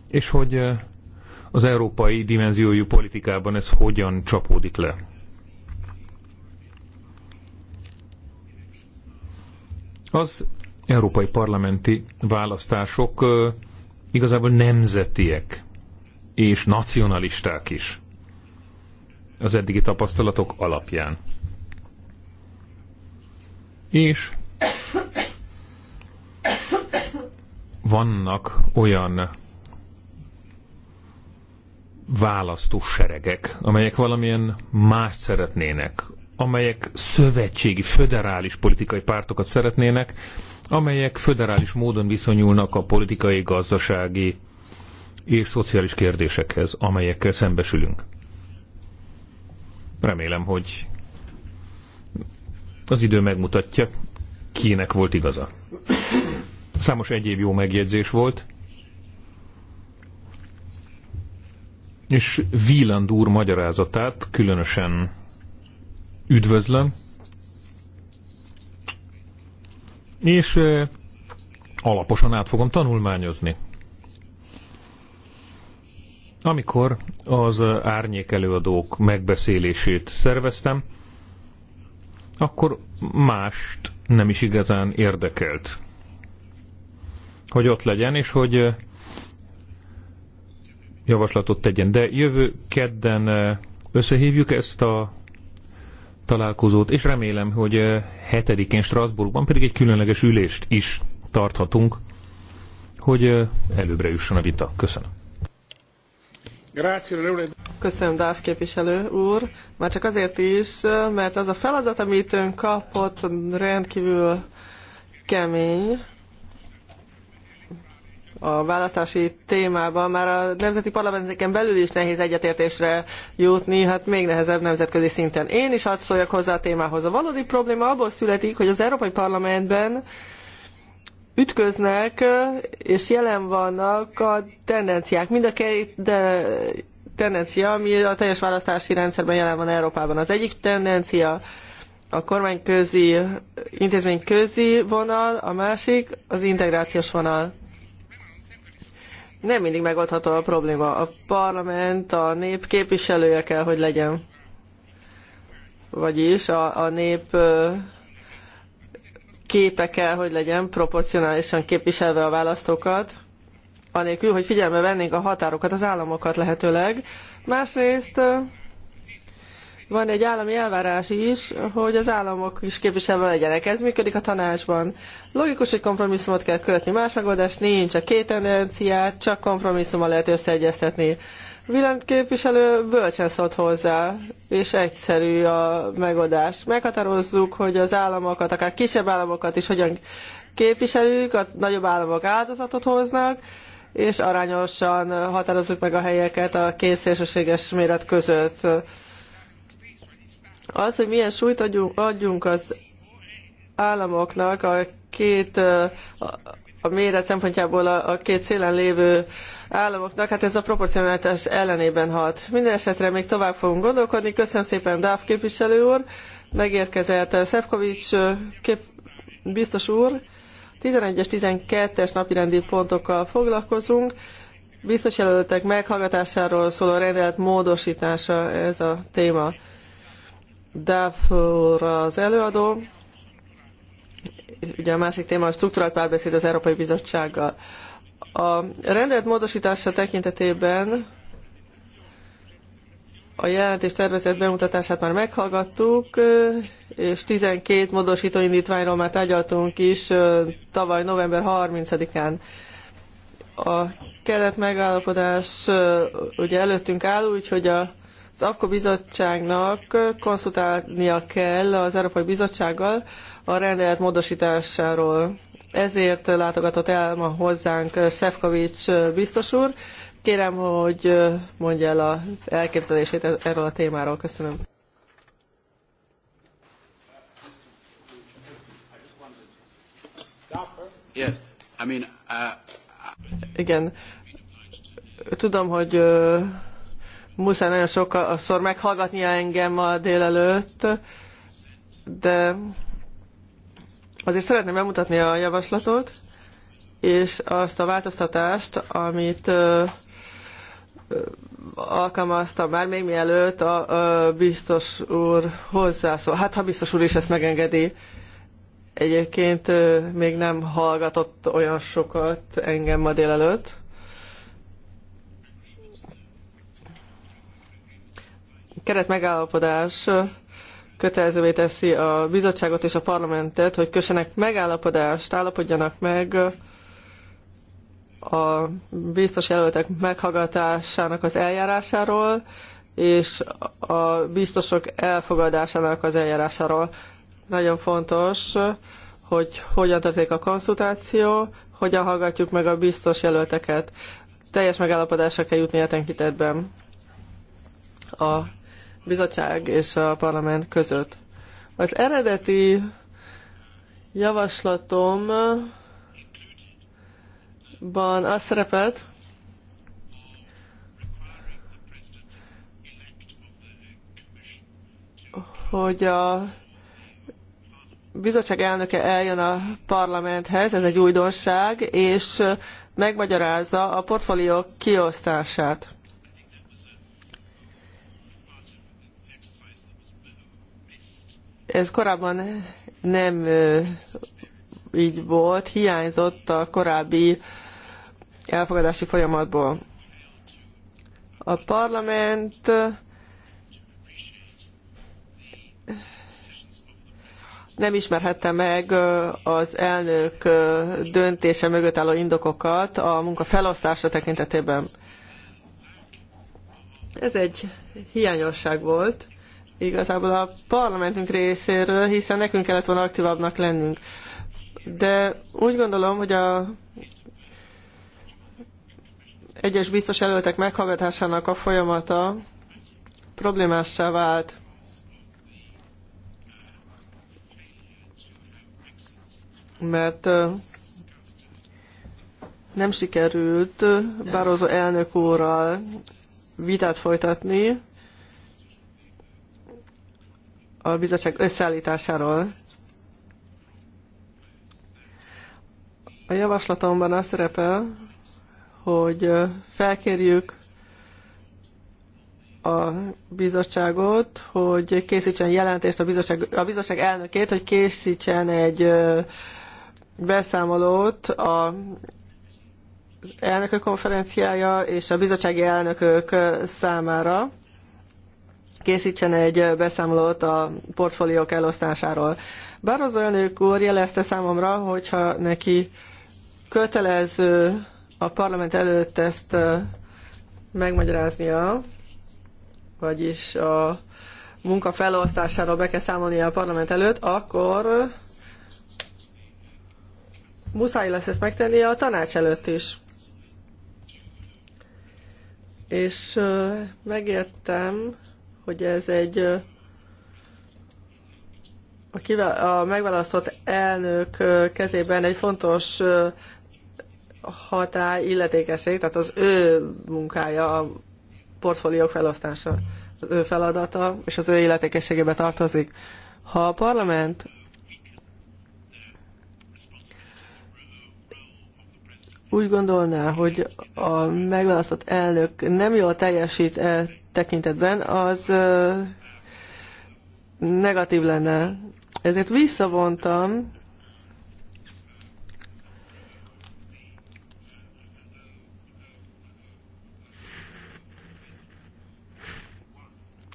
És hogy eh, az európai dimenziójú politikában ez hogyan csapódik le. Az európai parlamenti választások igazából nemzetiek és nacionalisták is az eddigi tapasztalatok alapján. És vannak olyan seregek, amelyek valamilyen más szeretnének, amelyek szövetségi, föderális politikai pártokat szeretnének, amelyek föderális módon viszonyulnak a politikai, gazdasági és szociális kérdésekhez, amelyekkel szembesülünk. Remélem, hogy az idő megmutatja, kinek volt igaza. Számos egyéb jó megjegyzés volt, és Wieland úr magyarázatát különösen üdvözlöm, és alaposan át fogom tanulmányozni. Amikor az árnyék előadók megbeszélését szerveztem, akkor mást nem is igazán érdekelt, hogy ott legyen, és hogy javaslatot tegyen. De jövő kedden összehívjuk ezt a találkozót, és remélem, hogy 7-én Strasbourgban pedig egy különleges ülést is tarthatunk, hogy előbbre jusson a vita. Köszönöm. Köszönöm, Dáv képviselő úr. Már csak azért is, mert az a feladat, amit ön kapott, rendkívül kemény, a választási témában már a nemzeti parlamenteken belül is nehéz egyetértésre jutni, hát még nehezebb nemzetközi szinten. Én is hadd szóljak hozzá a témához. A valódi probléma abból születik, hogy az Európai Parlamentben ütköznek és jelen vannak a tendenciák. Mind a két de tendencia, ami a teljes választási rendszerben jelen van Európában. Az egyik tendencia a kormányközi, intézményközi vonal, a másik az integrációs vonal nem mindig megoldható a probléma. A parlament, a nép képviselője kell, hogy legyen. Vagyis a, a nép képe kell, hogy legyen proporcionálisan képviselve a választókat, anélkül, hogy figyelme vennénk a határokat, az államokat lehetőleg. Másrészt van egy állami elvárás is, hogy az államok is képviselve legyenek. Ez működik a tanácsban. Logikus, hogy kompromisszumot kell kötni. Más megoldás nincs. A két tendenciát csak kompromisszummal lehet összeegyeztetni. Vilent képviselő bölcsen szólt hozzá, és egyszerű a megoldás. Meghatározzuk, hogy az államokat, akár kisebb államokat is hogyan képviseljük, a nagyobb államok áldozatot hoznak, és arányosan határozzuk meg a helyeket a két szélsőséges méret között az, hogy milyen súlyt adjunk, adjunk az államoknak a két a méret szempontjából a, a két szélen lévő államoknak, hát ez a proporcionalitás ellenében hat. Minden esetre még tovább fogunk gondolkodni. Köszönöm szépen Dáv képviselő úr, megérkezett Szefkovics kép, biztos úr, 11-es, 12-es napirendi pontokkal foglalkozunk. Biztos jelöltek meghallgatásáról szóló rendelet módosítása ez a téma. Duff az előadó. Ugye a másik téma a struktúrált párbeszéd az Európai Bizottsággal. A rendelet módosítása tekintetében a jelentés tervezett bemutatását már meghallgattuk, és 12 módosító indítványról már tárgyaltunk is tavaly november 30-án. A keret megállapodás ugye előttünk áll, úgyhogy a akkor bizottságnak konszultálnia kell az Európai Bizottsággal a rendelet módosításáról. Ezért látogatott el ma hozzánk Sefkovics biztos úr. Kérem, hogy mondja el az elképzelését erről a témáról. Köszönöm. Yes. I mean, uh... Igen. Tudom, hogy muszáj nagyon sokszor meghallgatnia engem ma délelőtt, de azért szeretném bemutatni a javaslatot, és azt a változtatást, amit ö, ö, alkalmaztam már még mielőtt a, biztos úr hozzászól. Hát, ha biztos úr is ezt megengedi. Egyébként ö, még nem hallgatott olyan sokat engem ma délelőtt. keretmegállapodás kötelezővé teszi a bizottságot és a parlamentet, hogy kössenek megállapodást, állapodjanak meg a biztos jelöltek meghallgatásának az eljárásáról, és a biztosok elfogadásának az eljárásáról. Nagyon fontos, hogy hogyan történik a konszultáció, hogyan hallgatjuk meg a biztos jelölteket. Teljes megállapodásra kell jutni a e tekintetben. A bizottság és a parlament között. Az eredeti javaslatomban az szerepelt, hogy a bizottság elnöke eljön a parlamenthez, ez egy újdonság, és megmagyarázza a portfóliók kiosztását. Ez korábban nem így volt, hiányzott a korábbi elfogadási folyamatból. A parlament nem ismerhette meg az elnök döntése mögött álló indokokat a munka felosztása tekintetében. Ez egy hiányosság volt, igazából a parlamentünk részéről, hiszen nekünk kellett volna aktívabbnak lennünk. De úgy gondolom, hogy a egyes biztos előttek meghallgatásának a folyamata problémássá vált. Mert nem sikerült Barroso elnök úrral vitát folytatni, a bizottság összeállításáról. A javaslatomban az szerepel, hogy felkérjük a bizottságot, hogy készítsen jelentést a bizottság, a bizottság elnökét, hogy készítsen egy beszámolót a elnökök konferenciája és a bizottsági elnökök számára készítsen egy beszámolót a portfóliók elosztásáról. Barroso elnök úr jelezte számomra, hogyha neki kötelező a parlament előtt ezt megmagyaráznia, vagyis a munka felosztásáról be kell számolnia a parlament előtt, akkor muszáj lesz ezt megtennie a tanács előtt is. És megértem, hogy ez egy a, kivá- a megválasztott elnök kezében egy fontos hatály, illetékesség, tehát az ő munkája, a portfóliók felosztása, az ő feladata, és az ő illetékességébe tartozik. Ha a parlament úgy gondolná, hogy a megválasztott elnök nem jól teljesített tekintetben, az negatív lenne. Ezért visszavontam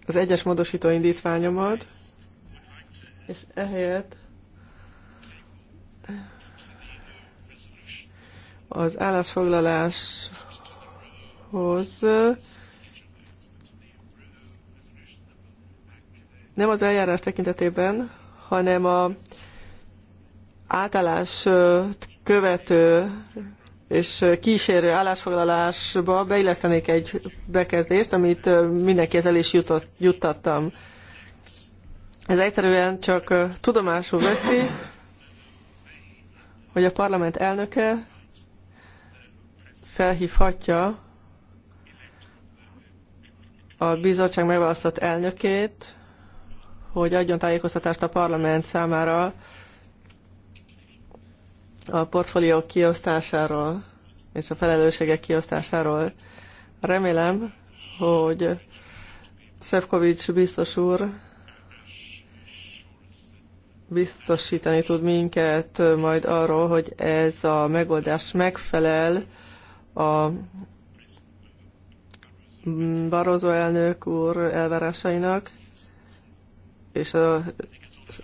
az egyes módosító indítványomat, és ehelyett az állásfoglaláshoz nem az eljárás tekintetében, hanem a átállás követő és kísérő állásfoglalásba beillesztenék egy bekezdést, amit mindenkihez el is jutott, juttattam. Ez egyszerűen csak tudomásul veszi, hogy a parlament elnöke felhívhatja a bizottság megválasztott elnökét hogy adjon tájékoztatást a parlament számára a portfólió kiosztásáról és a felelősségek kiosztásáról. Remélem, hogy Szefkovics biztos úr biztosítani tud minket majd arról, hogy ez a megoldás megfelel a Barozó elnök úr elvárásainak, és a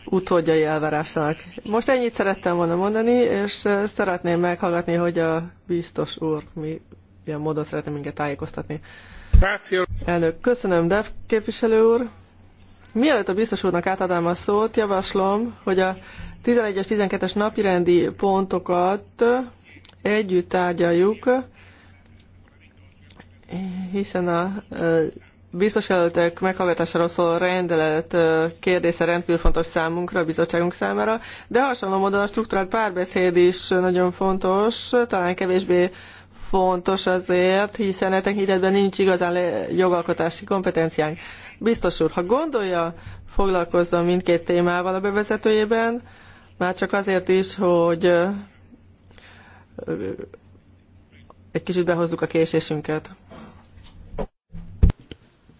utódjai elvárásának. Most ennyit szerettem volna mondani, és szeretném meghallgatni, hogy a biztos úr mi, milyen módon szeretne minket tájékoztatni. Elnök, köszönöm, DEF képviselő úr. Mielőtt a biztos úrnak átadám a szót, javaslom, hogy a 11-es, 12-es napirendi pontokat együtt tárgyaljuk, hiszen a biztos jelöltek meghallgatásáról szóló rendelet kérdése rendkívül fontos számunkra, a bizottságunk számára, de hasonló módon a struktúrált párbeszéd is nagyon fontos, talán kevésbé fontos azért, hiszen e hitetben nincs igazán jogalkotási kompetenciánk. Biztos úr, ha gondolja, foglalkozzon mindkét témával a bevezetőjében, már csak azért is, hogy egy kicsit behozzuk a késésünket.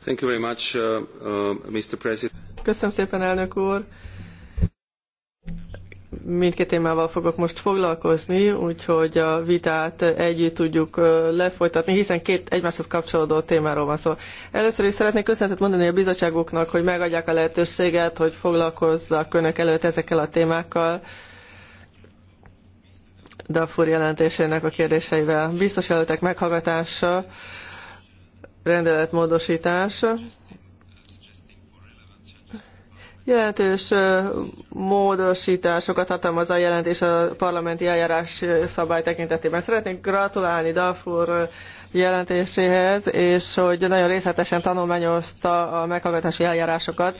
Thank you very much, uh, uh, Mr. President. Köszönöm szépen, elnök úr. Mindkét témával fogok most foglalkozni, úgyhogy a vitát együtt tudjuk uh, lefolytatni, hiszen két egymáshoz kapcsolódó témáról van szó. Először is szeretnék köszönetet mondani a bizottságoknak, hogy megadják a lehetőséget, hogy foglalkozzak önök előtt ezekkel a témákkal. Dafur jelentésének a kérdéseivel. Biztos előttek meghallgatása rendeletmódosítás jelentős módosításokat hatalmaz a jelentés a parlamenti eljárás szabály tekintetében. Szeretnék gratulálni Dafur jelentéséhez, és hogy nagyon részletesen tanulmányozta a meghallgatási eljárásokat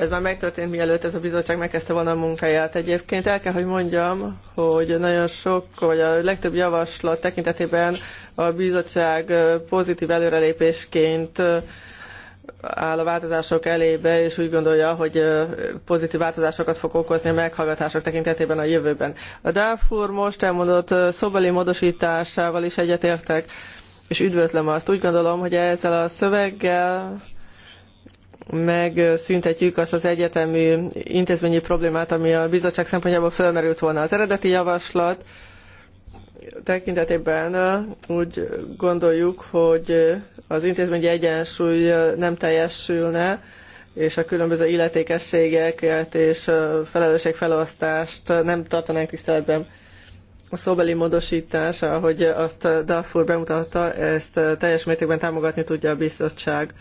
ez már megtörtént, mielőtt ez a bizottság megkezdte volna a munkáját. Egyébként el kell, hogy mondjam, hogy nagyon sok, vagy a legtöbb javaslat tekintetében a bizottság pozitív előrelépésként áll a változások elébe, és úgy gondolja, hogy pozitív változásokat fog okozni a meghallgatások tekintetében a jövőben. A Dáfur most elmondott szobeli módosításával is egyetértek, és üdvözlöm azt. Úgy gondolom, hogy ezzel a szöveggel megszüntetjük azt az egyetemű intézményi problémát, ami a bizottság szempontjából felmerült volna. Az eredeti javaslat tekintetében úgy gondoljuk, hogy az intézményi egyensúly nem teljesülne, és a különböző illetékességeket és felelősségfelosztást nem tartanánk tiszteletben. A szóbeli módosítás, ahogy azt Darfur bemutatta, ezt teljes mértékben támogatni tudja a bizottság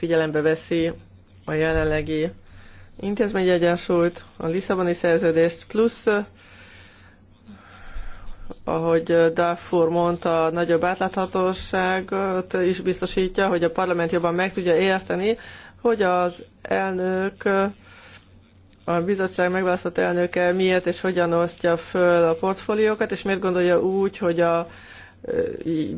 figyelembe veszi a jelenlegi intézményegyensúlyt, a Lisszaboni szerződést, plusz, ahogy Darfur mondta, nagyobb átláthatóságot is biztosítja, hogy a parlament jobban meg tudja érteni, hogy az elnök, a bizottság megválasztott elnöke miért és hogyan osztja föl a portfóliókat, és miért gondolja úgy, hogy a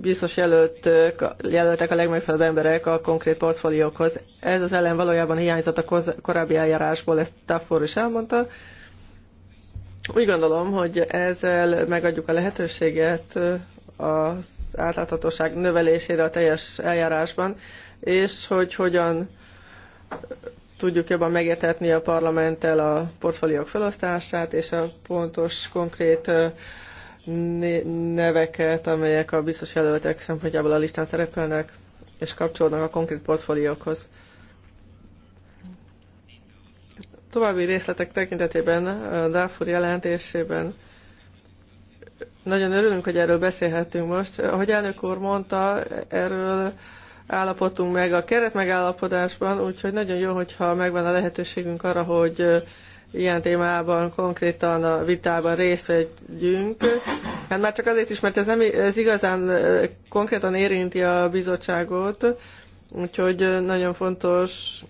biztos jelöltök, jelöltek a legmegfelelőbb emberek a konkrét portfóliókhoz. Ez az ellen valójában hiányzott a korábbi eljárásból, ezt Taffor is elmondta. Úgy gondolom, hogy ezzel megadjuk a lehetőséget az átláthatóság növelésére a teljes eljárásban, és hogy hogyan tudjuk jobban megértetni a parlamenttel a portfóliók felosztását és a pontos, konkrét neveket, amelyek a biztos jelöltek szempontjából a listán szerepelnek, és kapcsolódnak a konkrét portfóliókhoz. További részletek tekintetében a Darfur jelentésében nagyon örülünk, hogy erről beszélhetünk most. Ahogy elnök úr mondta, erről állapodtunk meg a keretmegállapodásban, úgyhogy nagyon jó, hogyha megvan a lehetőségünk arra, hogy ilyen témában konkrétan a vitában részt vegyünk. Hát már csak azért is, mert ez, nem, ez igazán konkrétan érinti a bizottságot, úgyhogy nagyon fontos,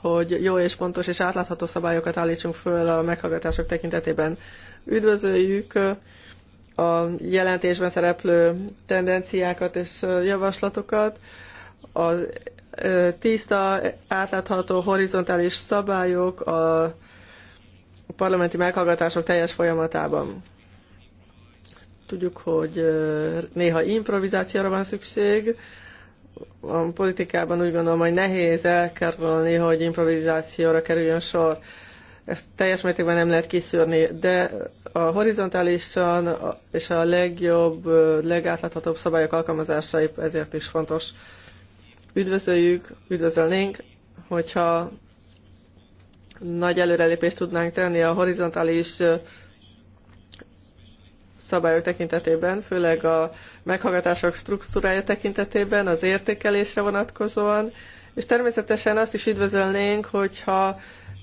hogy jó és pontos és átlátható szabályokat állítsunk föl a meghallgatások tekintetében. Üdvözöljük a jelentésben szereplő tendenciákat és javaslatokat. Az tiszta, átlátható, horizontális szabályok a parlamenti meghallgatások teljes folyamatában. Tudjuk, hogy néha improvizációra van szükség. A politikában úgy gondolom, hogy nehéz elkerülni, hogy improvizációra kerüljön sor. Ezt teljes mértékben nem lehet kiszűrni, de a horizontálisan és a legjobb, legátláthatóbb szabályok alkalmazása épp ezért is fontos. Üdvözöljük, üdvözölnénk, hogyha nagy előrelépést tudnánk tenni a horizontális szabályok tekintetében, főleg a meghallgatások struktúrája tekintetében, az értékelésre vonatkozóan, és természetesen azt is üdvözölnénk, hogyha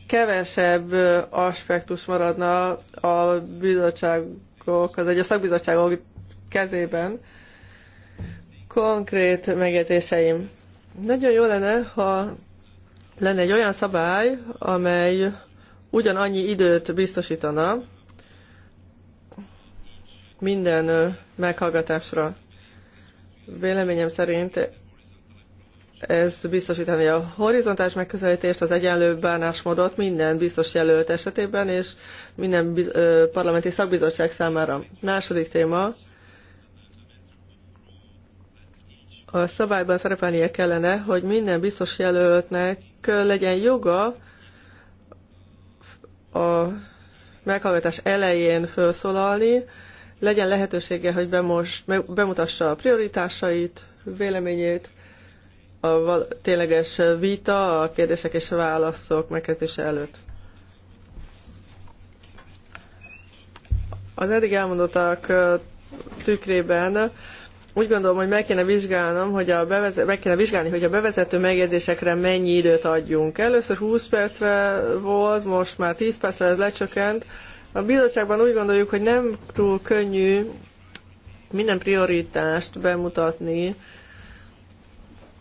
kevesebb aspektus maradna a bizottságok, az egy a szakbizottságok kezében. Konkrét megjegyzéseim. Nagyon jó lenne, ha lenne egy olyan szabály, amely ugyanannyi időt biztosítana minden meghallgatásra. Véleményem szerint ez biztosítani a horizontális megközelítést, az egyenlő bánásmódot minden biztos jelölt esetében, és minden parlamenti szakbizottság számára. Második téma, a szabályban szerepelnie kellene, hogy minden biztos jelöltnek legyen joga a meghallgatás elején felszólalni, legyen lehetősége, hogy bemost, bemutassa a prioritásait, véleményét, a tényleges vita, a kérdések és válaszok megkezdése előtt. Az eddig elmondottak tükrében úgy gondolom, hogy meg kéne vizsgálnom, hogy a bevezet, meg kéne vizsgálni, hogy a bevezető megjegyzésekre mennyi időt adjunk. Először 20 percre volt, most már 10 percre ez lecsökkent. A bizottságban úgy gondoljuk, hogy nem túl könnyű minden prioritást bemutatni,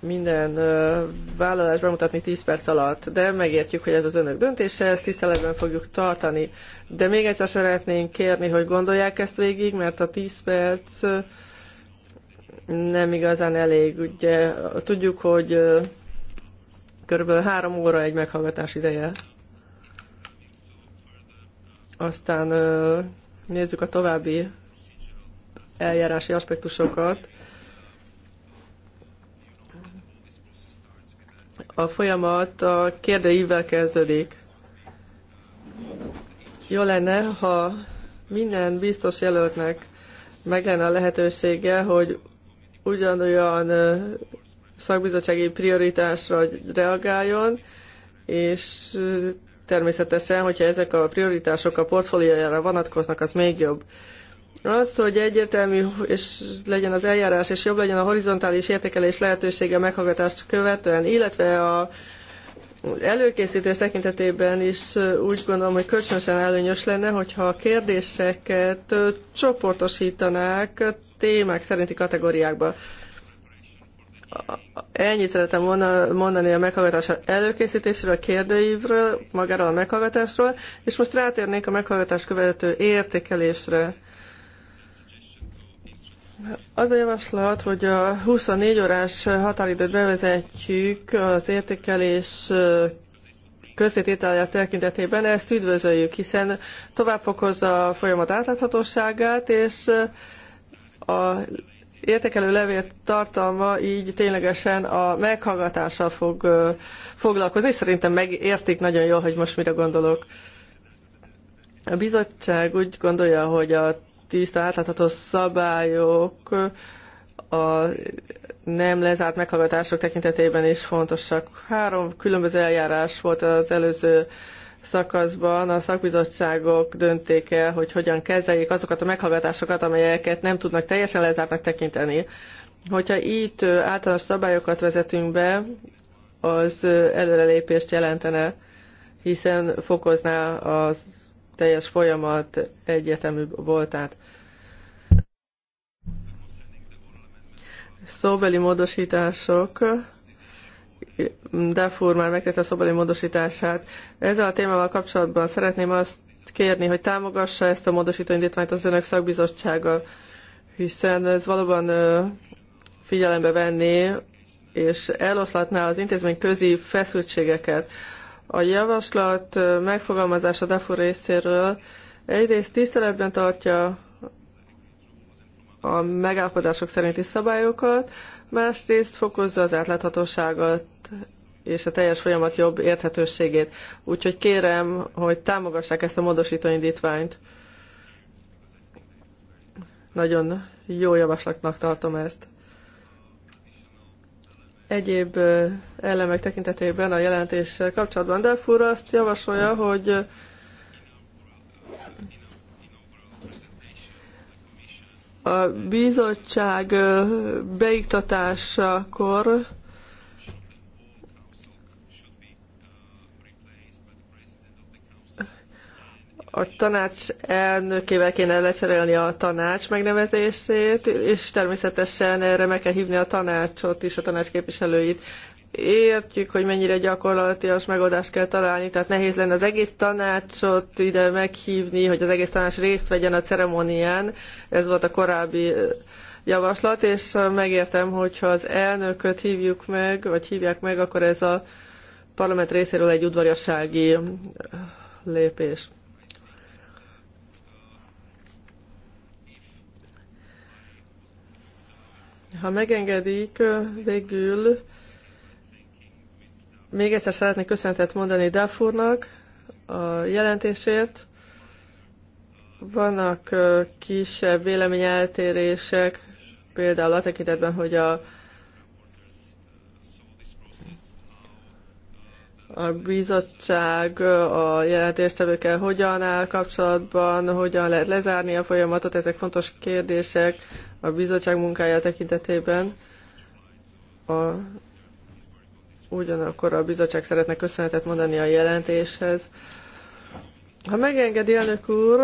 minden ö, vállalást bemutatni 10 perc alatt, de megértjük, hogy ez az önök döntése, ezt tiszteletben fogjuk tartani. De még egyszer szeretnénk kérni, hogy gondolják ezt végig, mert a 10 perc nem igazán elég. Ugye tudjuk, hogy körülbelül három óra egy meghallgatás ideje. Aztán nézzük a további eljárási aspektusokat. A folyamat a kérdőívvel kezdődik. Jó lenne, ha minden biztos jelöltnek meg lenne a lehetősége, hogy ugyanolyan szakbizottsági prioritásra reagáljon, és természetesen, hogyha ezek a prioritások a portfóliójára vonatkoznak, az még jobb. Az, hogy egyértelmű és legyen az eljárás, és jobb legyen a horizontális értékelés lehetősége meghallgatást követően, illetve a az előkészítés tekintetében is úgy gondolom, hogy kölcsönösen előnyös lenne, hogyha a kérdéseket csoportosítanák témák szerinti kategóriákba. Ennyit szeretem mondani a meghallgatás előkészítésről, a kérdőívről, magáról a meghallgatásról, és most rátérnék a meghallgatás követő értékelésre. Az a javaslat, hogy a 24 órás határidőt bevezetjük az értékelés közzétételje tekintetében, ezt üdvözöljük, hiszen tovább fokozza a folyamat átláthatóságát, és a értékelő levél tartalma így ténylegesen a meghallgatással fog foglalkozni, és szerintem megértik nagyon jól, hogy most mire gondolok. A bizottság úgy gondolja, hogy a tiszta, átlátható szabályok a nem lezárt meghallgatások tekintetében is fontosak. Három különböző eljárás volt az előző szakaszban a szakbizottságok dönték el, hogy hogyan kezeljék azokat a meghallgatásokat, amelyeket nem tudnak teljesen lezártnak tekinteni. Hogyha itt általános szabályokat vezetünk be, az előrelépést jelentene, hiszen fokozná az teljes folyamat volt, voltát. Szóbeli módosítások Defur már megtette a szóbeli módosítását. Ezzel a témával kapcsolatban szeretném azt kérni, hogy támogassa ezt a módosító indítványt az önök szakbizottsága, hiszen ez valóban figyelembe venné, és eloszlatná az intézmény közi feszültségeket. A javaslat megfogalmazása DAFU részéről egyrészt tiszteletben tartja a megállapodások szerinti szabályokat, másrészt fokozza az átláthatóságot és a teljes folyamat jobb érthetőségét. Úgyhogy kérem, hogy támogassák ezt a módosító indítványt. Nagyon jó javaslatnak tartom ezt. Egyéb elemek tekintetében a jelentéssel kapcsolatban. De Fura azt javasolja, hogy a bizottság beiktatásakor a tanács elnökével kéne lecserélni a tanács megnevezését, és természetesen erre meg kell hívni a tanácsot is, a tanács képviselőit értjük, hogy mennyire gyakorlatilag megoldást kell találni, tehát nehéz lenne az egész tanácsot ide meghívni, hogy az egész tanács részt vegyen a ceremónián. Ez volt a korábbi javaslat, és megértem, hogyha az elnököt hívjuk meg, vagy hívják meg, akkor ez a parlament részéről egy udvariassági lépés. Ha megengedik, végül még egyszer szeretnék köszöntet mondani Dafurnak a jelentésért. Vannak kisebb véleményeltérések, például a tekintetben, hogy a a bizottság a jelentéstevőkkel hogyan áll kapcsolatban, hogyan lehet lezárni a folyamatot, ezek fontos kérdések a bizottság munkája tekintetében. A Ugyanakkor a bizottság szeretne köszönetet mondani a jelentéshez. Ha megengedi, elnök úr,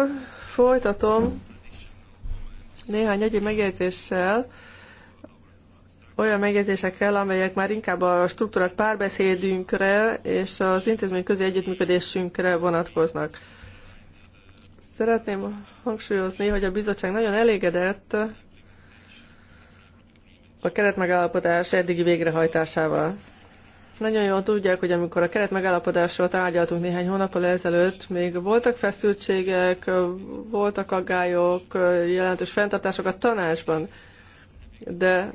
folytatom néhány egyéb megjegyzéssel, olyan megjegyzésekkel, amelyek már inkább a struktúrát párbeszédünkre és az intézmény közé együttműködésünkre vonatkoznak. Szeretném hangsúlyozni, hogy a bizottság nagyon elégedett a keretmegállapodás eddigi végrehajtásával. Nagyon jól tudják, hogy amikor a keret megállapodásról tárgyaltunk néhány hónappal ezelőtt, még voltak feszültségek, voltak aggályok, jelentős fenntartások a tanácsban, de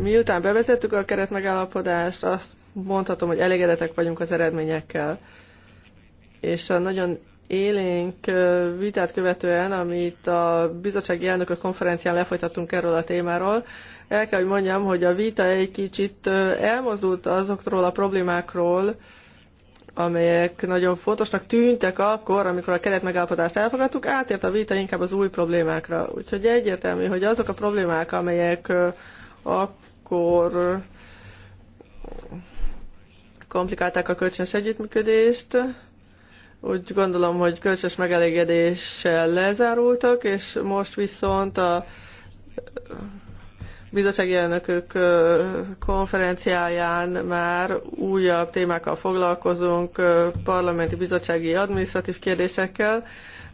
miután bevezettük a keret megállapodást, azt mondhatom, hogy elégedettek vagyunk az eredményekkel. És a nagyon élénk vitát követően, amit a bizottsági elnökök konferencián lefolytattunk erről a témáról, el kell, hogy mondjam, hogy a vita egy kicsit elmozult azokról a problémákról, amelyek nagyon fontosnak tűntek akkor, amikor a keretmegállapodást elfogadtuk, átért a vita inkább az új problémákra. Úgyhogy egyértelmű, hogy azok a problémák, amelyek akkor komplikálták a kölcsönös együttműködést, úgy gondolom, hogy kölcsönös megelégedéssel lezárultak, és most viszont a bizottsági elnökök konferenciáján már újabb témákkal foglalkozunk, parlamenti bizottsági adminisztratív kérdésekkel.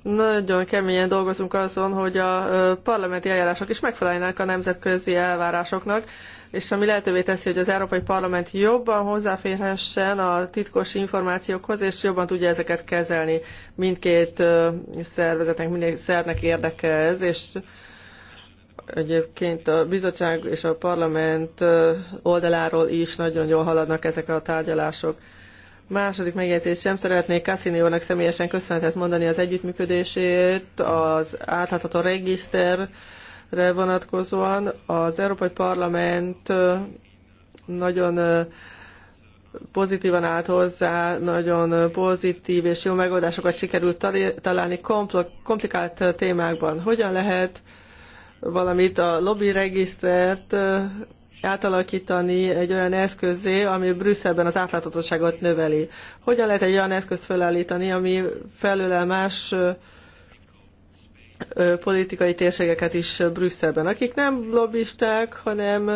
Nagyon keményen dolgozunk azon, hogy a parlamenti eljárások is megfelelnek a nemzetközi elvárásoknak, és ami lehetővé teszi, hogy az Európai Parlament jobban hozzáférhessen a titkos információkhoz, és jobban tudja ezeket kezelni. Mindkét szervezetnek, mindkét szernek érdeke ez, és Egyébként a bizottság és a parlament oldaláról is nagyon jól haladnak ezek a tárgyalások. Második megjegyzésem, szeretnék Cassiniónak személyesen köszönetet mondani az együttműködésért, az átlátható regiszterre vonatkozóan. Az Európai Parlament nagyon pozitívan állt hozzá, nagyon pozitív és jó megoldásokat sikerült találni komplikált témákban. Hogyan lehet valamit a lobby regisztert átalakítani egy olyan eszközé, ami Brüsszelben az átláthatóságot növeli. Hogyan lehet egy olyan eszközt felállítani, ami felölel más politikai térségeket is Brüsszelben, akik nem lobbisták, hanem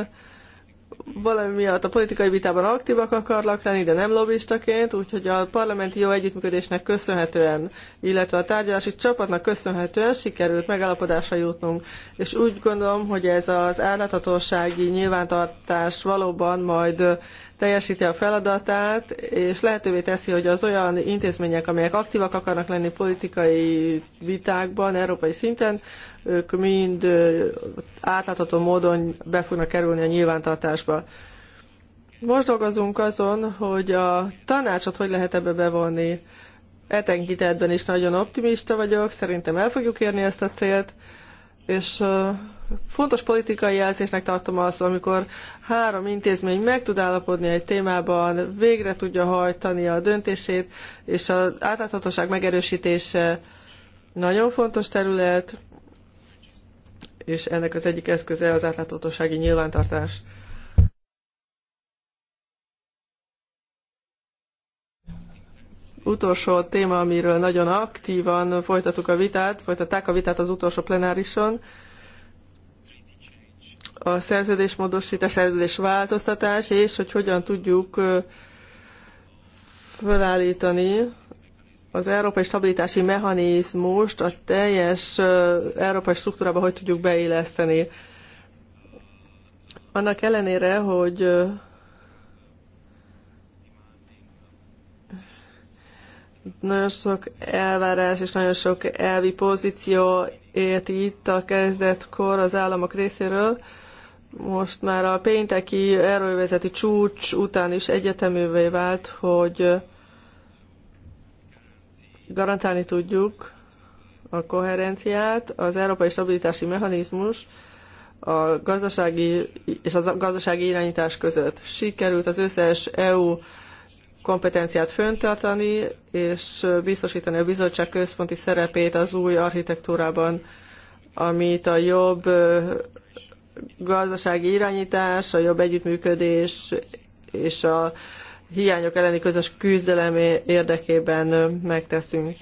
valami miatt a politikai vitában aktívak akarlak lenni, de nem lobbistaként, úgyhogy a parlamenti jó együttműködésnek köszönhetően, illetve a tárgyalási csapatnak köszönhetően sikerült megállapodásra jutnunk. És úgy gondolom, hogy ez az átláthatósági nyilvántartás valóban majd teljesíti a feladatát, és lehetővé teszi, hogy az olyan intézmények, amelyek aktívak akarnak lenni politikai vitákban, európai szinten, ők mind átlátható módon be fognak kerülni a nyilvántartásba. Most dolgozunk azon, hogy a tanácsot hogy lehet ebbe bevonni. Etenkitetben is nagyon optimista vagyok, szerintem el fogjuk érni ezt a célt, és Fontos politikai jelzésnek tartom azt, amikor három intézmény meg tud állapodni egy témában, végre tudja hajtani a döntését, és az átláthatóság megerősítése nagyon fontos terület, és ennek az egyik eszköze az átláthatósági nyilvántartás. Utolsó téma, amiről nagyon aktívan folytattuk a vitát, folytatták a vitát az utolsó plenárison, a szerződésmódosítás, szerződésváltoztatás, és hogy hogyan tudjuk felállítani az európai stabilitási mechanizmust a teljes európai struktúrába hogy tudjuk beilleszteni. Annak ellenére, hogy nagyon sok elvárás és nagyon sok elvi pozíció ért itt a kezdetkor az államok részéről, most már a pénteki erővezeti csúcs után is egyeteművé vált, hogy garantálni tudjuk a koherenciát, az európai stabilitási mechanizmus a gazdasági és a gazdasági irányítás között. Sikerült az összes EU kompetenciát föntartani, és biztosítani a bizottság központi szerepét az új architektúrában, amit a jobb gazdasági irányítás, a jobb együttműködés és a hiányok elleni közös küzdelem érdekében megteszünk.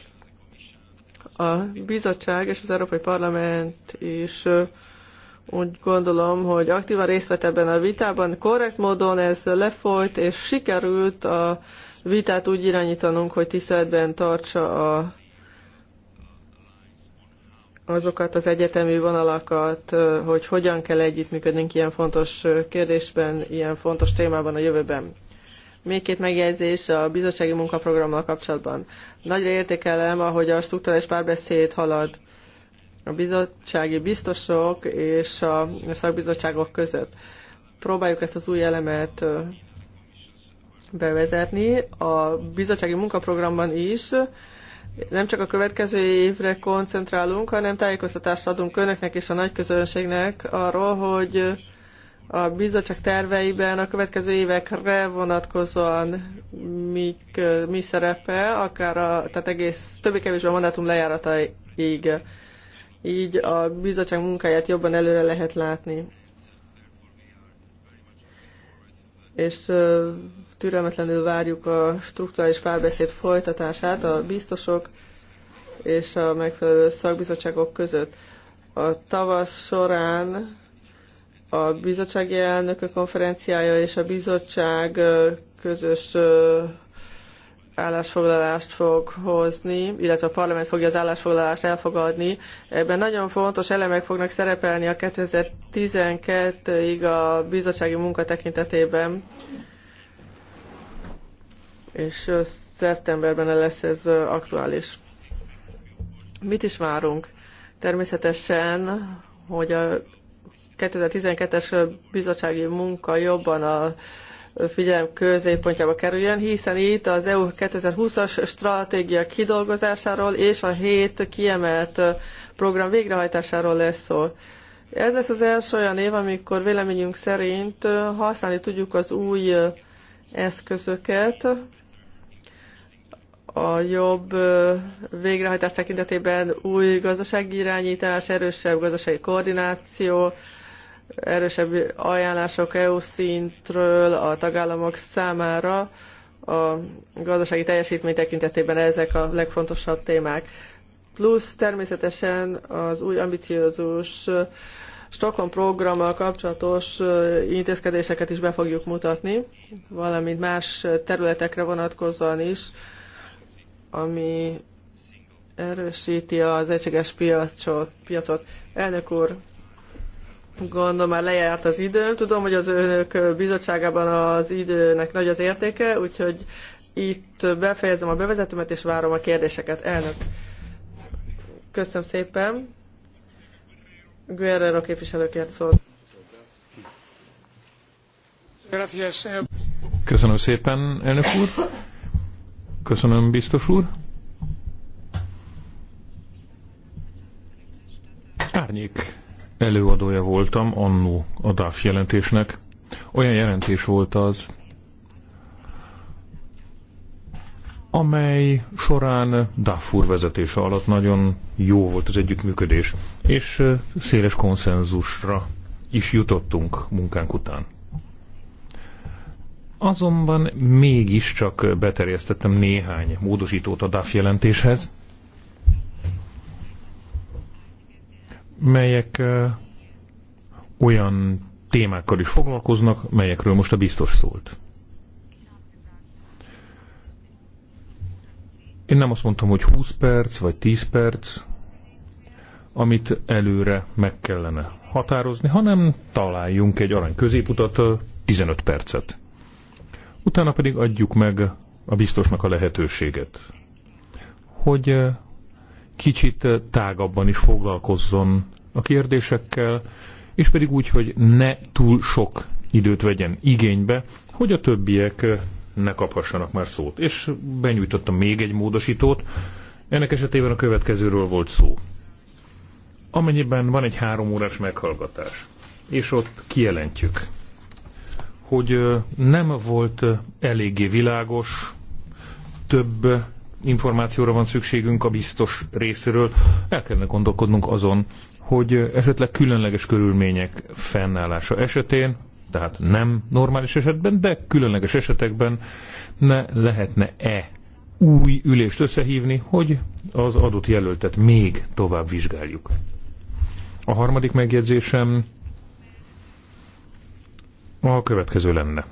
A bizottság és az Európai Parlament is úgy gondolom, hogy aktívan részt vett ebben a vitában. Korrekt módon ez lefolyt, és sikerült a vitát úgy irányítanunk, hogy tiszteletben tartsa a azokat az egyetemi vonalakat, hogy hogyan kell együttműködnünk ilyen fontos kérdésben, ilyen fontos témában a jövőben. Még két megjegyzés a bizottsági munkaprogrammal kapcsolatban. Nagyra értékelem, ahogy a struktúrális párbeszéd halad a bizottsági biztosok és a szakbizottságok között. Próbáljuk ezt az új elemet bevezetni. A bizottsági munkaprogramban is nem csak a következő évre koncentrálunk, hanem tájékoztatást adunk önöknek és a nagy közönségnek arról, hogy a bizottság terveiben a következő évekre vonatkozóan mik, mi szerepe, akár a, tehát egész többé-kevésbé a mandátum lejárataig. Így a bizottság munkáját jobban előre lehet látni. És türelmetlenül várjuk a struktúrális párbeszéd folytatását a biztosok és a megfelelő szakbizottságok között. A tavasz során a bizottsági elnökök konferenciája és a bizottság közös állásfoglalást fog hozni, illetve a parlament fogja az állásfoglalást elfogadni. Ebben nagyon fontos elemek fognak szerepelni a 2012-ig a bizottsági munka tekintetében és szeptemberben lesz ez aktuális. Mit is várunk? Természetesen, hogy a 2012-es bizottsági munka jobban a figyelem középpontjába kerüljön, hiszen itt az EU 2020-as stratégia kidolgozásáról és a hét kiemelt program végrehajtásáról lesz szó. Ez lesz az első olyan év, amikor véleményünk szerint használni tudjuk az új eszközöket, a jobb végrehajtás tekintetében új gazdasági irányítás, erősebb gazdasági koordináció, erősebb ajánlások EU szintről a tagállamok számára a gazdasági teljesítmény tekintetében ezek a legfontosabb témák. Plusz természetesen az új ambiciózus Stockholm programmal kapcsolatos intézkedéseket is be fogjuk mutatni, valamint más területekre vonatkozóan is ami erősíti az egységes piacot. piacot. Elnök úr, gondolom már lejárt az időm. Tudom, hogy az önök bizottságában az időnek nagy az értéke, úgyhogy itt befejezem a bevezetőmet, és várom a kérdéseket. Elnök, köszönöm szépen. Guerrero képviselőkért szólt. Köszönöm szépen, elnök úr. Köszönöm, biztos úr. Árnyék előadója voltam annó a DAF jelentésnek. Olyan jelentés volt az, amely során Darfur vezetése alatt nagyon jó volt az együttműködés, és széles konszenzusra is jutottunk munkánk után. Azonban mégiscsak beterjesztettem néhány módosítót a DAF jelentéshez, melyek olyan témákkal is foglalkoznak, melyekről most a biztos szólt. Én nem azt mondtam, hogy 20 perc vagy 10 perc, amit előre meg kellene határozni, hanem találjunk egy arany középutat, 15 percet. Utána pedig adjuk meg a biztosnak a lehetőséget, hogy eh, kicsit eh, tágabban is foglalkozzon a kérdésekkel, és pedig úgy, hogy ne túl sok időt vegyen igénybe, hogy a többiek eh, ne kaphassanak már szót. És benyújtottam még egy módosítót, ennek esetében a következőről volt szó. Amennyiben van egy három órás meghallgatás, és ott kijelentjük, hogy nem volt eléggé világos, több információra van szükségünk a biztos részéről. El kellene gondolkodnunk azon, hogy esetleg különleges körülmények fennállása esetén, tehát nem normális esetben, de különleges esetekben ne lehetne-e új ülést összehívni, hogy az adott jelöltet még tovább vizsgáljuk. A harmadik megjegyzésem a következő lenne.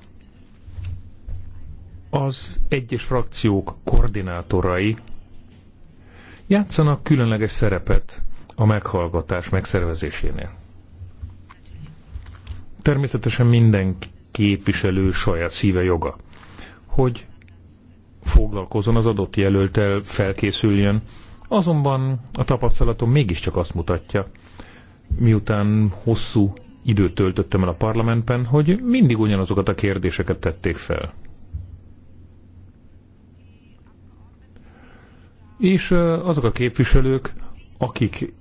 Az egyes frakciók koordinátorai játszanak különleges szerepet a meghallgatás megszervezésénél. Természetesen minden képviselő saját szíve joga, hogy foglalkozon az adott jelöltel, felkészüljön, azonban a tapasztalatom mégiscsak azt mutatja, miután hosszú időt töltöttem el a parlamentben, hogy mindig ugyanazokat a kérdéseket tették fel. És azok a képviselők, akik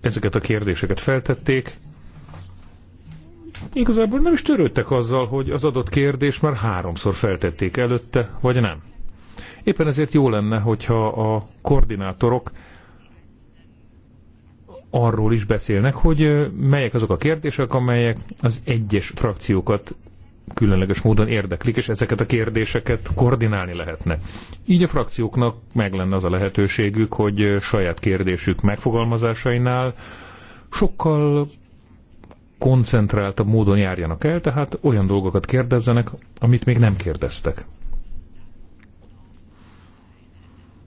ezeket a kérdéseket feltették, igazából nem is törődtek azzal, hogy az adott kérdés már háromszor feltették előtte, vagy nem. Éppen ezért jó lenne, hogyha a koordinátorok arról is beszélnek, hogy melyek azok a kérdések, amelyek az egyes frakciókat különleges módon érdeklik, és ezeket a kérdéseket koordinálni lehetne. Így a frakcióknak meg lenne az a lehetőségük, hogy saját kérdésük megfogalmazásainál sokkal koncentráltabb módon járjanak el, tehát olyan dolgokat kérdezzenek, amit még nem kérdeztek.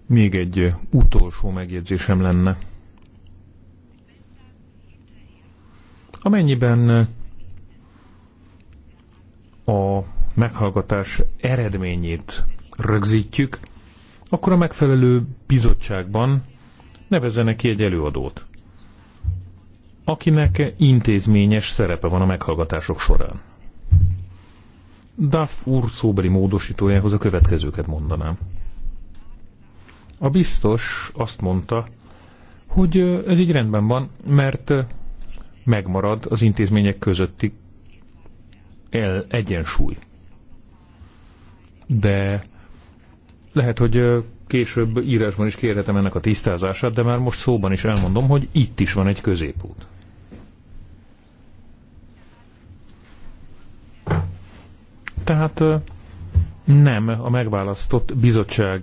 Még egy utolsó megjegyzésem lenne. Amennyiben a meghallgatás eredményét rögzítjük, akkor a megfelelő bizottságban nevezzenek ki egy előadót, akinek intézményes szerepe van a meghallgatások során. Duff úr szóbeli módosítójához a következőket mondanám. A biztos azt mondta, hogy ez így rendben van, mert megmarad az intézmények közötti el egyensúly. De lehet, hogy később írásban is kérhetem ennek a tisztázását, de már most szóban is elmondom, hogy itt is van egy középút. Tehát nem a megválasztott bizottság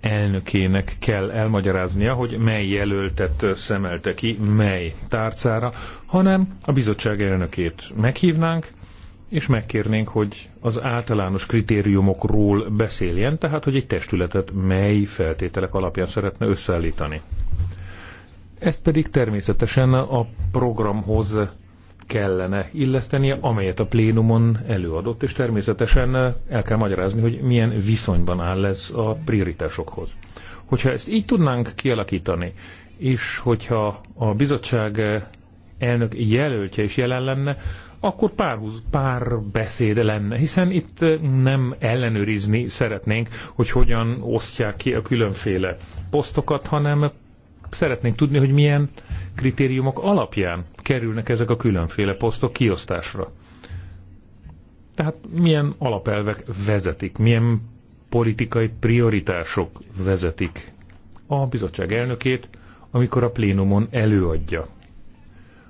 elnökének kell elmagyaráznia, hogy mely jelöltet szemelte ki, mely tárcára, hanem a bizottság elnökét meghívnánk, és megkérnénk, hogy az általános kritériumokról beszéljen, tehát hogy egy testületet mely feltételek alapján szeretne összeállítani. Ezt pedig természetesen a programhoz kellene illesztenie, amelyet a plénumon előadott, és természetesen el kell magyarázni, hogy milyen viszonyban áll ez a prioritásokhoz. Hogyha ezt így tudnánk kialakítani, és hogyha a bizottság elnök jelöltje is jelen lenne, akkor pár, pár beszéd lenne, hiszen itt nem ellenőrizni szeretnénk, hogy hogyan osztják ki a különféle posztokat, hanem szeretnénk tudni, hogy milyen kritériumok alapján kerülnek ezek a különféle posztok kiosztásra. Tehát milyen alapelvek vezetik, milyen politikai prioritások vezetik a bizottság elnökét, amikor a plénumon előadja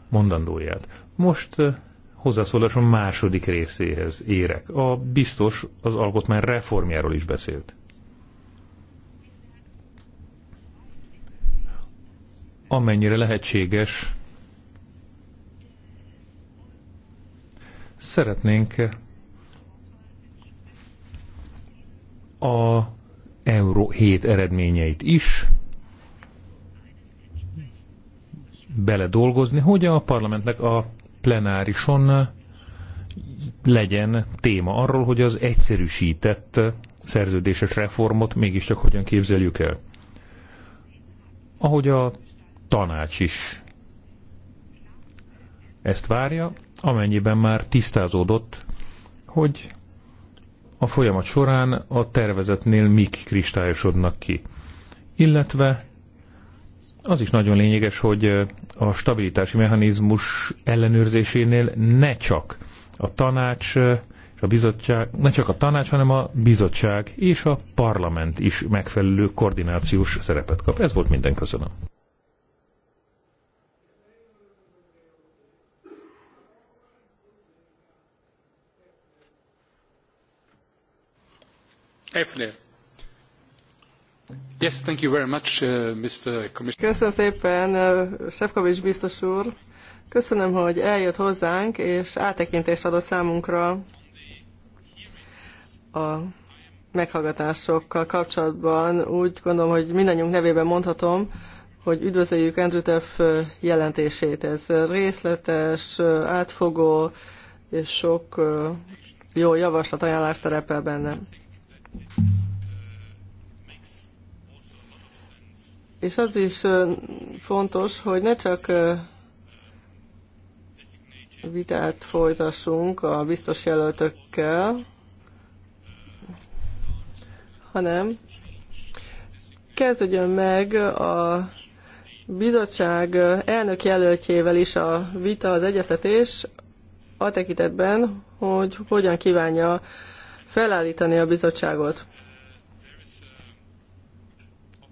mondandóját. Most eh, hozzászólásom második részéhez érek. A biztos az alkotmány reformjáról is beszélt. amennyire lehetséges, szeretnénk a Euró 7 eredményeit is beledolgozni, hogy a parlamentnek a plenárison legyen téma arról, hogy az egyszerűsített szerződéses reformot mégiscsak hogyan képzeljük el. Ahogy a tanács is ezt várja, amennyiben már tisztázódott, hogy a folyamat során a tervezetnél mik kristályosodnak ki. Illetve az is nagyon lényeges, hogy a stabilitási mechanizmus ellenőrzésénél ne csak a tanács és a bizottság, ne csak a tanács, hanem a bizottság és a parlament is megfelelő koordinációs szerepet kap. Ez volt minden, köszönöm. efovi uh, Köszönöm szépen, uh, biztos úr. Köszönöm, hogy eljött hozzánk, és áttekintést adott számunkra a meghallgatásokkal kapcsolatban. Úgy gondolom, hogy mindannyiunk nevében mondhatom, hogy üdvözöljük Andrew Duff uh, jelentését. Ez részletes, átfogó és sok jó javaslat ajánlás szerepel benne. És az is fontos, hogy ne csak vitát folytassunk a biztos jelöltökkel, hanem kezdődjön meg a bizottság elnök jelöltjével is a vita, az egyeztetés a tekintetben, hogy hogyan kívánja felállítani a bizottságot.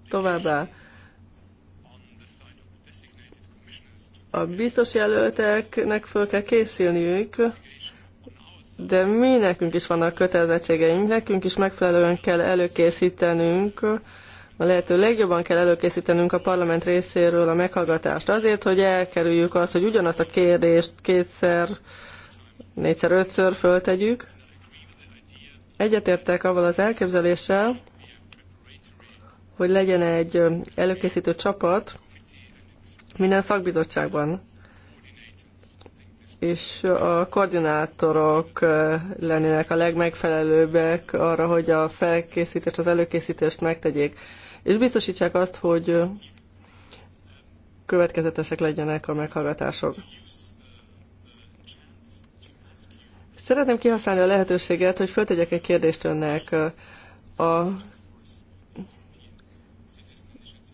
Továbbá a biztos jelölteknek föl kell készülniük, de mi nekünk is vannak kötelezettségeink, nekünk is megfelelően kell előkészítenünk, a lehető legjobban kell előkészítenünk a parlament részéről a meghallgatást, azért, hogy elkerüljük azt, hogy ugyanazt a kérdést kétszer, négyszer, ötször föltegyük, Egyetértek avval az elképzeléssel, hogy legyen egy előkészítő csapat minden szakbizottságban, és a koordinátorok lennének a legmegfelelőbbek arra, hogy a felkészítést, az előkészítést megtegyék, és biztosítsák azt, hogy következetesek legyenek a meghallgatások. Szeretném kihasználni a lehetőséget, hogy föltegyek egy kérdést önnek. A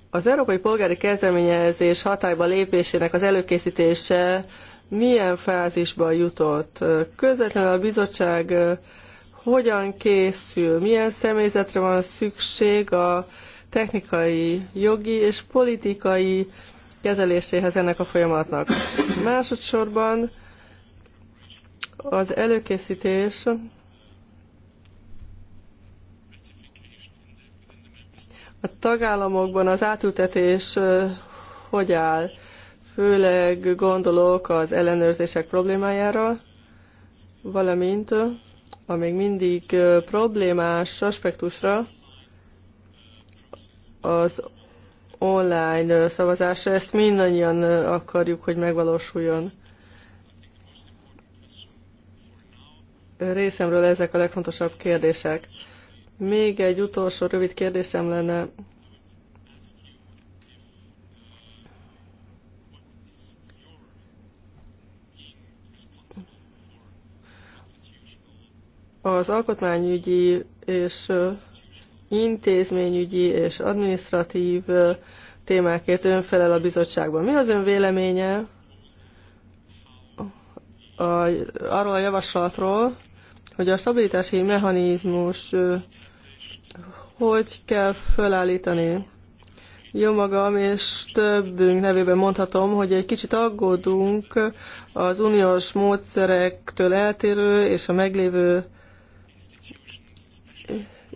az Európai Polgári Kezdeményezés hatályba lépésének az előkészítése milyen fázisban jutott? Közvetlenül a bizottság hogyan készül? Milyen személyzetre van szükség a technikai, jogi és politikai kezeléséhez ennek a folyamatnak? Másodszorban az előkészítés a tagállamokban az átültetés hogy áll? Főleg gondolok az ellenőrzések problémájára, valamint a még mindig problémás aspektusra az online szavazásra. Ezt mindannyian akarjuk, hogy megvalósuljon. Részemről ezek a legfontosabb kérdések. Még egy utolsó rövid kérdésem lenne. Az alkotmányügyi és intézményügyi és administratív témákért ön felel a bizottságban. Mi az ön véleménye a, arról a javaslatról, hogy a stabilitási mechanizmus hogy kell felállítani. Jó magam, és többünk nevében mondhatom, hogy egy kicsit aggódunk az uniós módszerektől eltérő és a meglévő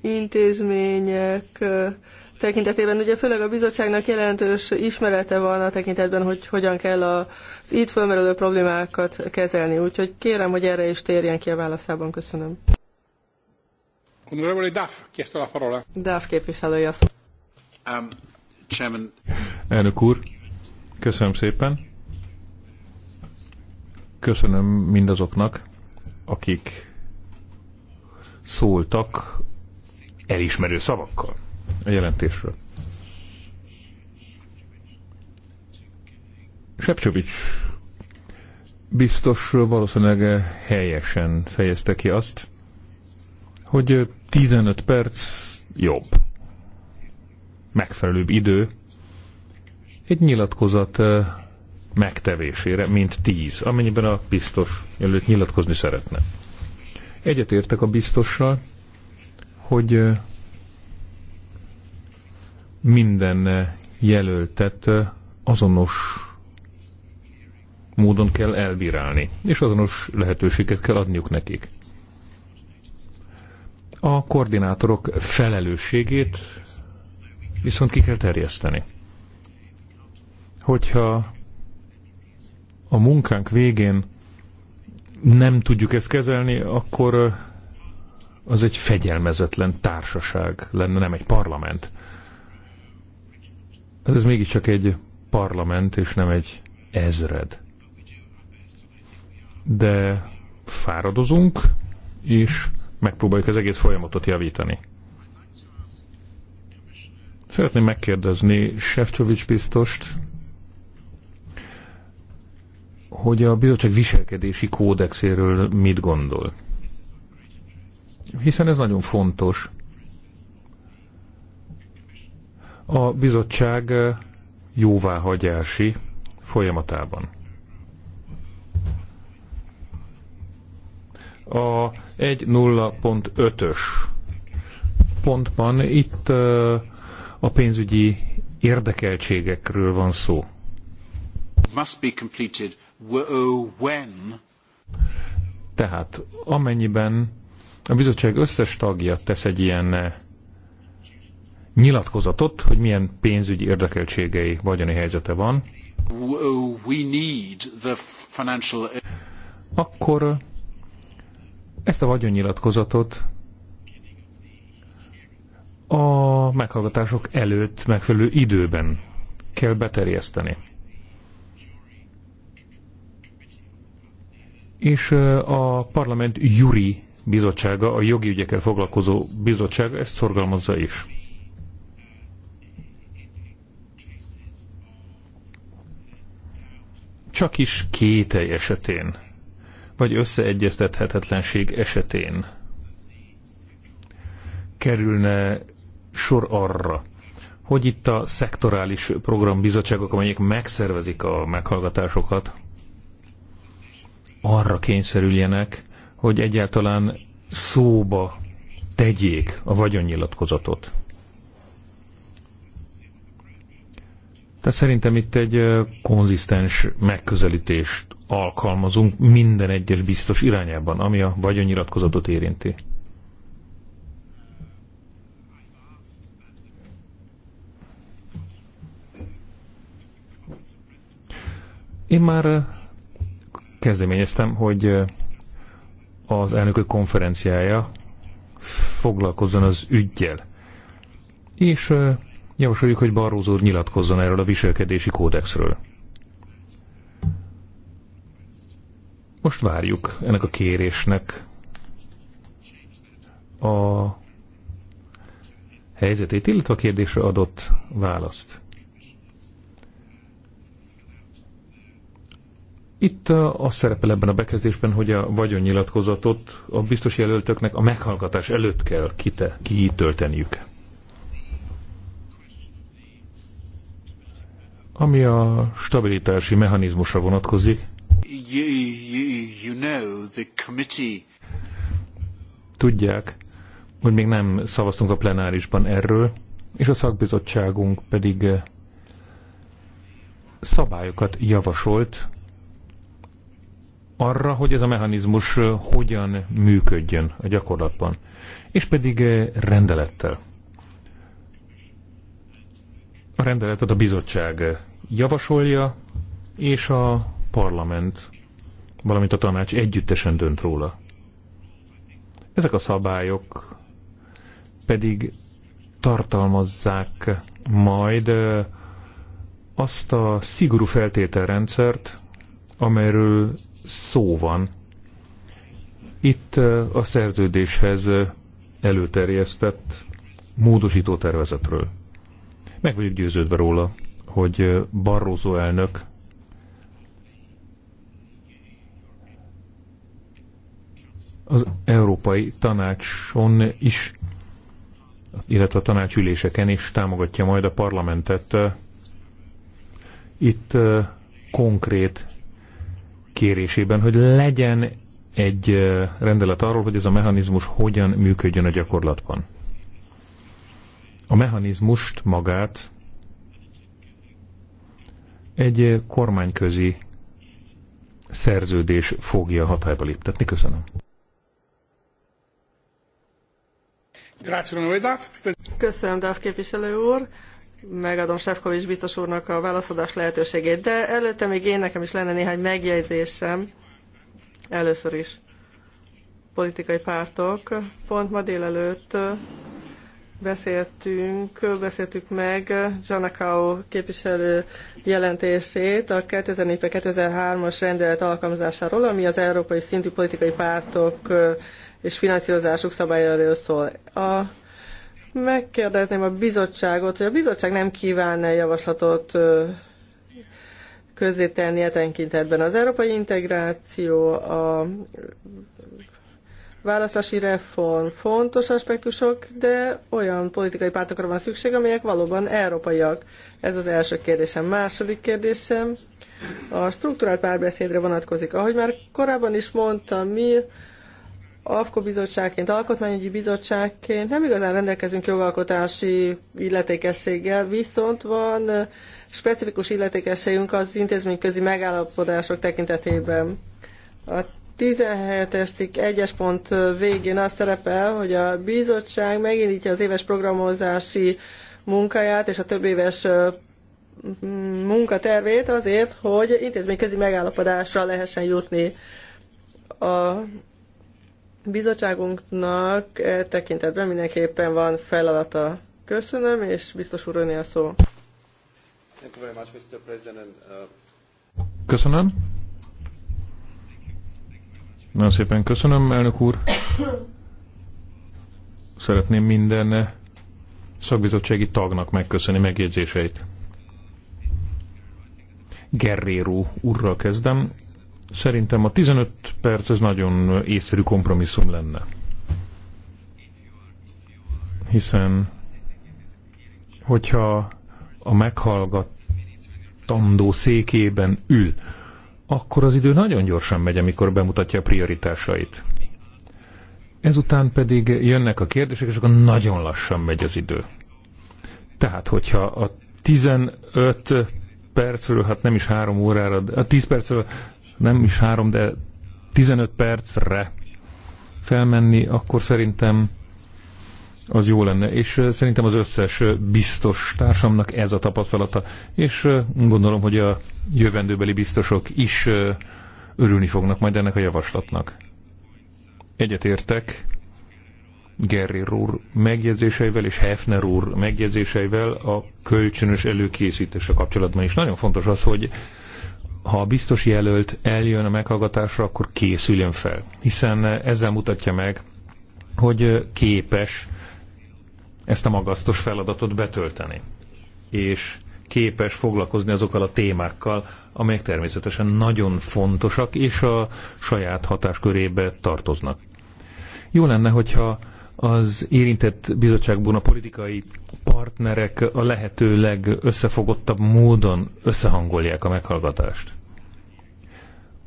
intézmények tekintetében ugye főleg a bizottságnak jelentős ismerete van a tekintetben, hogy hogyan kell az itt fölmerülő problémákat kezelni. Úgyhogy kérem, hogy erre is térjen ki a válaszában. Köszönöm. Honorable Duff, chiesto a parola. Duff képviselője Um, chairman. Elnök úr, köszönöm szépen. Köszönöm mindazoknak, akik szóltak elismerő szavakkal a jelentésről. Sepcsovics biztos valószínűleg helyesen fejezte ki azt, hogy 15 perc jobb, megfelelőbb idő egy nyilatkozat eh, megtevésére, mint 10, amennyiben a biztos előtt nyilatkozni szeretne. Egyetértek a biztossal, hogy eh, minden jelöltet azonos módon kell elbírálni, és azonos lehetőséget kell adniuk nekik. A koordinátorok felelősségét viszont ki kell terjeszteni. Hogyha a munkánk végén nem tudjuk ezt kezelni, akkor az egy fegyelmezetlen társaság lenne, nem egy parlament. Hát ez mégiscsak egy parlament, és nem egy ezred. De fáradozunk, és megpróbáljuk az egész folyamatot javítani. Szeretném megkérdezni Sefcovics biztost, hogy a bizottság viselkedési kódexéről mit gondol. Hiszen ez nagyon fontos a bizottság jóváhagyási folyamatában. A 1.0.5-ös pontban itt a pénzügyi érdekeltségekről van szó. Must be completed when. Tehát amennyiben a bizottság összes tagja tesz egy ilyen nyilatkozatot, hogy milyen pénzügyi érdekeltségei, vagyoni helyzete van, financial... akkor ezt a vagyonnyilatkozatot a meghallgatások előtt megfelelő időben kell beterjeszteni. És a parlament juri bizottsága, a jogi ügyekkel foglalkozó bizottsága ezt szorgalmazza is. csak is kétely esetén, vagy összeegyeztethetetlenség esetén kerülne sor arra, hogy itt a szektorális programbizottságok, amelyek megszervezik a meghallgatásokat, arra kényszerüljenek, hogy egyáltalán szóba tegyék a vagyonnyilatkozatot. Tehát szerintem itt egy konzisztens megközelítést alkalmazunk minden egyes biztos irányában, ami a vagyonnyilatkozatot érinti. Én már kezdeményeztem, hogy az elnökök konferenciája foglalkozzon az ügyjel. És Javasoljuk, hogy Barroso úr nyilatkozzon erről a viselkedési kódexről. Most várjuk ennek a kérésnek a helyzetét, illetve a kérdésre adott választ. Itt az szerepel ebben a bekezdésben, hogy a vagyonnyilatkozatot a biztos jelöltöknek a meghallgatás előtt kell kite, kitölteniük. Ami a stabilitási mechanizmusra vonatkozik, you, you, you know, the committee... tudják, hogy még nem szavaztunk a plenárisban erről, és a szakbizottságunk pedig eh, szabályokat javasolt arra, hogy ez a mechanizmus eh, hogyan működjön a gyakorlatban, és pedig eh, rendelettel. A rendeletet a bizottság javasolja, és a parlament, valamint a tanács együttesen dönt róla. Ezek a szabályok pedig tartalmazzák majd azt a szigorú feltételrendszert, amelyről szó van itt a szerződéshez előterjesztett módosító tervezetről. Meg vagyok győződve róla, hogy Barroso elnök az Európai Tanácson is, illetve a tanácsüléseken is támogatja majd a parlamentet. Itt konkrét kérésében, hogy legyen egy rendelet arról, hogy ez a mechanizmus hogyan működjön a gyakorlatban. A mechanizmust magát egy kormányközi szerződés fogja hatályba léptetni. Köszönöm. Köszönöm, Dáv képviselő úr. Megadom Sefkovics biztos úrnak a válaszadás lehetőségét, de előtte még én nekem is lenne néhány megjegyzésem. Először is politikai pártok. Pont ma délelőtt beszéltünk, beszéltük meg Janakao képviselő jelentését a 2004-2003-as rendelet alkalmazásáról, ami az európai szintű politikai pártok és finanszírozásuk szabályáról szól. A, megkérdezném a bizottságot, hogy a bizottság nem kívánna javaslatot tenni a e tekintetben. Az európai integráció, a választási reform fontos aspektusok, de olyan politikai pártokra van szükség, amelyek valóban európaiak. Ez az első kérdésem. Második kérdésem a struktúrált párbeszédre vonatkozik. Ahogy már korábban is mondtam, mi AFKO bizottságként, alkotmányügyi bizottságként nem igazán rendelkezünk jogalkotási illetékességgel, viszont van specifikus illetékességünk az intézményközi megállapodások tekintetében. A 17-es cikk 1-es pont végén az szerepel, hogy a bizottság megindítja az éves programozási munkáját és a több éves mm, munkatervét azért, hogy intézményközi megállapodásra lehessen jutni. A bizottságunknak e tekintetben mindenképpen van feladata. Köszönöm, és biztos úr a szó. Uh, Köszönöm. Nagyon szépen köszönöm, elnök úr. Szeretném minden szakbizottsági tagnak megköszönni megjegyzéseit. Guerrero úrral kezdem. Szerintem a 15 perc ez nagyon észszerű kompromisszum lenne. Hiszen, hogyha a meghallgatandó székében ül, akkor az idő nagyon gyorsan megy, amikor bemutatja a prioritásait. Ezután pedig jönnek a kérdések, és akkor nagyon lassan megy az idő. Tehát, hogyha a 15 percről, hát nem is három órára, a 10 percről nem is három, de 15 percre felmenni, akkor szerintem az jó lenne, és szerintem az összes biztos társamnak ez a tapasztalata, és gondolom, hogy a jövendőbeli biztosok is örülni fognak majd ennek a javaslatnak. Egyetértek Gerri úr megjegyzéseivel és Hefner úr megjegyzéseivel a kölcsönös előkészítése kapcsolatban is. Nagyon fontos az, hogy ha a biztos jelölt eljön a meghallgatásra, akkor készüljön fel, hiszen ezzel mutatja meg, hogy képes ezt a magasztos feladatot betölteni, és képes foglalkozni azokkal a témákkal, amelyek természetesen nagyon fontosak, és a saját hatáskörébe tartoznak. Jó lenne, hogyha az érintett bizottságban a politikai partnerek a lehető legösszefogottabb módon összehangolják a meghallgatást.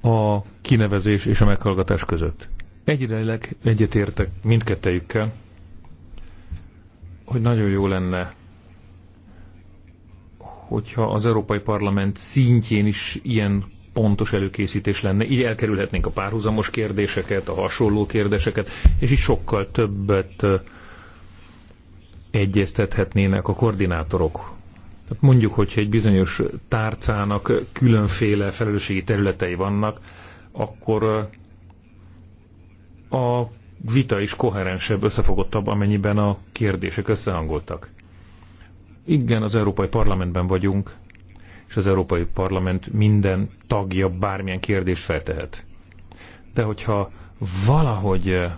A kinevezés és a meghallgatás között. Egyidejleg egyetértek mindkettejükkel, hogy nagyon jó lenne, hogyha az Európai Parlament szintjén is ilyen pontos előkészítés lenne. Így elkerülhetnénk a párhuzamos kérdéseket, a hasonló kérdéseket, és így sokkal többet egyeztethetnének a koordinátorok. Tehát mondjuk, hogyha egy bizonyos tárcának különféle felelősségi területei vannak, akkor a vita is koherensebb, összefogottabb, amennyiben a kérdések összehangoltak. Igen, az Európai Parlamentben vagyunk, és az Európai Parlament minden tagja bármilyen kérdést feltehet. De hogyha valahogy eh,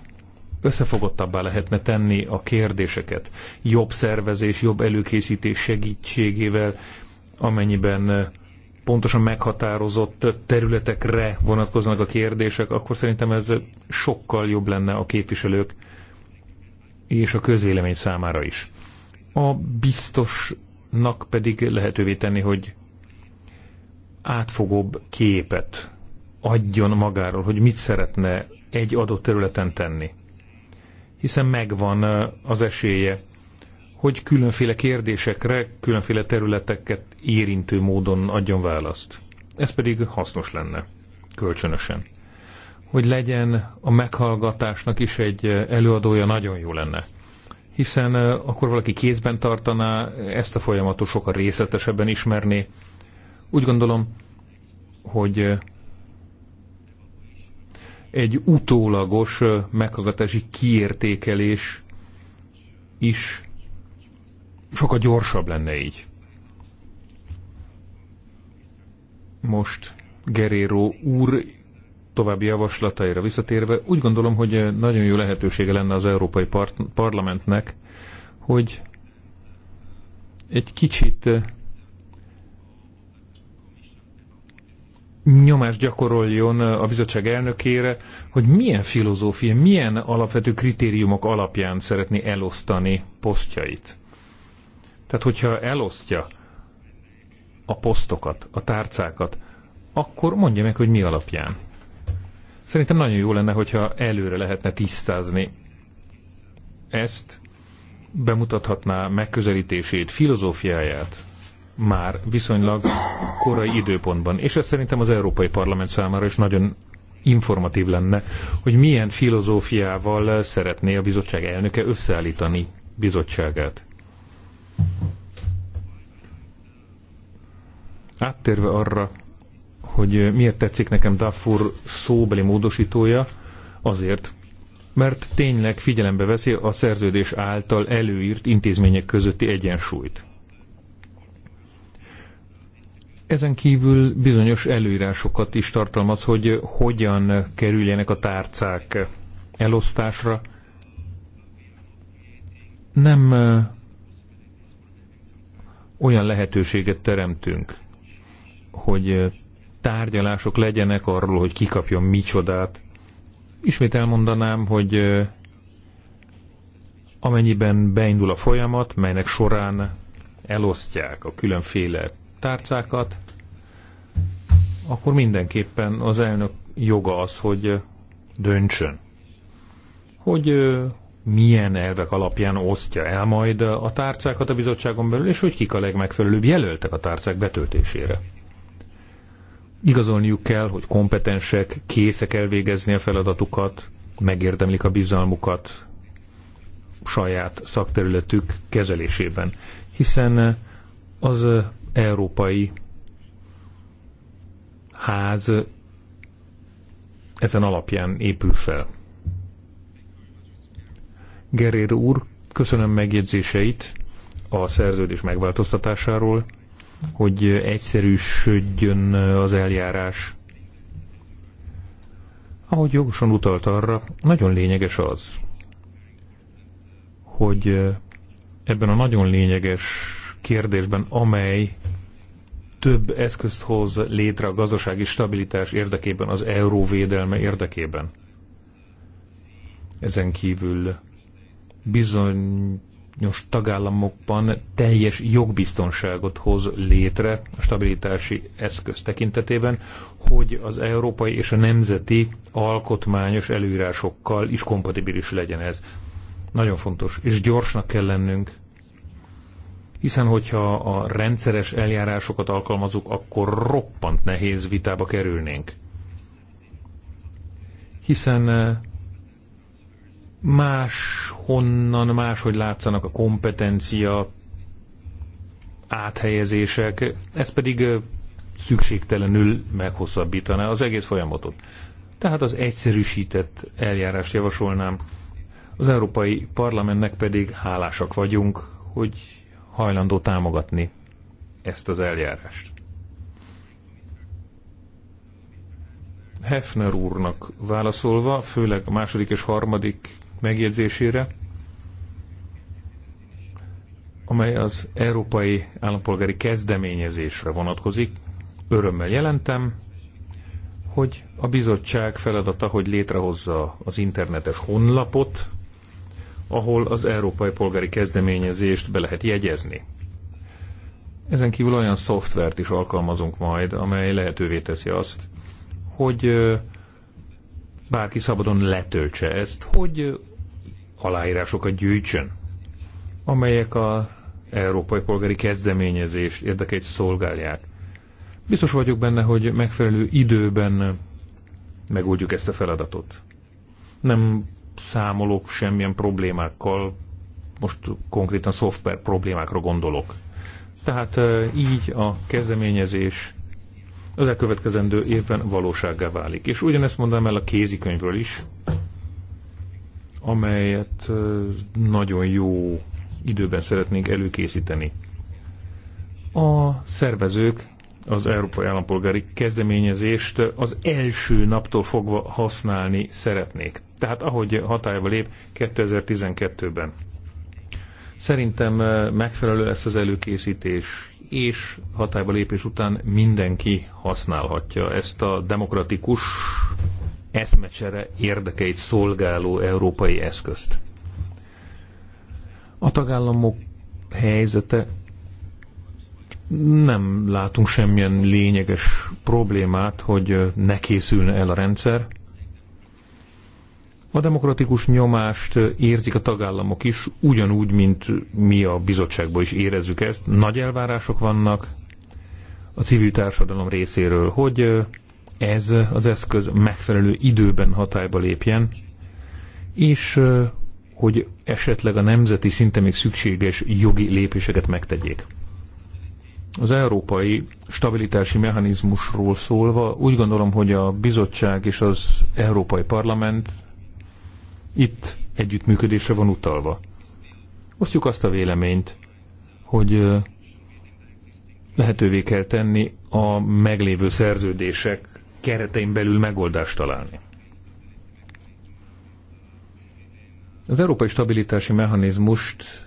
összefogottabbá lehetne tenni a kérdéseket, jobb szervezés, jobb előkészítés segítségével, amennyiben eh, pontosan meghatározott területekre vonatkoznak a kérdések, akkor szerintem ez sokkal jobb lenne a képviselők és a közvélemény számára is. A biztosnak pedig lehetővé tenni, hogy átfogóbb képet adjon magáról, hogy mit szeretne egy adott területen tenni. Hiszen megvan az esélye, hogy különféle kérdésekre, különféle területeket érintő módon adjon választ. Ez pedig hasznos lenne, kölcsönösen. Hogy legyen a meghallgatásnak is egy előadója, nagyon jó lenne hiszen akkor valaki kézben tartaná, ezt a folyamatot sokkal részletesebben ismerné. Úgy gondolom, hogy egy utólagos meghallgatási kiértékelés is sokkal gyorsabb lenne így. Most Geréro úr további javaslataira visszatérve, úgy gondolom, hogy nagyon jó lehetősége lenne az Európai Parlamentnek, hogy egy kicsit eh, nyomást gyakoroljon eh, a bizottság elnökére, hogy milyen filozófia, milyen alapvető kritériumok alapján szeretné elosztani posztjait. Tehát, hogyha elosztja a posztokat, a tárcákat, akkor mondja meg, hogy mi alapján. Szerintem nagyon jó lenne, hogyha előre lehetne tisztázni ezt, bemutathatná megközelítését, filozófiáját már viszonylag korai időpontban. És ez szerintem az Európai Parlament számára is nagyon informatív lenne, hogy milyen filozófiával szeretné a bizottság elnöke összeállítani bizottságát. Áttérve arra, hogy miért tetszik nekem Duffur szóbeli módosítója, azért, mert tényleg figyelembe veszi a szerződés által előírt intézmények közötti egyensúlyt. Ezen kívül bizonyos előírásokat is tartalmaz, hogy hogyan kerüljenek a tárcák elosztásra. Nem olyan lehetőséget teremtünk, hogy tárgyalások legyenek arról, hogy kikapjon micsodát. Ismét elmondanám, hogy amennyiben beindul a folyamat, melynek során elosztják a különféle tárcákat, akkor mindenképpen az elnök joga az, hogy döntsön. Hogy milyen elvek alapján osztja el majd a tárcákat a bizottságon belül, és hogy kik a legmegfelelőbb jelöltek a tárcák betöltésére. Igazolniuk kell, hogy kompetensek, készek elvégezni a feladatukat, megérdemlik a bizalmukat saját szakterületük kezelésében. Hiszen az európai ház ezen alapján épül fel. Gerrero úr, köszönöm megjegyzéseit a szerződés megváltoztatásáról, hogy egyszerűsödjön az eljárás. Ahogy jogosan utalt arra, nagyon lényeges az, hogy ebben a nagyon lényeges kérdésben, amely több eszközt hoz létre a gazdasági stabilitás érdekében, az euró védelme érdekében. Ezen kívül bizonyos tagállamokban teljes jogbiztonságot hoz létre a stabilitási eszköz tekintetében, hogy az európai és a nemzeti alkotmányos előírásokkal is kompatibilis legyen ez. Nagyon fontos, és gyorsnak kell lennünk, hiszen hogyha a rendszeres eljárásokat alkalmazunk, akkor roppant nehéz vitába kerülnénk. Hiszen eh, más honnan máshogy látszanak a kompetencia áthelyezések, ez pedig szükségtelenül meghosszabbítaná az egész folyamatot. Tehát az egyszerűsített eljárást javasolnám. Az Európai Parlamentnek pedig hálásak vagyunk, hogy hajlandó támogatni ezt az eljárást. Hefner úrnak válaszolva, főleg a második és harmadik megjegyzésére, amely az európai állampolgári kezdeményezésre vonatkozik. Örömmel jelentem, hogy a bizottság feladata, hogy létrehozza az internetes honlapot, ahol az európai polgári kezdeményezést be lehet jegyezni. Ezen kívül olyan szoftvert is alkalmazunk majd, amely lehetővé teszi azt, hogy bárki szabadon letöltse ezt, hogy aláírásokat gyűjtsön, amelyek a európai polgári kezdeményezés érdekeit szolgálják. Biztos vagyok benne, hogy megfelelő időben megoldjuk ezt a feladatot. Nem számolok semmilyen problémákkal, most konkrétan szoftver problémákra gondolok. Tehát így a kezdeményezés az elkövetkezendő évben valósággá válik. És ugyanezt mondanám el a kézikönyvről is, amelyet nagyon jó időben szeretnénk előkészíteni. A szervezők az Európai Állampolgári Kezdeményezést az első naptól fogva használni szeretnék. Tehát ahogy hatályba lép 2012-ben. Szerintem megfelelő lesz az előkészítés, és hatályba lépés után mindenki használhatja ezt a demokratikus eszmecsere érdekeit szolgáló európai eszközt. A tagállamok helyzete nem látunk semmilyen lényeges problémát, hogy ne készülne el a rendszer. A demokratikus nyomást érzik a tagállamok is, ugyanúgy, mint mi a bizottságban is érezzük ezt. Nagy elvárások vannak a civil társadalom részéről, hogy ez az eszköz megfelelő időben hatályba lépjen, és hogy esetleg a nemzeti szinten még szükséges jogi lépéseket megtegyék. Az európai stabilitási mechanizmusról szólva úgy gondolom, hogy a bizottság és az Európai Parlament itt együttműködésre van utalva. Osztjuk azt a véleményt, hogy lehetővé kell tenni a meglévő szerződések keretein belül megoldást találni. Az európai stabilitási mechanizmust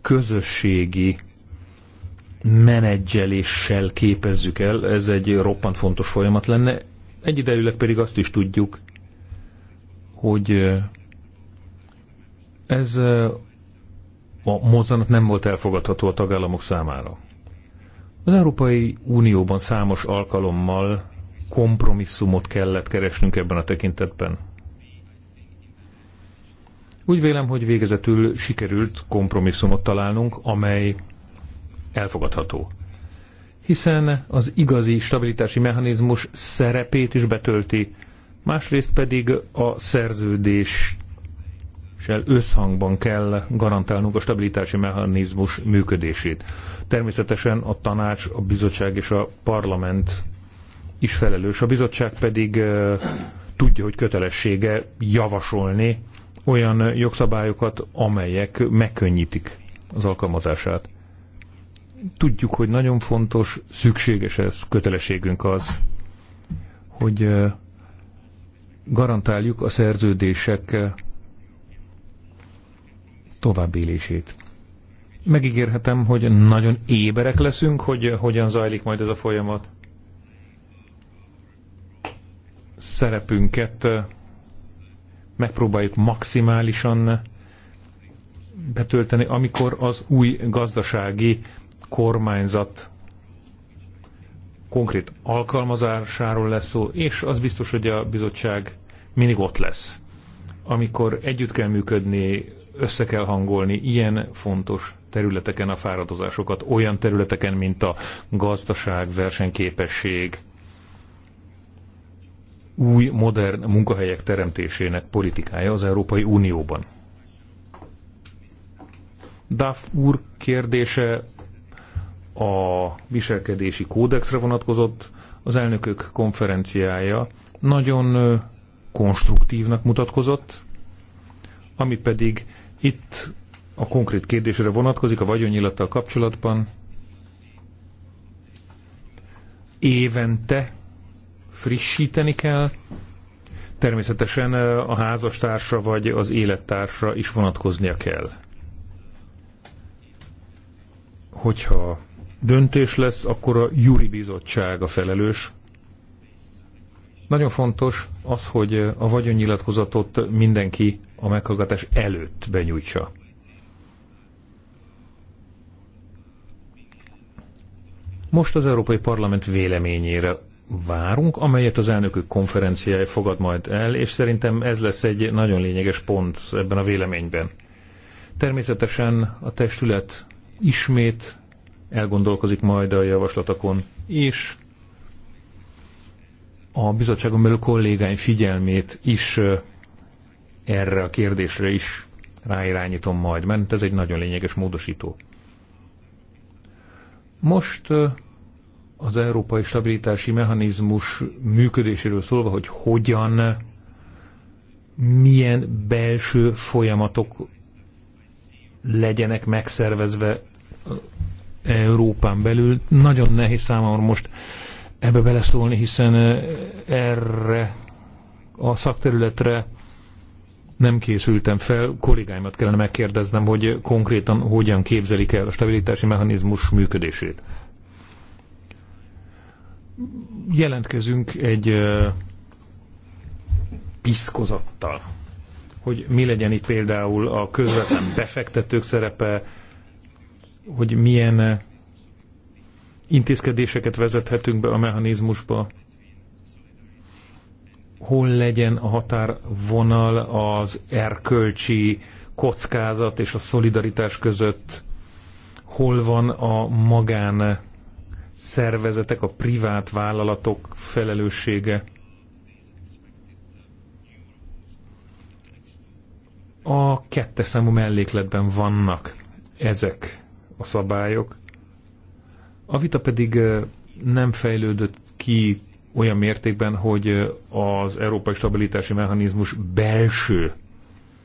közösségi menedzseléssel képezzük el, ez egy roppant fontos folyamat lenne. Egyidejűleg pedig azt is tudjuk, hogy eh, ez eh, a mozzanat nem volt elfogadható a tagállamok számára. Az Európai Unióban számos alkalommal kompromisszumot kellett keresnünk ebben a tekintetben. Úgy vélem, hogy végezetül sikerült kompromisszumot találnunk, amely elfogadható. Hiszen az igazi stabilitási mechanizmus szerepét is betölti, másrészt pedig a szerződés sel összhangban kell garantálnunk a stabilitási mechanizmus működését. Természetesen a tanács, a bizottság és a parlament is felelős. A bizottság pedig tudja, hogy kötelessége javasolni olyan jogszabályokat, amelyek megkönnyítik az alkalmazását. Tudjuk, hogy nagyon fontos, szükséges ez, kötelességünk az, hogy garantáljuk a szerződések továbbélését. Megígérhetem, hogy nagyon éberek leszünk, hogy hogyan zajlik majd ez a folyamat. Szerepünket eh, megpróbáljuk maximálisan betölteni, amikor az új gazdasági kormányzat konkrét alkalmazásáról lesz szó, és az biztos, hogy a bizottság mindig ott lesz. Amikor együtt kell működni össze kell hangolni ilyen fontos területeken a fáradozásokat, olyan területeken, mint a gazdaság, versenyképesség, új, modern munkahelyek teremtésének politikája az Európai Unióban. Duff úr kérdése a viselkedési kódexre vonatkozott. Az elnökök konferenciája nagyon konstruktívnak mutatkozott, ami pedig itt a konkrét kérdésre vonatkozik a vagyonnyilattal kapcsolatban. Évente frissíteni kell. Természetesen a házastársa vagy az élettársa is vonatkoznia kell. Hogyha döntés lesz, akkor a júri bizottság a felelős, nagyon fontos az, hogy a vagyonnyilatkozatot mindenki a meghallgatás előtt benyújtsa. Most az Európai Parlament véleményére várunk, amelyet az elnökök konferenciája fogad majd el, és szerintem ez lesz egy nagyon lényeges pont ebben a véleményben. Természetesen a testület ismét elgondolkozik majd a javaslatokon, és a bizottságon belül kollégáim figyelmét is erre a kérdésre is ráirányítom majd, mert ez egy nagyon lényeges módosító. Most az európai stabilitási mechanizmus működéséről szólva, hogy hogyan, milyen belső folyamatok legyenek megszervezve Európán belül. Nagyon nehéz számomra most ebbe beleszólni, hiszen erre a szakterületre nem készültem fel, kollégáimat kellene megkérdeznem, hogy konkrétan hogyan képzelik el a stabilitási mechanizmus működését. Jelentkezünk egy piszkozattal, hogy mi legyen itt például a közvetlen befektetők szerepe, hogy milyen intézkedéseket vezethetünk be a mechanizmusba, hol legyen a határvonal az erkölcsi kockázat és a szolidaritás között, hol van a magán szervezetek, a privát vállalatok felelőssége. A kettes számú mellékletben vannak ezek a szabályok, a vita pedig nem fejlődött ki olyan mértékben, hogy az európai stabilitási mechanizmus belső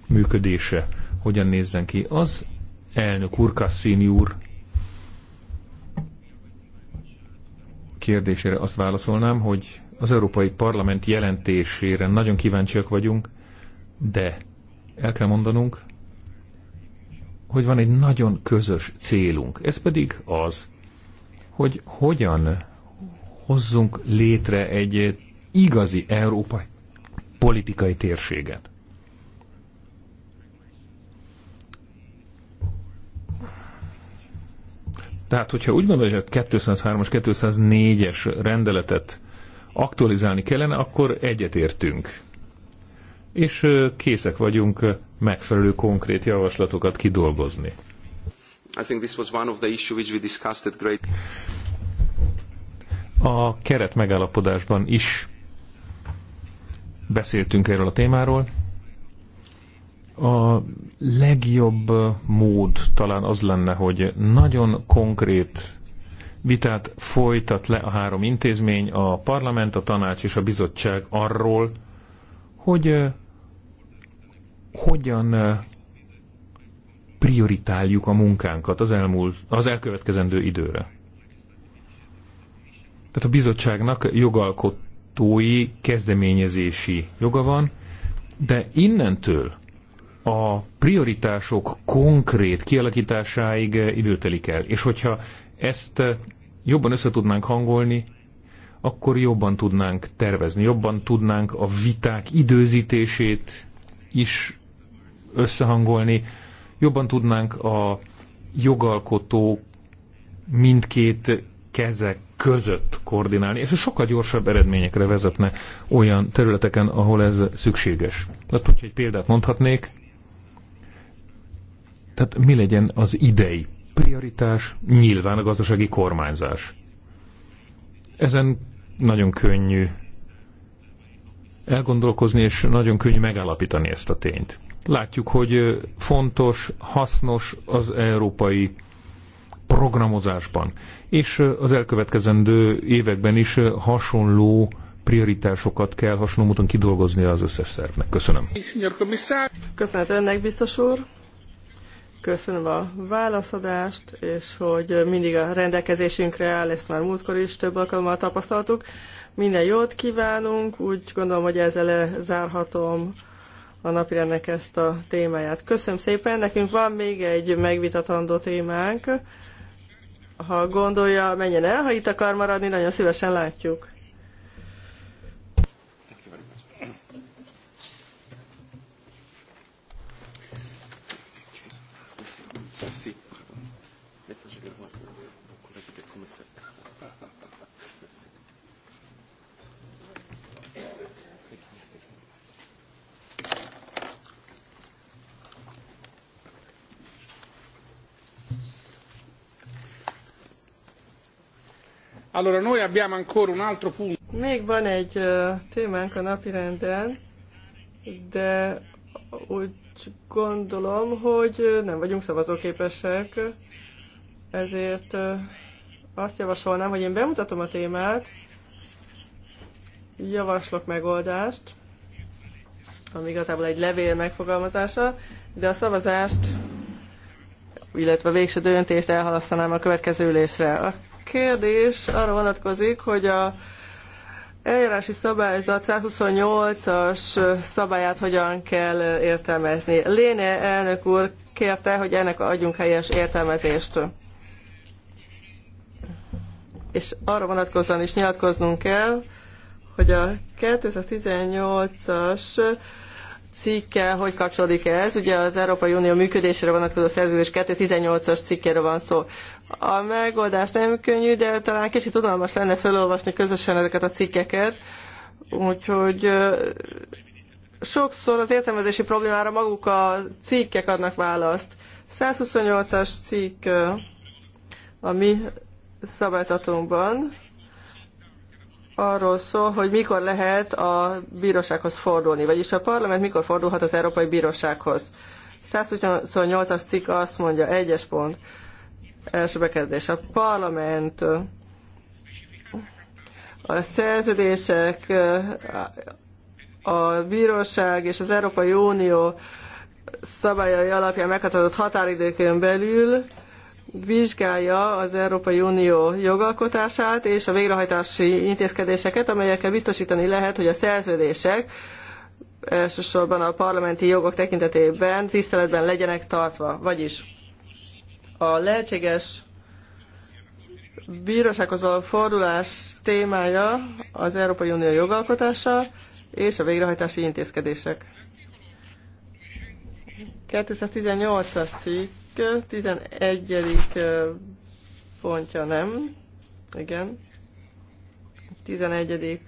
működése hogyan nézzen ki. Az elnök úr, Kasszini úr kérdésére azt válaszolnám, hogy az Európai Parlament jelentésére nagyon kíváncsiak vagyunk, de el kell mondanunk, hogy van egy nagyon közös célunk. Ez pedig az, hogy hogyan hozzunk létre egy igazi európai politikai térséget. Tehát, hogyha úgy gondolja, hogy a 203-as, 204-es rendeletet aktualizálni kellene, akkor egyetértünk. És készek vagyunk megfelelő konkrét javaslatokat kidolgozni. I think this was one of the issue which we discussed at great... A keret megállapodásban is beszéltünk erről a témáról. A legjobb mód talán az lenne, hogy nagyon konkrét vitát folytat le a három intézmény, a parlament, a tanács és a bizottság arról, hogy eh, hogyan eh, prioritáljuk a munkánkat az, elmúlt, az elkövetkezendő időre. Tehát a bizottságnak jogalkotói kezdeményezési joga van, de innentől a prioritások konkrét kialakításáig időtelik el. És hogyha ezt jobban össze tudnánk hangolni, akkor jobban tudnánk tervezni, jobban tudnánk a viták időzítését is összehangolni, jobban tudnánk a jogalkotó mindkét keze között koordinálni, és ez sokkal gyorsabb eredményekre vezetne olyan területeken, ahol ez szükséges. Tehát, hogyha egy példát mondhatnék, tehát mi legyen az idei prioritás? Nyilván a gazdasági kormányzás. Ezen nagyon könnyű elgondolkozni, és nagyon könnyű megállapítani ezt a tényt. Látjuk, hogy fontos, hasznos az európai programozásban. És az elkövetkezendő években is hasonló prioritásokat kell hasonló módon kidolgozni az összes szervnek. Köszönöm. Köszönet önnek, biztos úr. Köszönöm a válaszadást, és hogy mindig a rendelkezésünkre áll, ezt már múltkor is több alkalommal tapasztaltuk. Minden jót kívánunk, úgy gondolom, hogy ezzel zárhatom a napirendnek ezt a témáját. Köszönöm szépen, nekünk van még egy megvitatandó témánk. Ha gondolja, menjen el, ha itt akar maradni, nagyon szívesen látjuk. Allora noi abbiamo ancora un altro punto. Még van egy uh, témánk a napirenden, de úgy gondolom, hogy nem vagyunk szavazóképesek, ezért uh, azt javasolnám, hogy én bemutatom a témát, javaslok megoldást, ami igazából egy levél megfogalmazása, de a szavazást, illetve a végső döntést elhalasztanám a következő ülésre. A kérdés arra vonatkozik, hogy a eljárási szabályzat 128-as szabályát hogyan kell értelmezni. Léne elnök úr kérte, hogy ennek adjunk helyes értelmezést. És arra vonatkozóan is nyilatkoznunk kell, hogy a 2018-as cikke, hogy kapcsolódik ez? Ugye az Európai Unió működésére vonatkozó szerződés 218-as cikkéről van szó. A megoldás nem könnyű, de talán kicsit unalmas lenne felolvasni közösen ezeket a cikkeket. Úgyhogy sokszor az értelmezési problémára maguk a cikkek adnak választ. 128-as cikk a mi szabályzatunkban arról szól, hogy mikor lehet a bírósághoz fordulni, vagyis a parlament mikor fordulhat az Európai Bírósághoz. 128-as cikk azt mondja, egyes pont, első bekezdés. A parlament a szerződések, a bíróság és az Európai Unió szabályai alapján meghatározott határidőkön belül vizsgálja az Európai Unió jogalkotását és a végrehajtási intézkedéseket, amelyekkel biztosítani lehet, hogy a szerződések elsősorban a parlamenti jogok tekintetében tiszteletben legyenek tartva. Vagyis a lehetséges bírósághoz a fordulás témája az Európai Unió jogalkotása és a végrehajtási intézkedések. 218-as cikk 11. pontja nem. Igen. 11.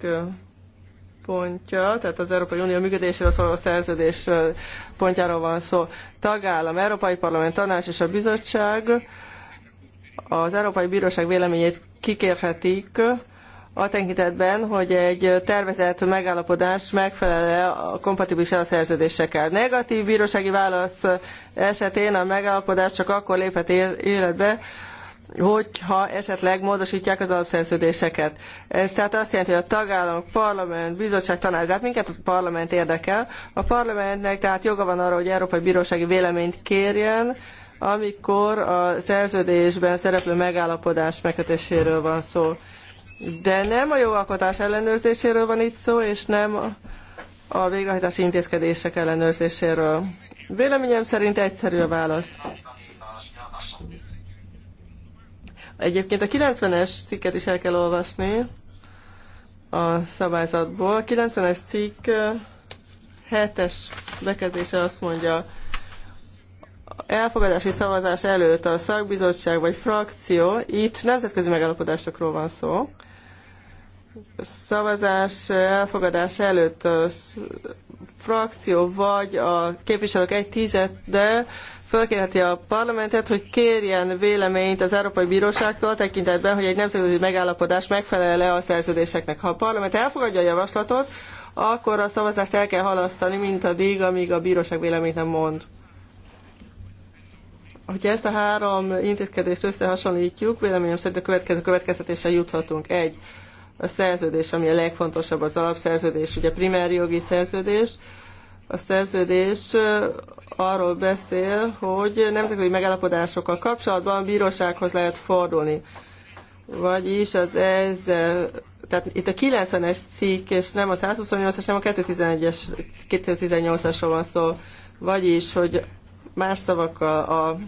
pontja, tehát az Európai Unió működéséről szóló szerződés pontjáról van szó. Tagállam, Európai Parlament, Tanács és a Bizottság az Európai Bíróság véleményét kikérhetik a tekintetben, hogy egy tervezett megállapodás megfelele a kompatibilis elszerződésekkel. Negatív bírósági válasz esetén a megállapodás csak akkor léphet életbe, hogyha esetleg módosítják az alapszerződéseket. Ez tehát azt jelenti, hogy a tagállamok, parlament, bizottság, tanács, hát minket a parlament érdekel. A parlamentnek tehát joga van arra, hogy Európai Bírósági véleményt kérjen, amikor a szerződésben szereplő megállapodás megkötéséről van szó. De nem a jogalkotás ellenőrzéséről van itt szó, és nem a végrehajtási intézkedések ellenőrzéséről. Véleményem szerint egyszerű a válasz. Egyébként a 90-es cikket is el kell olvasni a szabályzatból. A 90-es cikk 7-es eh, bekezdése azt mondja, elfogadási szavazás előtt a szakbizottság vagy frakció, itt nemzetközi megállapodásokról van szó, szavazás elfogadása előtt a frakció vagy a képviselők egy tizede fölkérheti a parlamentet, hogy kérjen véleményt az Európai Bíróságtól tekintetben, hogy egy nemzetközi megállapodás megfelel-e a szerződéseknek. Ha a parlament elfogadja a javaslatot, akkor a szavazást el kell halasztani, mint addig, amíg a bíróság véleményt nem mond. Hogyha ezt a három intézkedést összehasonlítjuk, véleményem szerint a következő következtetésre juthatunk. Egy a szerződés, ami a legfontosabb, az alapszerződés, ugye primári jogi szerződés. A szerződés arról beszél, hogy nemzetközi megállapodásokkal kapcsolatban bírósághoz lehet fordulni. Vagyis az ez, tehát itt a 90-es cikk, és nem a 128-as, nem a 2011 es 2018-asról van szó. Vagyis, hogy más szavakkal a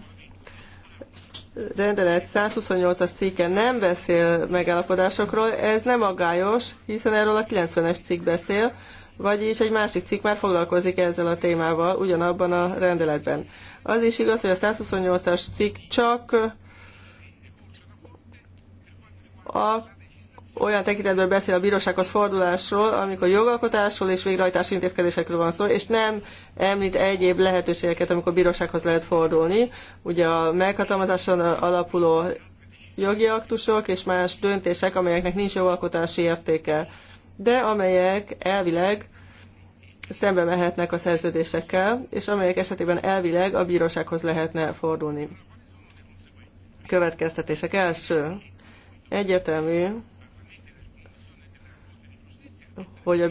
rendelet 128-as cikke nem beszél megállapodásokról, ez nem aggályos, hiszen erről a 90-es cikk beszél, vagyis egy másik cikk már foglalkozik ezzel a témával ugyanabban a rendeletben. Az is igaz, hogy a 128-as cikk csak a olyan tekintetben beszél a bírósághoz fordulásról, amikor jogalkotásról és végrehajtási intézkedésekről van szó, és nem említ egyéb lehetőségeket, amikor bírósághoz lehet fordulni. Ugye a meghatalmazáson alapuló jogi aktusok és más döntések, amelyeknek nincs jogalkotási értéke, de amelyek elvileg szembe mehetnek a szerződésekkel, és amelyek esetében elvileg a bírósághoz lehetne fordulni. Következtetések első. Egyértelmű, hogy a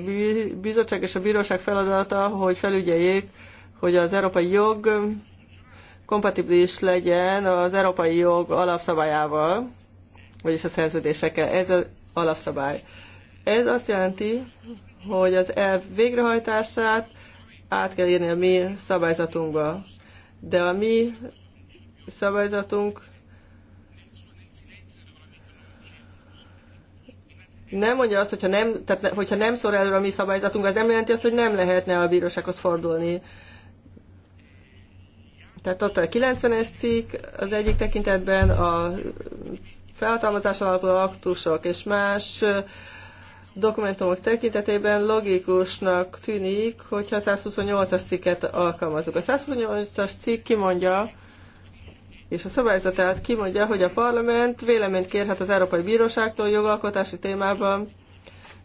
bizottság és a bíróság feladata, hogy felügyeljék, hogy az európai jog kompatibilis legyen az európai jog alapszabályával, vagyis a szerződésekkel. Ez az alapszabály. Ez azt jelenti, hogy az elv végrehajtását át kell írni a mi szabályzatunkba. De a mi szabályzatunk nem mondja azt, hogyha nem, tehát ne, hogyha nem szor előre a mi szabályzatunk, az nem jelenti azt, hogy nem lehetne a bírósághoz fordulni. Tehát ott a 90-es cikk az egyik tekintetben a felhatalmazás alapuló aktusok és más dokumentumok tekintetében logikusnak tűnik, hogyha a 128-as cikket alkalmazunk. A 128-as cikk kimondja, és a szabályzatát kimondja, hogy a parlament véleményt kérhet az Európai Bíróságtól jogalkotási témában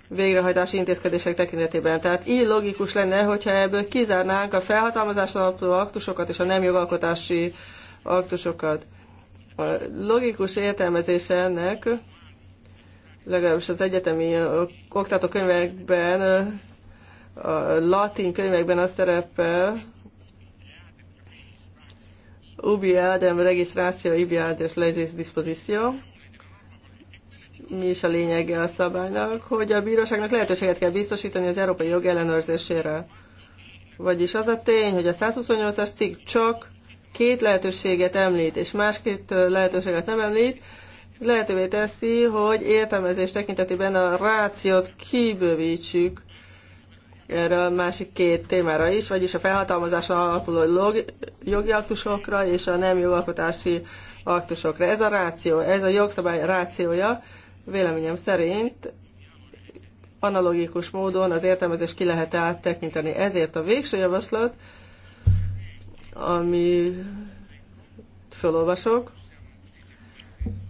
végrehajtási intézkedések tekintetében. Tehát így logikus lenne, hogyha ebből kizárnánk a felhatalmazás alapú aktusokat és a nem jogalkotási aktusokat. A logikus értelmezése ennek, legalábbis az egyetemi oktatókönyvekben, a latin könyvekben az szerepel, ubi adem regisztráció, ubi és legis dispozíció. Mi is a lényege a szabálynak, hogy a bíróságnak lehetőséget kell biztosítani az európai jog ellenőrzésére. Vagyis az a tény, hogy a 128-as cikk csak két lehetőséget említ, és más lehetőséget nem említ, lehetővé teszi, hogy értelmezés tekintetében a rációt kibővítsük erre másik két témára is, vagyis a felhatalmazásra alapuló jogi aktusokra és a nem jogalkotási aktusokra. Ez a ráció, ez a jogszabály rációja véleményem szerint analogikus módon az értelmezés ki lehet áttekinteni. Ezért a végső javaslat, ami felolvasok,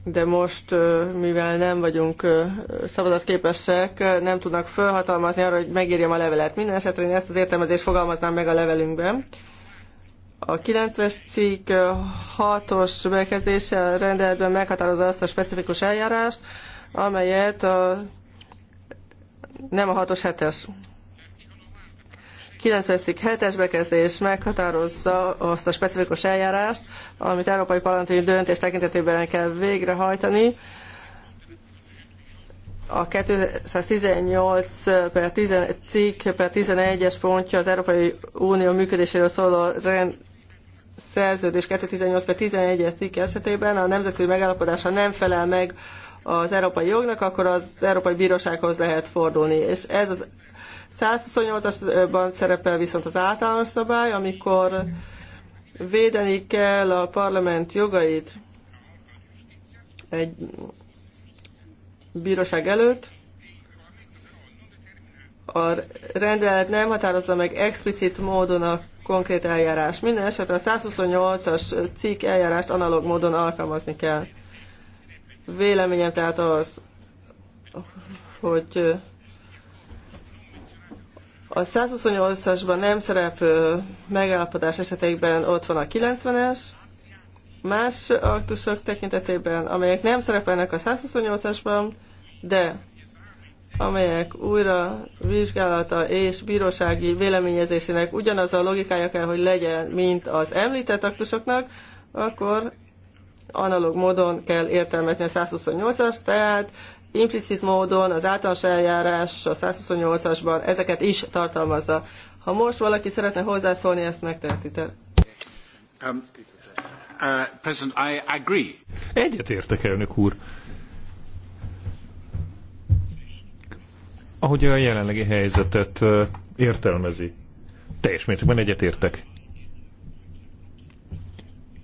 de most, mivel nem vagyunk szavazatképesek, nem tudnak felhatalmazni arra, hogy megírjam a levelet. Minden esetre én ezt az értelmezést fogalmaznám meg a levelünkben. A 9-es cikk 6-os bekezdése rendeletben meghatározza azt a specifikus eljárást, amelyet a, nem a 6-os 7-es 90 cikk es bekezdés meghatározza azt a specifikus eljárást, amit Európai Parlamenti döntés tekintetében kell végrehajtani. A 218 per 10, cikk per 11-es pontja az Európai Unió működéséről szóló rend, szerződés 218 per 11-es cikk esetében a nemzetközi megállapodása nem felel meg az európai jognak, akkor az Európai Bírósághoz lehet fordulni. És ez az 128-asban szerepel viszont az általános szabály, amikor védeni kell a parlament jogait egy bíróság előtt, a rendelet nem határozza meg explicit módon a konkrét eljárás. Minden esetre a 128-as cikk eljárást analóg módon alkalmazni kell. Véleményem tehát az, hogy a 128-asban nem szereplő megállapodás esetében ott van a 90-es, más aktusok tekintetében, amelyek nem szerepelnek a 128-asban, de amelyek újra vizsgálata és bírósági véleményezésének ugyanaz a logikája kell, hogy legyen, mint az említett aktusoknak, akkor analóg módon kell értelmezni a 128 as tehát implicit módon az általános eljárás a 128-asban ezeket is tartalmazza. Ha most valaki szeretne hozzászólni, ezt megteheti. Um, uh, I agree. Egyetértek, elnök úr. Ahogy a jelenlegi helyzetet uh, értelmezi, teljes mértékben egyet értek.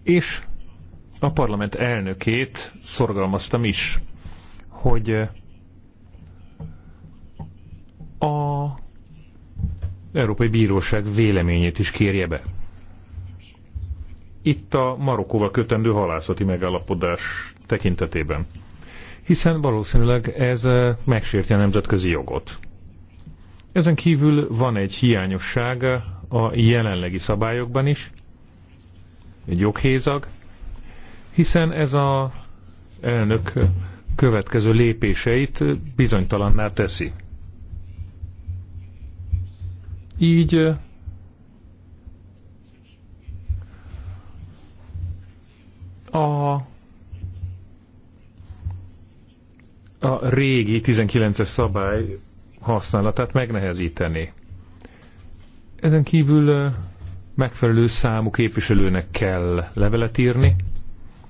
És a parlament elnökét szorgalmaztam is hogy a Európai Bíróság véleményét is kérje be. Itt a Marokkóval kötendő halászati megállapodás tekintetében. Hiszen valószínűleg ez megsérti a nemzetközi jogot. Ezen kívül van egy hiányosság a jelenlegi szabályokban is, egy joghézag, hiszen ez a elnök következő lépéseit bizonytalanná teszi. Így a, a régi 19-es szabály használatát megnehezíteni. Ezen kívül megfelelő számú képviselőnek kell levelet írni,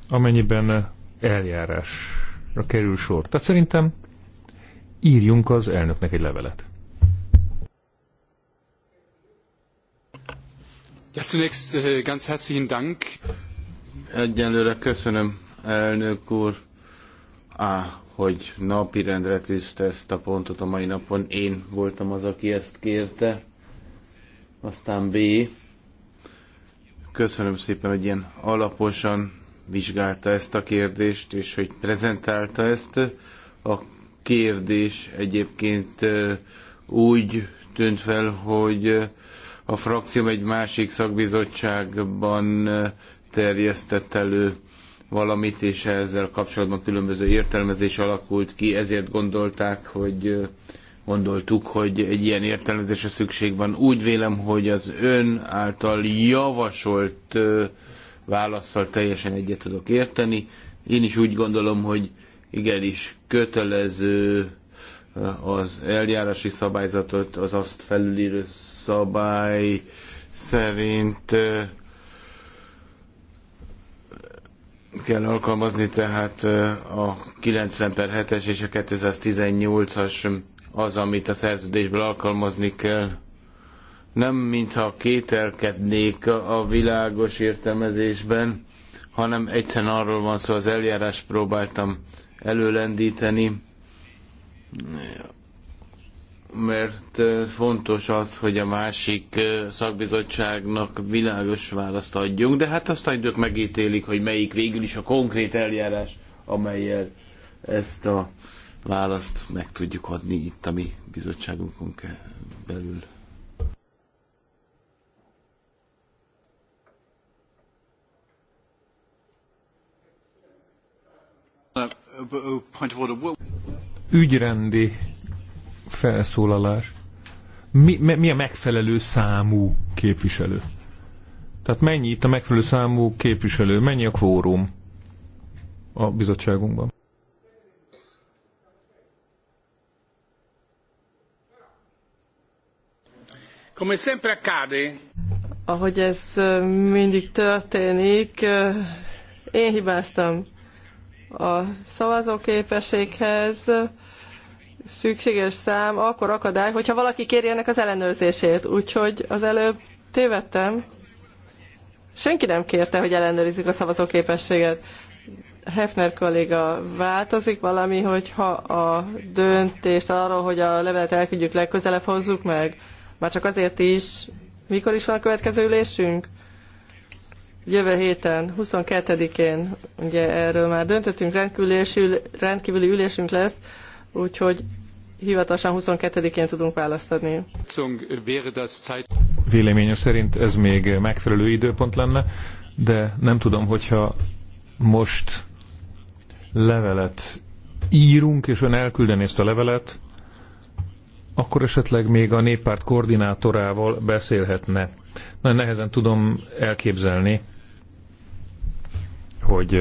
amennyiben eljárás kerül sor. Tehát szerintem írjunk az elnöknek egy levelet. Ja, zunächst äh, ganz herzlichen Dank. Egyelőre köszönöm, elnök úr, á, hogy napirendre tűzte ezt a pontot a mai napon. Én voltam az, aki ezt kérte. Aztán B. Köszönöm szépen, hogy ilyen alaposan vizsgálta ezt a kérdést, és hogy prezentálta ezt. A kérdés egyébként úgy tűnt fel, hogy a frakcióm egy másik szakbizottságban terjesztett elő valamit, és ezzel kapcsolatban különböző értelmezés alakult ki, ezért gondolták, hogy gondoltuk, hogy egy ilyen értelmezésre szükség van. Úgy vélem, hogy az ön által javasolt válaszsal teljesen egyet tudok érteni. Én is úgy gondolom, hogy igenis kötelező eh, az eljárási szabályzatot, az azt felülírő szabály szerint eh, kell alkalmazni, tehát eh, a 90 per 7-es és a 218-as az, amit a szerződésből alkalmazni kell nem mintha kételkednék a világos értelmezésben, hanem egyszerűen arról van szó, az eljárást próbáltam előlendíteni, mert fontos az, hogy a másik szakbizottságnak világos választ adjunk, de hát azt majd ők megítélik, hogy melyik végül is a konkrét eljárás, amelyel ezt a választ meg tudjuk adni itt a mi bizottságunkon belül. Ügyrendi felszólalás. Mi, mi a megfelelő számú képviselő? Tehát mennyi itt a megfelelő számú képviselő? Mennyi a kvórum a bizottságunkban? Come sempre accade. Ahogy ez mindig történik, én hibáztam. A szavazóképességhez szükséges szám akkor akadály, hogyha valaki kéri ennek az ellenőrzését. Úgyhogy az előbb tévedtem. Senki nem kérte, hogy ellenőrizzük a szavazóképességet. Hefner kolléga, változik valami, hogyha a döntést arról, hogy a levelet elküldjük legközelebb hozzuk meg? Már csak azért is, mikor is van a következő ülésünk? jövő héten, 22-én, ugye erről már döntöttünk, rendkívüli, rendkívüli ülésünk lesz, úgyhogy hivatalosan 22-én tudunk választani. Véleményem szerint ez még megfelelő időpont lenne, de nem tudom, hogyha most levelet írunk, és ön elküldeni ezt a levelet, akkor esetleg még a néppárt koordinátorával beszélhetne. Nagyon nehezen tudom elképzelni, hogy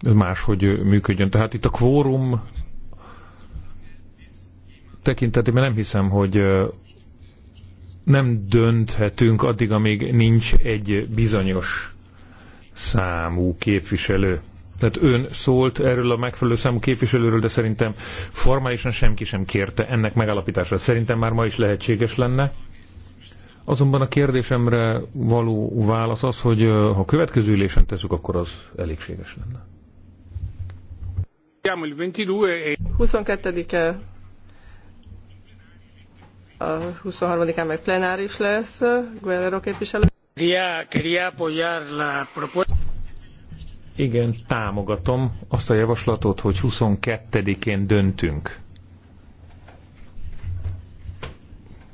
ez máshogy működjön. Tehát itt a kvórum tekintetében nem hiszem, hogy nem dönthetünk addig, amíg nincs egy bizonyos számú képviselő. Tehát ön szólt erről a megfelelő számú képviselőről, de szerintem formálisan semki sem kérte ennek megalapításra. Szerintem már ma is lehetséges lenne. Azonban a kérdésemre való válasz az, hogy ha a következő ülésen teszük, akkor az elégséges lenne. 22-e e- a 23-án meg plenáris lesz, Guerrero képviselő. Igen, támogatom azt a javaslatot, hogy 22-én döntünk.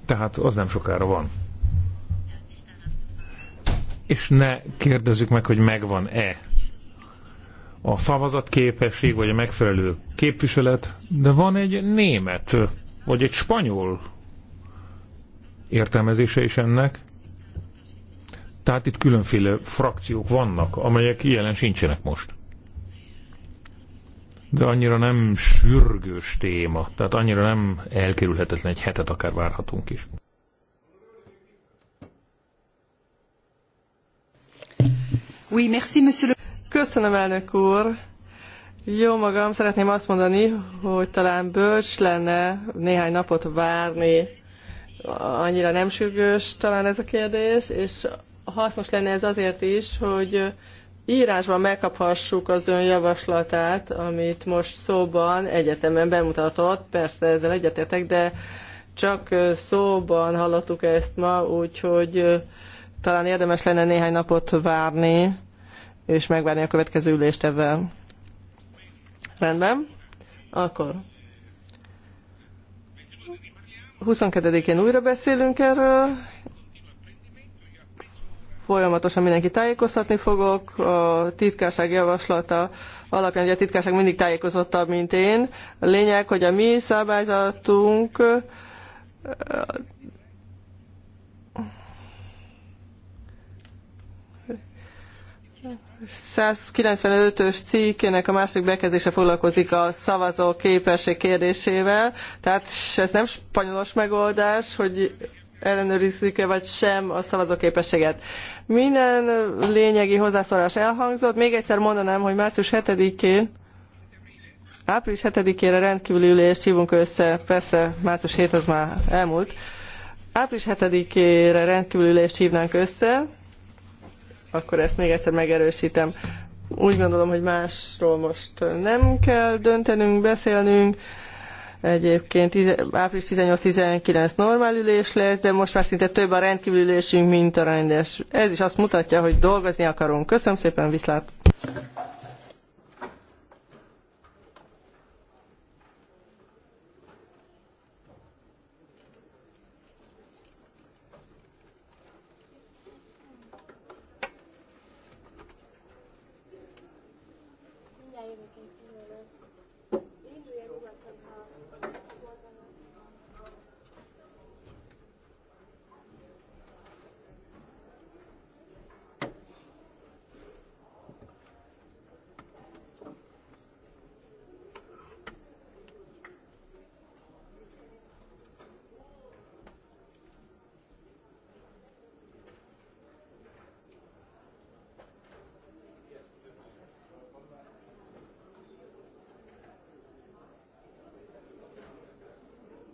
Tehát az nem sokára van és ne kérdezzük meg, hogy megvan-e a szavazatképesség, vagy a megfelelő képviselet, de van egy német, vagy egy spanyol értelmezése is ennek. Tehát itt különféle frakciók vannak, amelyek jelen sincsenek most. De annyira nem sürgős téma, tehát annyira nem elkerülhetetlen, egy hetet akár várhatunk is. Köszönöm, elnök úr. Jó magam, szeretném azt mondani, hogy talán bölcs lenne néhány napot várni. Annyira nem sürgős talán ez a kérdés, és hasznos lenne ez azért is, hogy írásban megkaphassuk az ön javaslatát, amit most szóban egyetemen bemutatott. Persze ezzel egyetértek, de csak szóban hallottuk ezt ma, úgyhogy talán érdemes lenne néhány napot várni, és megvárni a következő ülést ebben. Rendben? Akkor. 22-én újra beszélünk erről. Folyamatosan mindenki tájékoztatni fogok. A titkárság javaslata alapján, ugye a titkárság mindig tájékozottabb, mint én. A lényeg, hogy a mi szabályzatunk 195-ös cikkének a második bekezdése foglalkozik a szavazó képesség kérdésével, tehát ez nem spanyolos megoldás, hogy ellenőrizzük-e vagy sem a szavazóképességet. Minden lényegi hozzászólás elhangzott. Még egyszer mondanám, hogy március 7-én, április 7-ére rendkívüli ülést hívunk össze, persze március 7 az már elmúlt, április 7-ére rendkívüli ülést hívnánk össze, akkor ezt még egyszer megerősítem. Úgy gondolom, hogy másról most nem kell döntenünk, beszélnünk. Egyébként április 18-19 normál ülés lesz, de most már szinte több a rendkívül ülésünk, mint a rendes. Ez is azt mutatja, hogy dolgozni akarunk. Köszönöm szépen, viszlát!